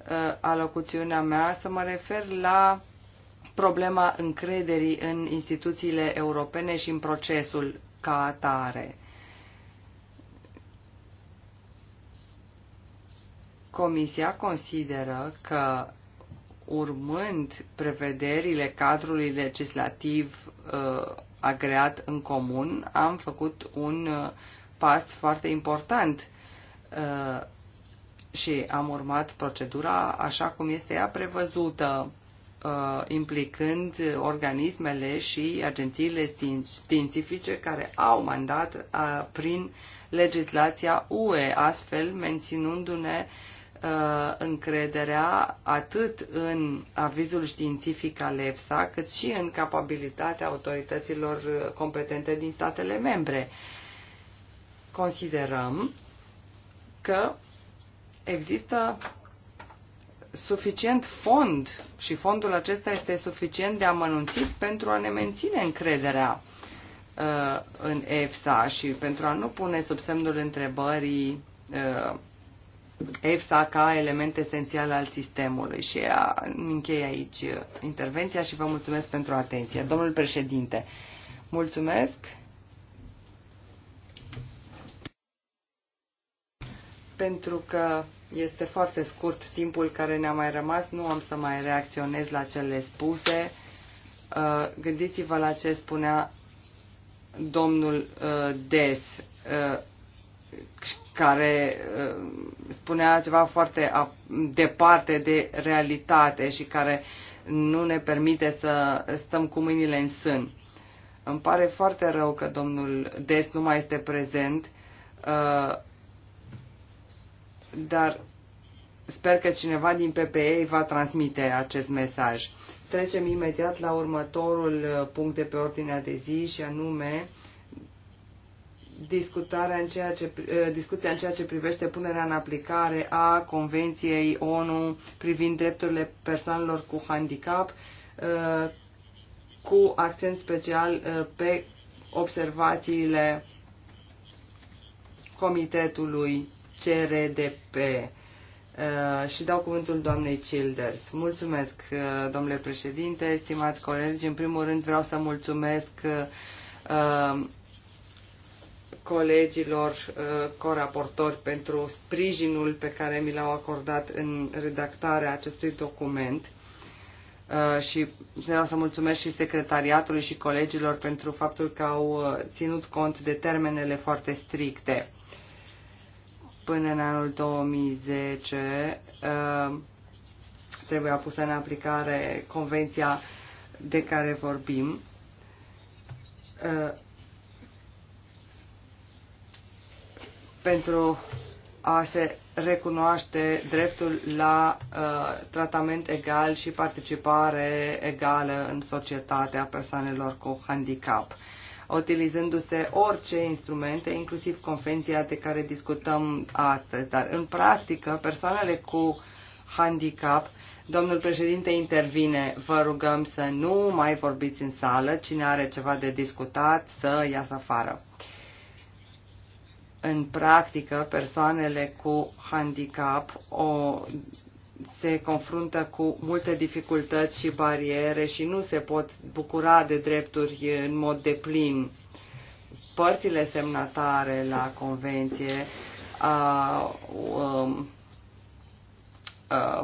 uh, alocuțiunea mea, să mă refer la problema încrederii în instituțiile europene și în procesul ca atare. Comisia consideră că urmând prevederile cadrului legislativ uh, agreat în comun, am făcut un uh, pas foarte important uh, și am urmat procedura așa cum este ea prevăzută, uh, implicând organismele și agențiile științifice care au mandat uh, prin legislația UE, astfel menținându-ne uh, Uh, încrederea atât în avizul științific al EFSA, cât și în capabilitatea autorităților competente din statele membre. Considerăm că există suficient fond și fondul acesta este suficient de amănunțit pentru a ne menține încrederea uh, în EFSA și pentru a nu pune sub semnul întrebării uh, EFSA ca element esențial al sistemului. Și închei aici intervenția și vă mulțumesc pentru atenție. Domnul președinte, mulțumesc. Pentru că este foarte scurt timpul care ne-a mai rămas, nu am să mai reacționez la cele spuse. Uh, gândiți-vă la ce spunea domnul uh, Des uh, care uh, spunea ceva foarte departe de realitate și care nu ne permite să stăm cu mâinile în sân. Îmi pare foarte rău că domnul Des nu mai este prezent, uh, dar sper că cineva din PPE va transmite acest mesaj. Trecem imediat la următorul uh, punct de pe ordinea de zi și anume discutarea în ceea ce, eh, discuția în ceea ce privește punerea în aplicare a Convenției ONU privind drepturile persoanelor cu handicap, eh, cu accent special eh, pe observațiile Comitetului CRDP. Și dau cuvântul doamnei Childers. Mulțumesc, domnule președinte, stimați colegi. În primul rând vreau să mulțumesc colegilor uh, coraportori pentru sprijinul pe care mi l-au acordat în redactarea acestui document uh, și vreau să mulțumesc și secretariatului și colegilor pentru faptul că au uh, ținut cont de termenele foarte stricte. Până în anul 2010 trebuia pusă în aplicare convenția de care vorbim pentru a se recunoaște dreptul la uh, tratament egal și participare egală în societatea persoanelor cu handicap, utilizându-se orice instrumente, inclusiv convenția de care discutăm astăzi. Dar, în practică, persoanele cu handicap, domnul președinte intervine, vă rugăm să nu mai vorbiți în sală, cine are ceva de discutat să iasă afară. Uh, în practică persoanele cu handicap o, se confruntă cu multe dificultăți și bariere și nu se pot bucura de drepturi în mod deplin. Părțile semnatare la convenție au um,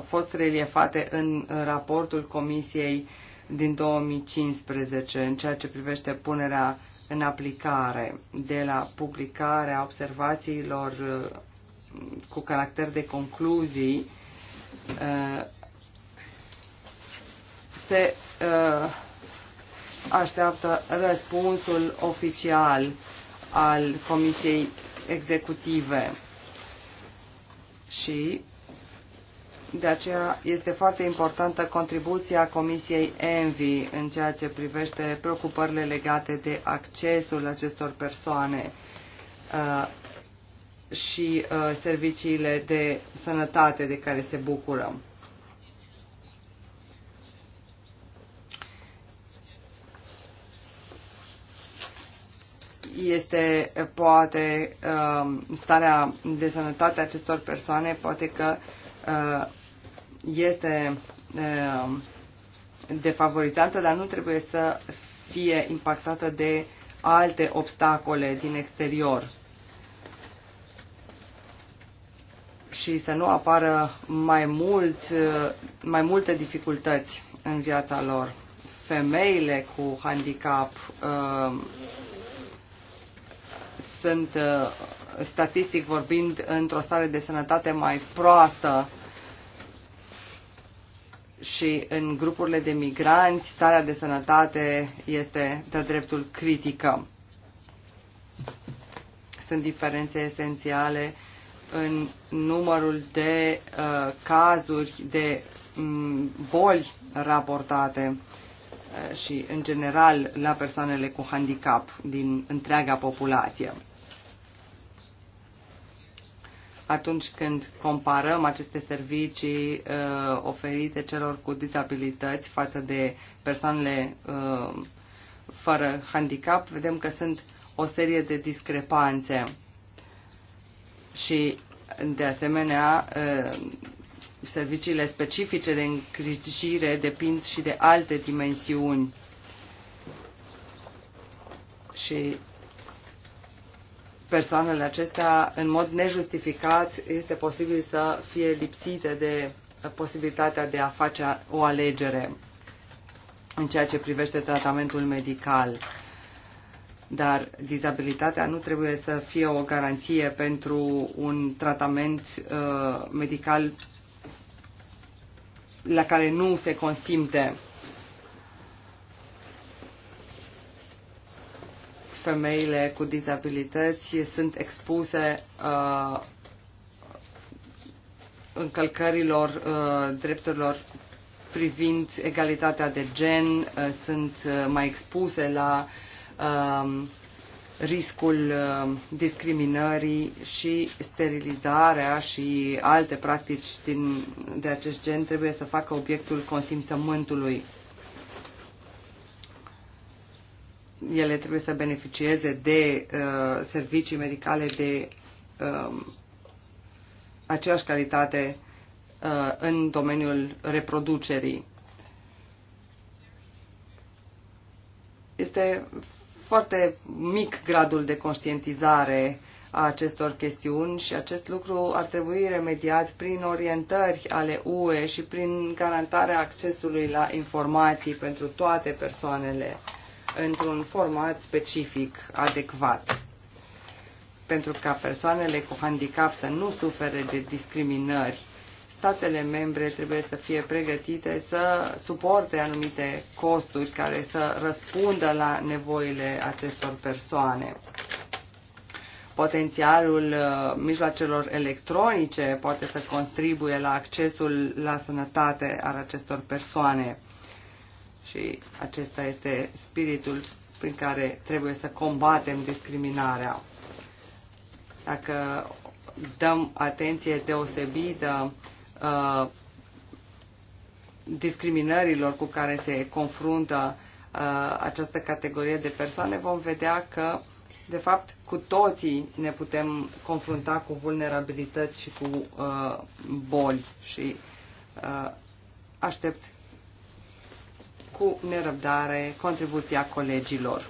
fost reliefate în raportul Comisiei din 2015 în ceea ce privește punerea în aplicare, de la publicarea observațiilor uh, cu caracter de concluzii, uh, se uh, așteaptă răspunsul oficial al Comisiei Executive și de aceea este foarte importantă contribuția Comisiei ENVI în ceea ce privește preocupările legate de accesul acestor persoane uh, și uh, serviciile de sănătate de care se bucură. este poate uh, starea de sănătate a acestor persoane, poate că este ehm, defavorizată, dar nu trebuie să fie impactată de alte obstacole din exterior și să nu apară mai, mult, mai multe dificultăți în viața lor. Femeile cu handicap uh, sunt, uh, statistic vorbind, într-o stare de sănătate mai proastă uh, și în grupurile de migranți starea de sănătate este de dreptul critică. Sunt diferențe esențiale în numărul de uh, cazuri de um, boli raportate uh, și, în general, la persoanele cu handicap din întreaga populație atunci când comparăm aceste servicii uh, oferite celor cu dizabilități față de persoanele uh, fără handicap, vedem că sunt o serie de discrepanțe. Și, de asemenea, uh, serviciile specifice de îngrijire depind și de alte dimensiuni. Și persoanele acestea în mod nejustificat este posibil să fie lipsite de posibilitatea de a face o alegere în ceea ce privește tratamentul medical. Dar dizabilitatea nu trebuie să fie o garanție pentru un tratament uh, medical la care nu se consimte femeile cu dizabilități sunt expuse uh, încălcărilor uh, drepturilor privind egalitatea de gen, uh, sunt uh, mai expuse la uh, riscul uh, discriminării și sterilizarea și alte practici din, de acest gen trebuie să facă obiectul consimțământului ele trebuie să beneficieze de uh, servicii medicale de uh, aceeași calitate uh, în domeniul reproducerii. Este foarte mic gradul de conștientizare a acestor chestiuni și acest lucru ar trebui remediat prin orientări ale UE și prin garantarea accesului la informații pentru toate persoanele într-un format specific adecvat pentru ca persoanele cu handicap să nu sufere de discriminări. Statele membre trebuie să fie pregătite să suporte anumite costuri care să răspundă la nevoile acestor persoane. Potențialul uh, mijloacelor electronice poate să contribuie la accesul la sănătate al acestor persoane și acesta este spiritul prin care trebuie să combatem discriminarea. Dacă dăm atenție deosebită uh, discriminărilor cu care se confruntă uh, această categorie de persoane, vom vedea că, de fapt, cu toții ne putem confrunta cu vulnerabilități și cu uh, boli și uh, aștept cu nerăbdare contribuția colegilor.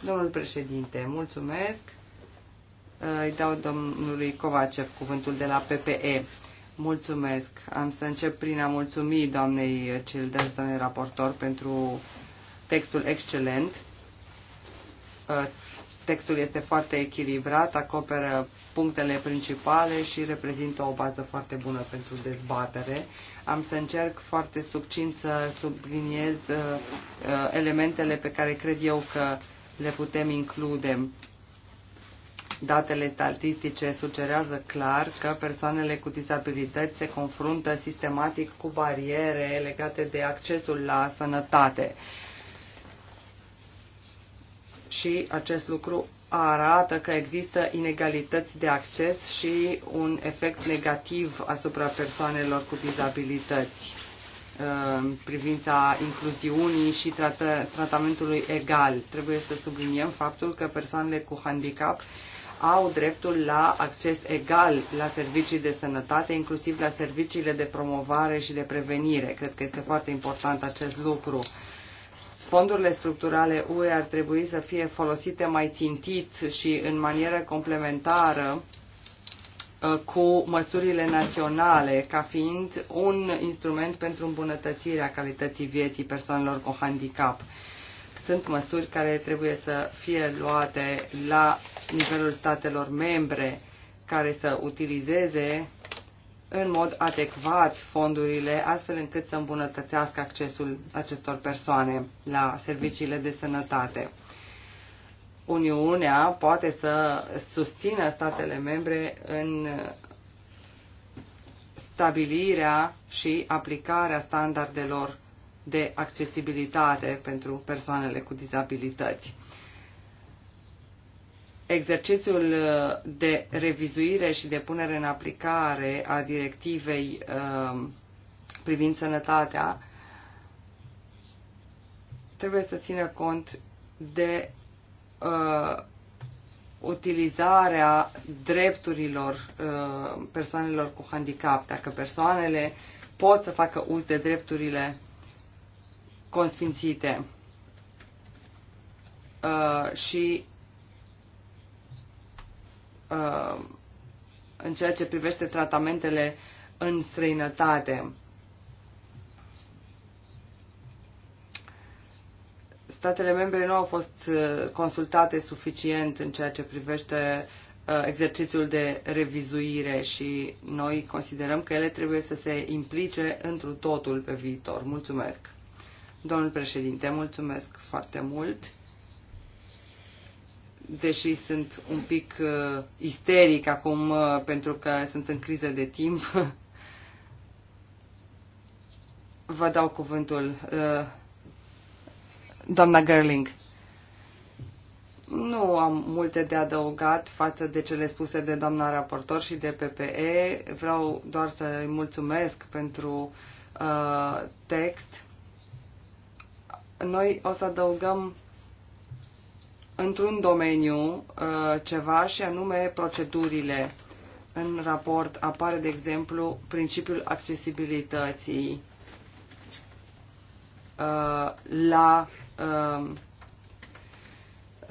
Domnul președinte, mulțumesc. Îi dau domnului Covacev cuvântul de la PPE. Mulțumesc. Am să încep prin a mulțumi doamnei Cildes, doamnei raportor, pentru textul excelent Textul este foarte echilibrat, acoperă punctele principale și reprezintă o bază foarte bună pentru dezbatere. Am să încerc foarte succint să subliniez uh, uh, elementele pe care cred eu că le putem include. Datele statistice sugerează clar că persoanele cu dizabilități se confruntă sistematic cu bariere legate de accesul la sănătate și acest lucru arată că există inegalități de acces și un efect negativ asupra persoanelor cu dizabilități uh, în privința incluziunii și trată, tratamentului egal. Trebuie să subliniem faptul că persoanele cu handicap au dreptul la acces egal la servicii de sănătate, inclusiv la serviciile de promovare și de prevenire. Cred că este foarte important acest lucru fondurile structurale UE ar trebui să fie folosite mai țintit și în manieră complementară uh, cu măsurile naționale ca fiind un instrument pentru îmbunătățirea calității vieții persoanelor cu handicap. Sunt măsuri care trebuie să fie luate la nivelul statelor membre care să utilizeze în mod adecvat fondurile, astfel încât să îmbunătățească accesul acestor persoane la serviciile de sănătate. Uniunea poate să susțină statele membre în stabilirea și aplicarea standardelor de accesibilitate pentru persoanele cu dizabilități exercițiul uh, de revizuire și de punere în aplicare a directivei uh, privind sănătatea trebuie să țină cont de uh, utilizarea drepturilor uh, persoanelor cu handicap. Dacă persoanele pot să facă uz de drepturile consfințite uh, și Uh, în ceea ce privește tratamentele în străinătate. Statele membre nu au fost uh, consultate suficient în ceea ce privește uh, exercițiul de revizuire și noi considerăm că ele trebuie să se implice într totul pe viitor. Mulțumesc! Domnul președinte, mulțumesc foarte mult! deși sunt un pic uh, isteric acum uh, pentru că sunt în criză de timp, vă dau cuvântul, uh, doamna Gerling. Nu am multe de adăugat față de cele spuse de doamna raportor și de PPE. Vreau doar să-i mulțumesc pentru uh, text. Noi o să adăugăm într-un domeniu uh, ceva și anume procedurile. În raport apare, de exemplu, principiul accesibilității uh, la um,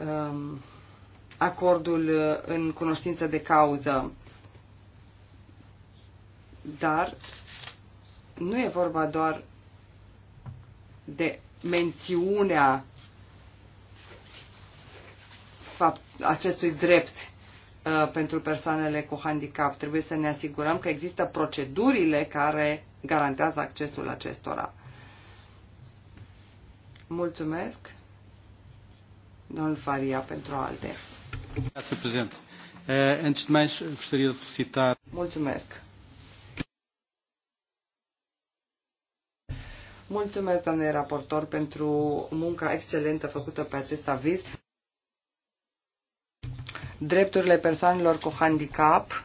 um, acordul uh, în cunoștință de cauză. Dar nu e vorba doar de mențiunea fapt, acestui drept uh, pentru persoanele cu handicap. Trebuie să ne asigurăm că există procedurile care garantează accesul acestora. Mulțumesc, domnul Faria, pentru alte. Eh, Mulțumesc. Mulțumesc, doamne raportor, pentru munca excelentă făcută pe acest aviz drepturile persoanelor cu handicap,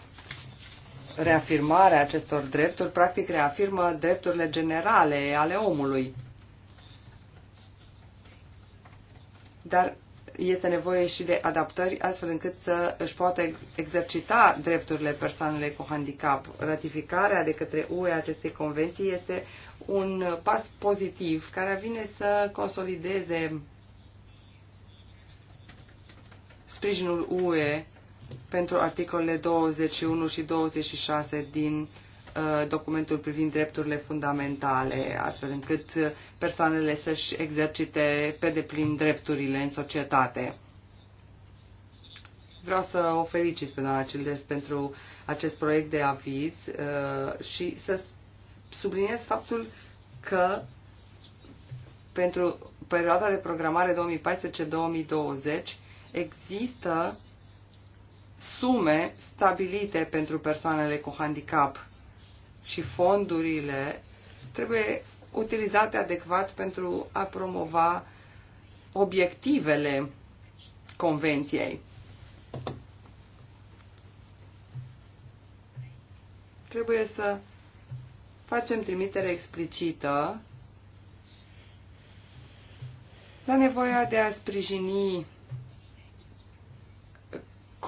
reafirmarea acestor drepturi, practic reafirmă drepturile generale ale omului. Dar este nevoie și de adaptări astfel încât să își poată exercita drepturile persoanele cu handicap. Ratificarea de către UE acestei convenții este un pas pozitiv care vine să consolideze sprijinul UE pentru articolele 21 și 26 din uh, documentul privind drepturile fundamentale, astfel încât uh, persoanele să-și exercite pe deplin drepturile în societate. Vreau să o felicit pe doamna Cildes pentru acest proiect de aviz uh, și să subliniez faptul că pentru perioada de programare 2014-2020 există sume stabilite pentru persoanele cu handicap și fondurile trebuie utilizate adecvat pentru a promova obiectivele convenției. Trebuie să facem trimitere explicită la nevoia de a sprijini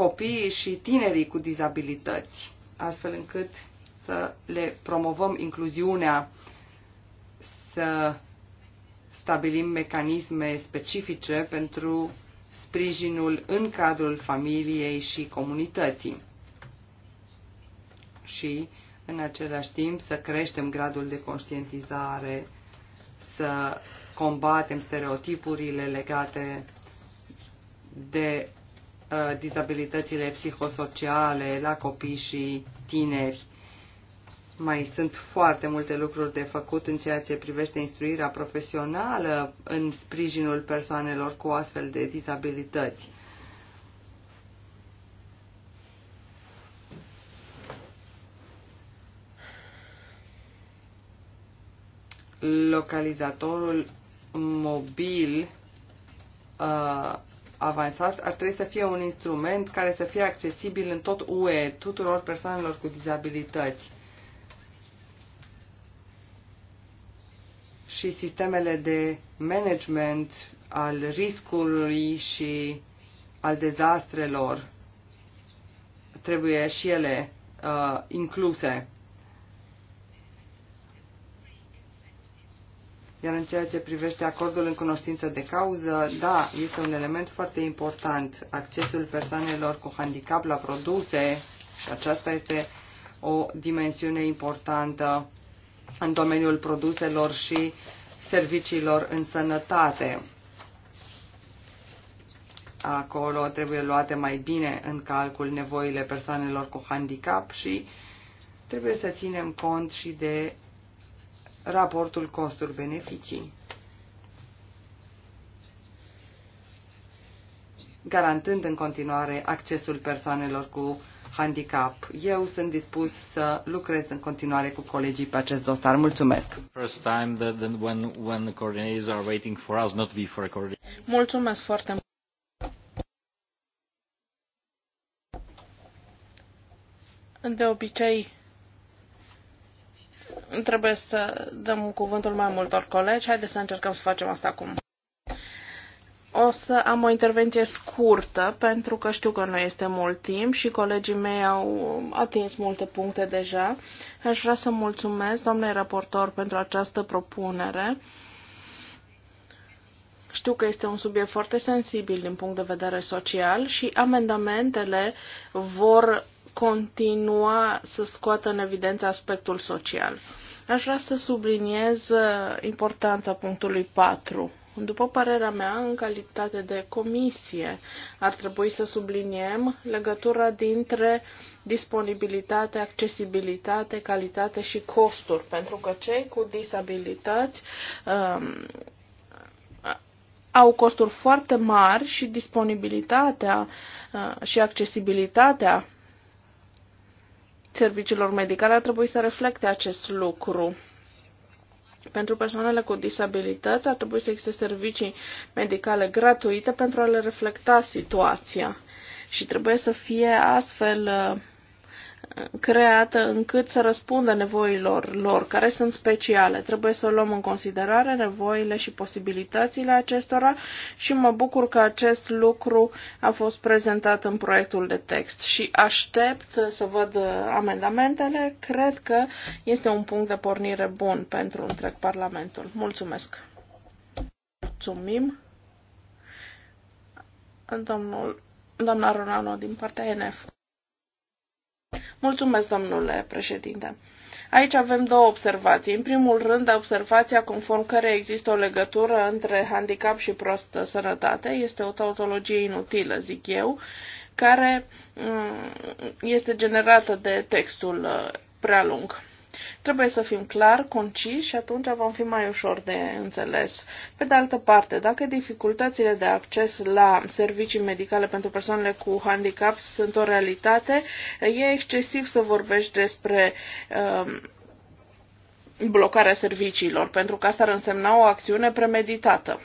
copiii și tinerii cu dizabilități, astfel încât să le promovăm incluziunea, să stabilim mecanisme specifice pentru sprijinul în cadrul familiei și comunității și, în același timp, să creștem gradul de conștientizare, să combatem stereotipurile legate de Uh, dizabilitățile psihosociale la copii și tineri. Mai sunt foarte multe lucruri de făcut în ceea ce privește instruirea profesională în sprijinul persoanelor cu astfel de dizabilități. Localizatorul mobil uh, avansat ar trebui să fie un instrument care să fie accesibil în tot UE, tuturor persoanelor cu dizabilități. Și sistemele de management al riscului și al dezastrelor trebuie și ele uh, incluse Iar în ceea ce privește acordul în cunoștință de cauză, da, este un element foarte important. Accesul persoanelor cu handicap la produse și aceasta este o dimensiune importantă în domeniul produselor și serviciilor în sănătate. Acolo trebuie luate mai bine în calcul nevoile persoanelor cu handicap și trebuie să ținem cont și de raportul costuri-beneficii. garantând în continuare accesul persoanelor cu handicap. Eu sunt dispus să lucrez în continuare cu colegii pe acest dosar. Mulțumesc. Mulțumesc foarte mult. De obicei, trebuie să dăm cuvântul mai multor colegi. Haideți să încercăm să facem asta acum. O să am o intervenție scurtă, pentru că știu că nu este mult timp și colegii mei au atins multe puncte deja. Aș vrea să mulțumesc, doamnei raportor, pentru această propunere. Știu că este un subiect foarte sensibil din punct de vedere social și amendamentele vor continua să scoată în evidență aspectul social. Aș vrea să subliniez uh, importanța punctului 4. După părerea mea, în calitate de comisie, ar trebui să subliniem legătura dintre disponibilitate, accesibilitate, calitate și costuri, pentru că cei cu disabilități um, au costuri foarte mari și disponibilitatea uh, și accesibilitatea serviciilor medicale ar trebui să reflecte acest lucru. Pentru persoanele cu disabilități ar trebui să existe servicii medicale gratuite pentru a le reflecta situația și trebuie să fie astfel uh, creată încât să răspundă nevoilor lor, care sunt speciale. Trebuie să luăm în considerare nevoile și posibilitățile acestora și mă bucur că acest lucru a fost prezentat în proiectul de text și aștept să văd amendamentele. Cred că este un punct de pornire bun pentru întreg Parlamentul. Mulțumesc! Mulțumim! Domnul, doamna Ronano din partea NF. Mulțumesc, domnule președinte. Aici avem două observații. În primul rând, observația conform care există o legătură între handicap și prostă sănătate este o tautologie inutilă, zic eu, care mm, este generată de textul uh, prea lung. Trebuie să fim clar, concis și atunci vom fi mai ușor de înțeles. Pe de altă parte, dacă dificultățile de acces la servicii medicale pentru persoanele cu handicap sunt o realitate, e excesiv să vorbești despre um, blocarea serviciilor, pentru că asta ar însemna o acțiune premeditată.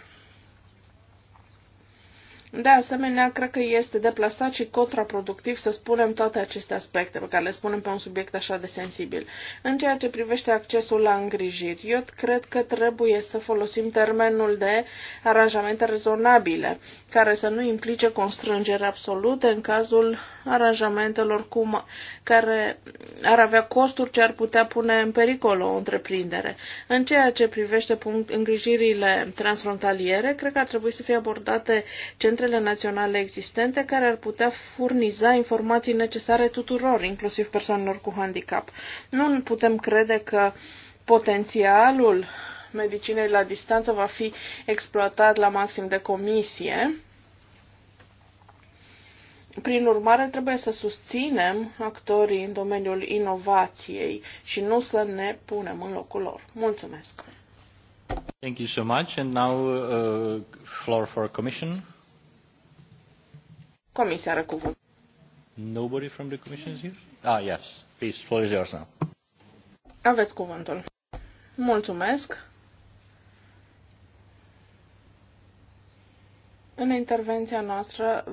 De asemenea, cred că este deplasat și contraproductiv să spunem toate aceste aspecte pe care le spunem pe un subiect așa de sensibil. În ceea ce privește accesul la îngrijiri, eu cred că trebuie să folosim termenul de aranjamente rezonabile, care să nu implice constrângere absolute în cazul aranjamentelor cum, care ar avea costuri ce ar putea pune în pericol o întreprindere. În ceea ce privește punct, îngrijirile transfrontaliere, cred că ar trebui să fie abordate centre centrele naționale existente care ar putea furniza informații necesare tuturor, inclusiv persoanelor cu handicap. Nu putem crede că potențialul medicinei la distanță va fi exploatat la maxim de comisie. Prin urmare, trebuie să susținem actorii în domeniul inovației și nu să ne punem în locul lor. Mulțumesc! Thank you so much. And now, uh, floor for Commission. Comisia are cuvânt. Nobody from the commission is here? Ah, yes. Please, floor is yours now. Aveți cuvântul. Mulțumesc. În intervenția noastră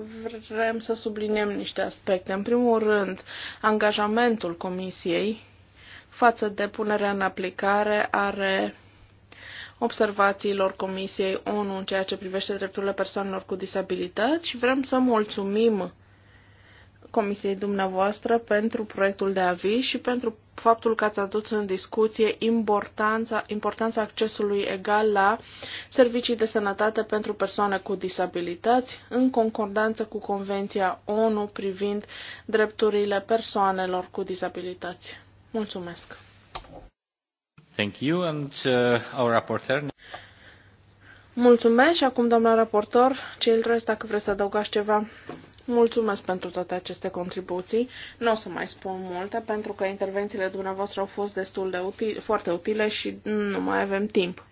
vrem să subliniem niște aspecte. În primul rând, angajamentul Comisiei față de punerea în aplicare are observațiilor Comisiei ONU în ceea ce privește drepturile persoanelor cu disabilități și vrem să mulțumim Comisiei dumneavoastră pentru proiectul de aviz și pentru faptul că ați adus în discuție importanța, importanța accesului egal la servicii de sănătate pentru persoane cu disabilități, în concordanță cu Convenția ONU privind drepturile persoanelor cu disabilități. Mulțumesc! Uh, mulțumesc și acum, doamna raportor, cel dacă vreți să adăugați ceva. Mulțumesc pentru toate aceste contribuții. Nu o să mai spun multe, pentru că intervențiile dumneavoastră au fost destul de utile, foarte utile și nu mai avem timp.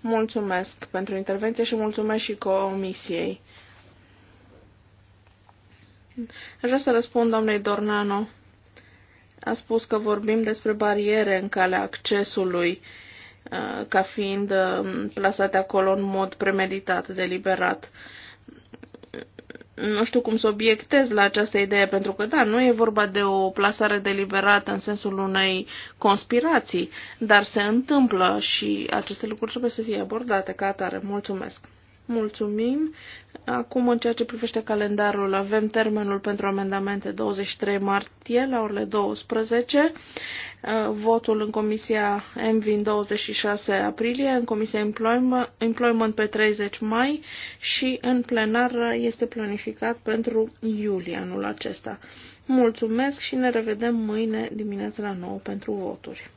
Mulțumesc pentru intervenție și mulțumesc și comisiei. Aș vrea să răspund doamnei Dornano a spus că vorbim despre bariere în calea accesului uh, ca fiind uh, plasate acolo în mod premeditat, deliberat. Nu știu cum să obiectez la această idee, pentru că, da, nu e vorba de o plasare deliberată în sensul unei conspirații, dar se întâmplă și aceste lucruri trebuie să fie abordate ca atare. Mulțumesc! Mulțumim. Acum, în ceea ce privește calendarul, avem termenul pentru amendamente 23 martie la orele 12, uh, votul în Comisia MVIN 26 aprilie, în Comisia Employment pe 30 mai și în plenar este planificat pentru iulie anul acesta. Mulțumesc și ne revedem mâine dimineața la 9 pentru voturi.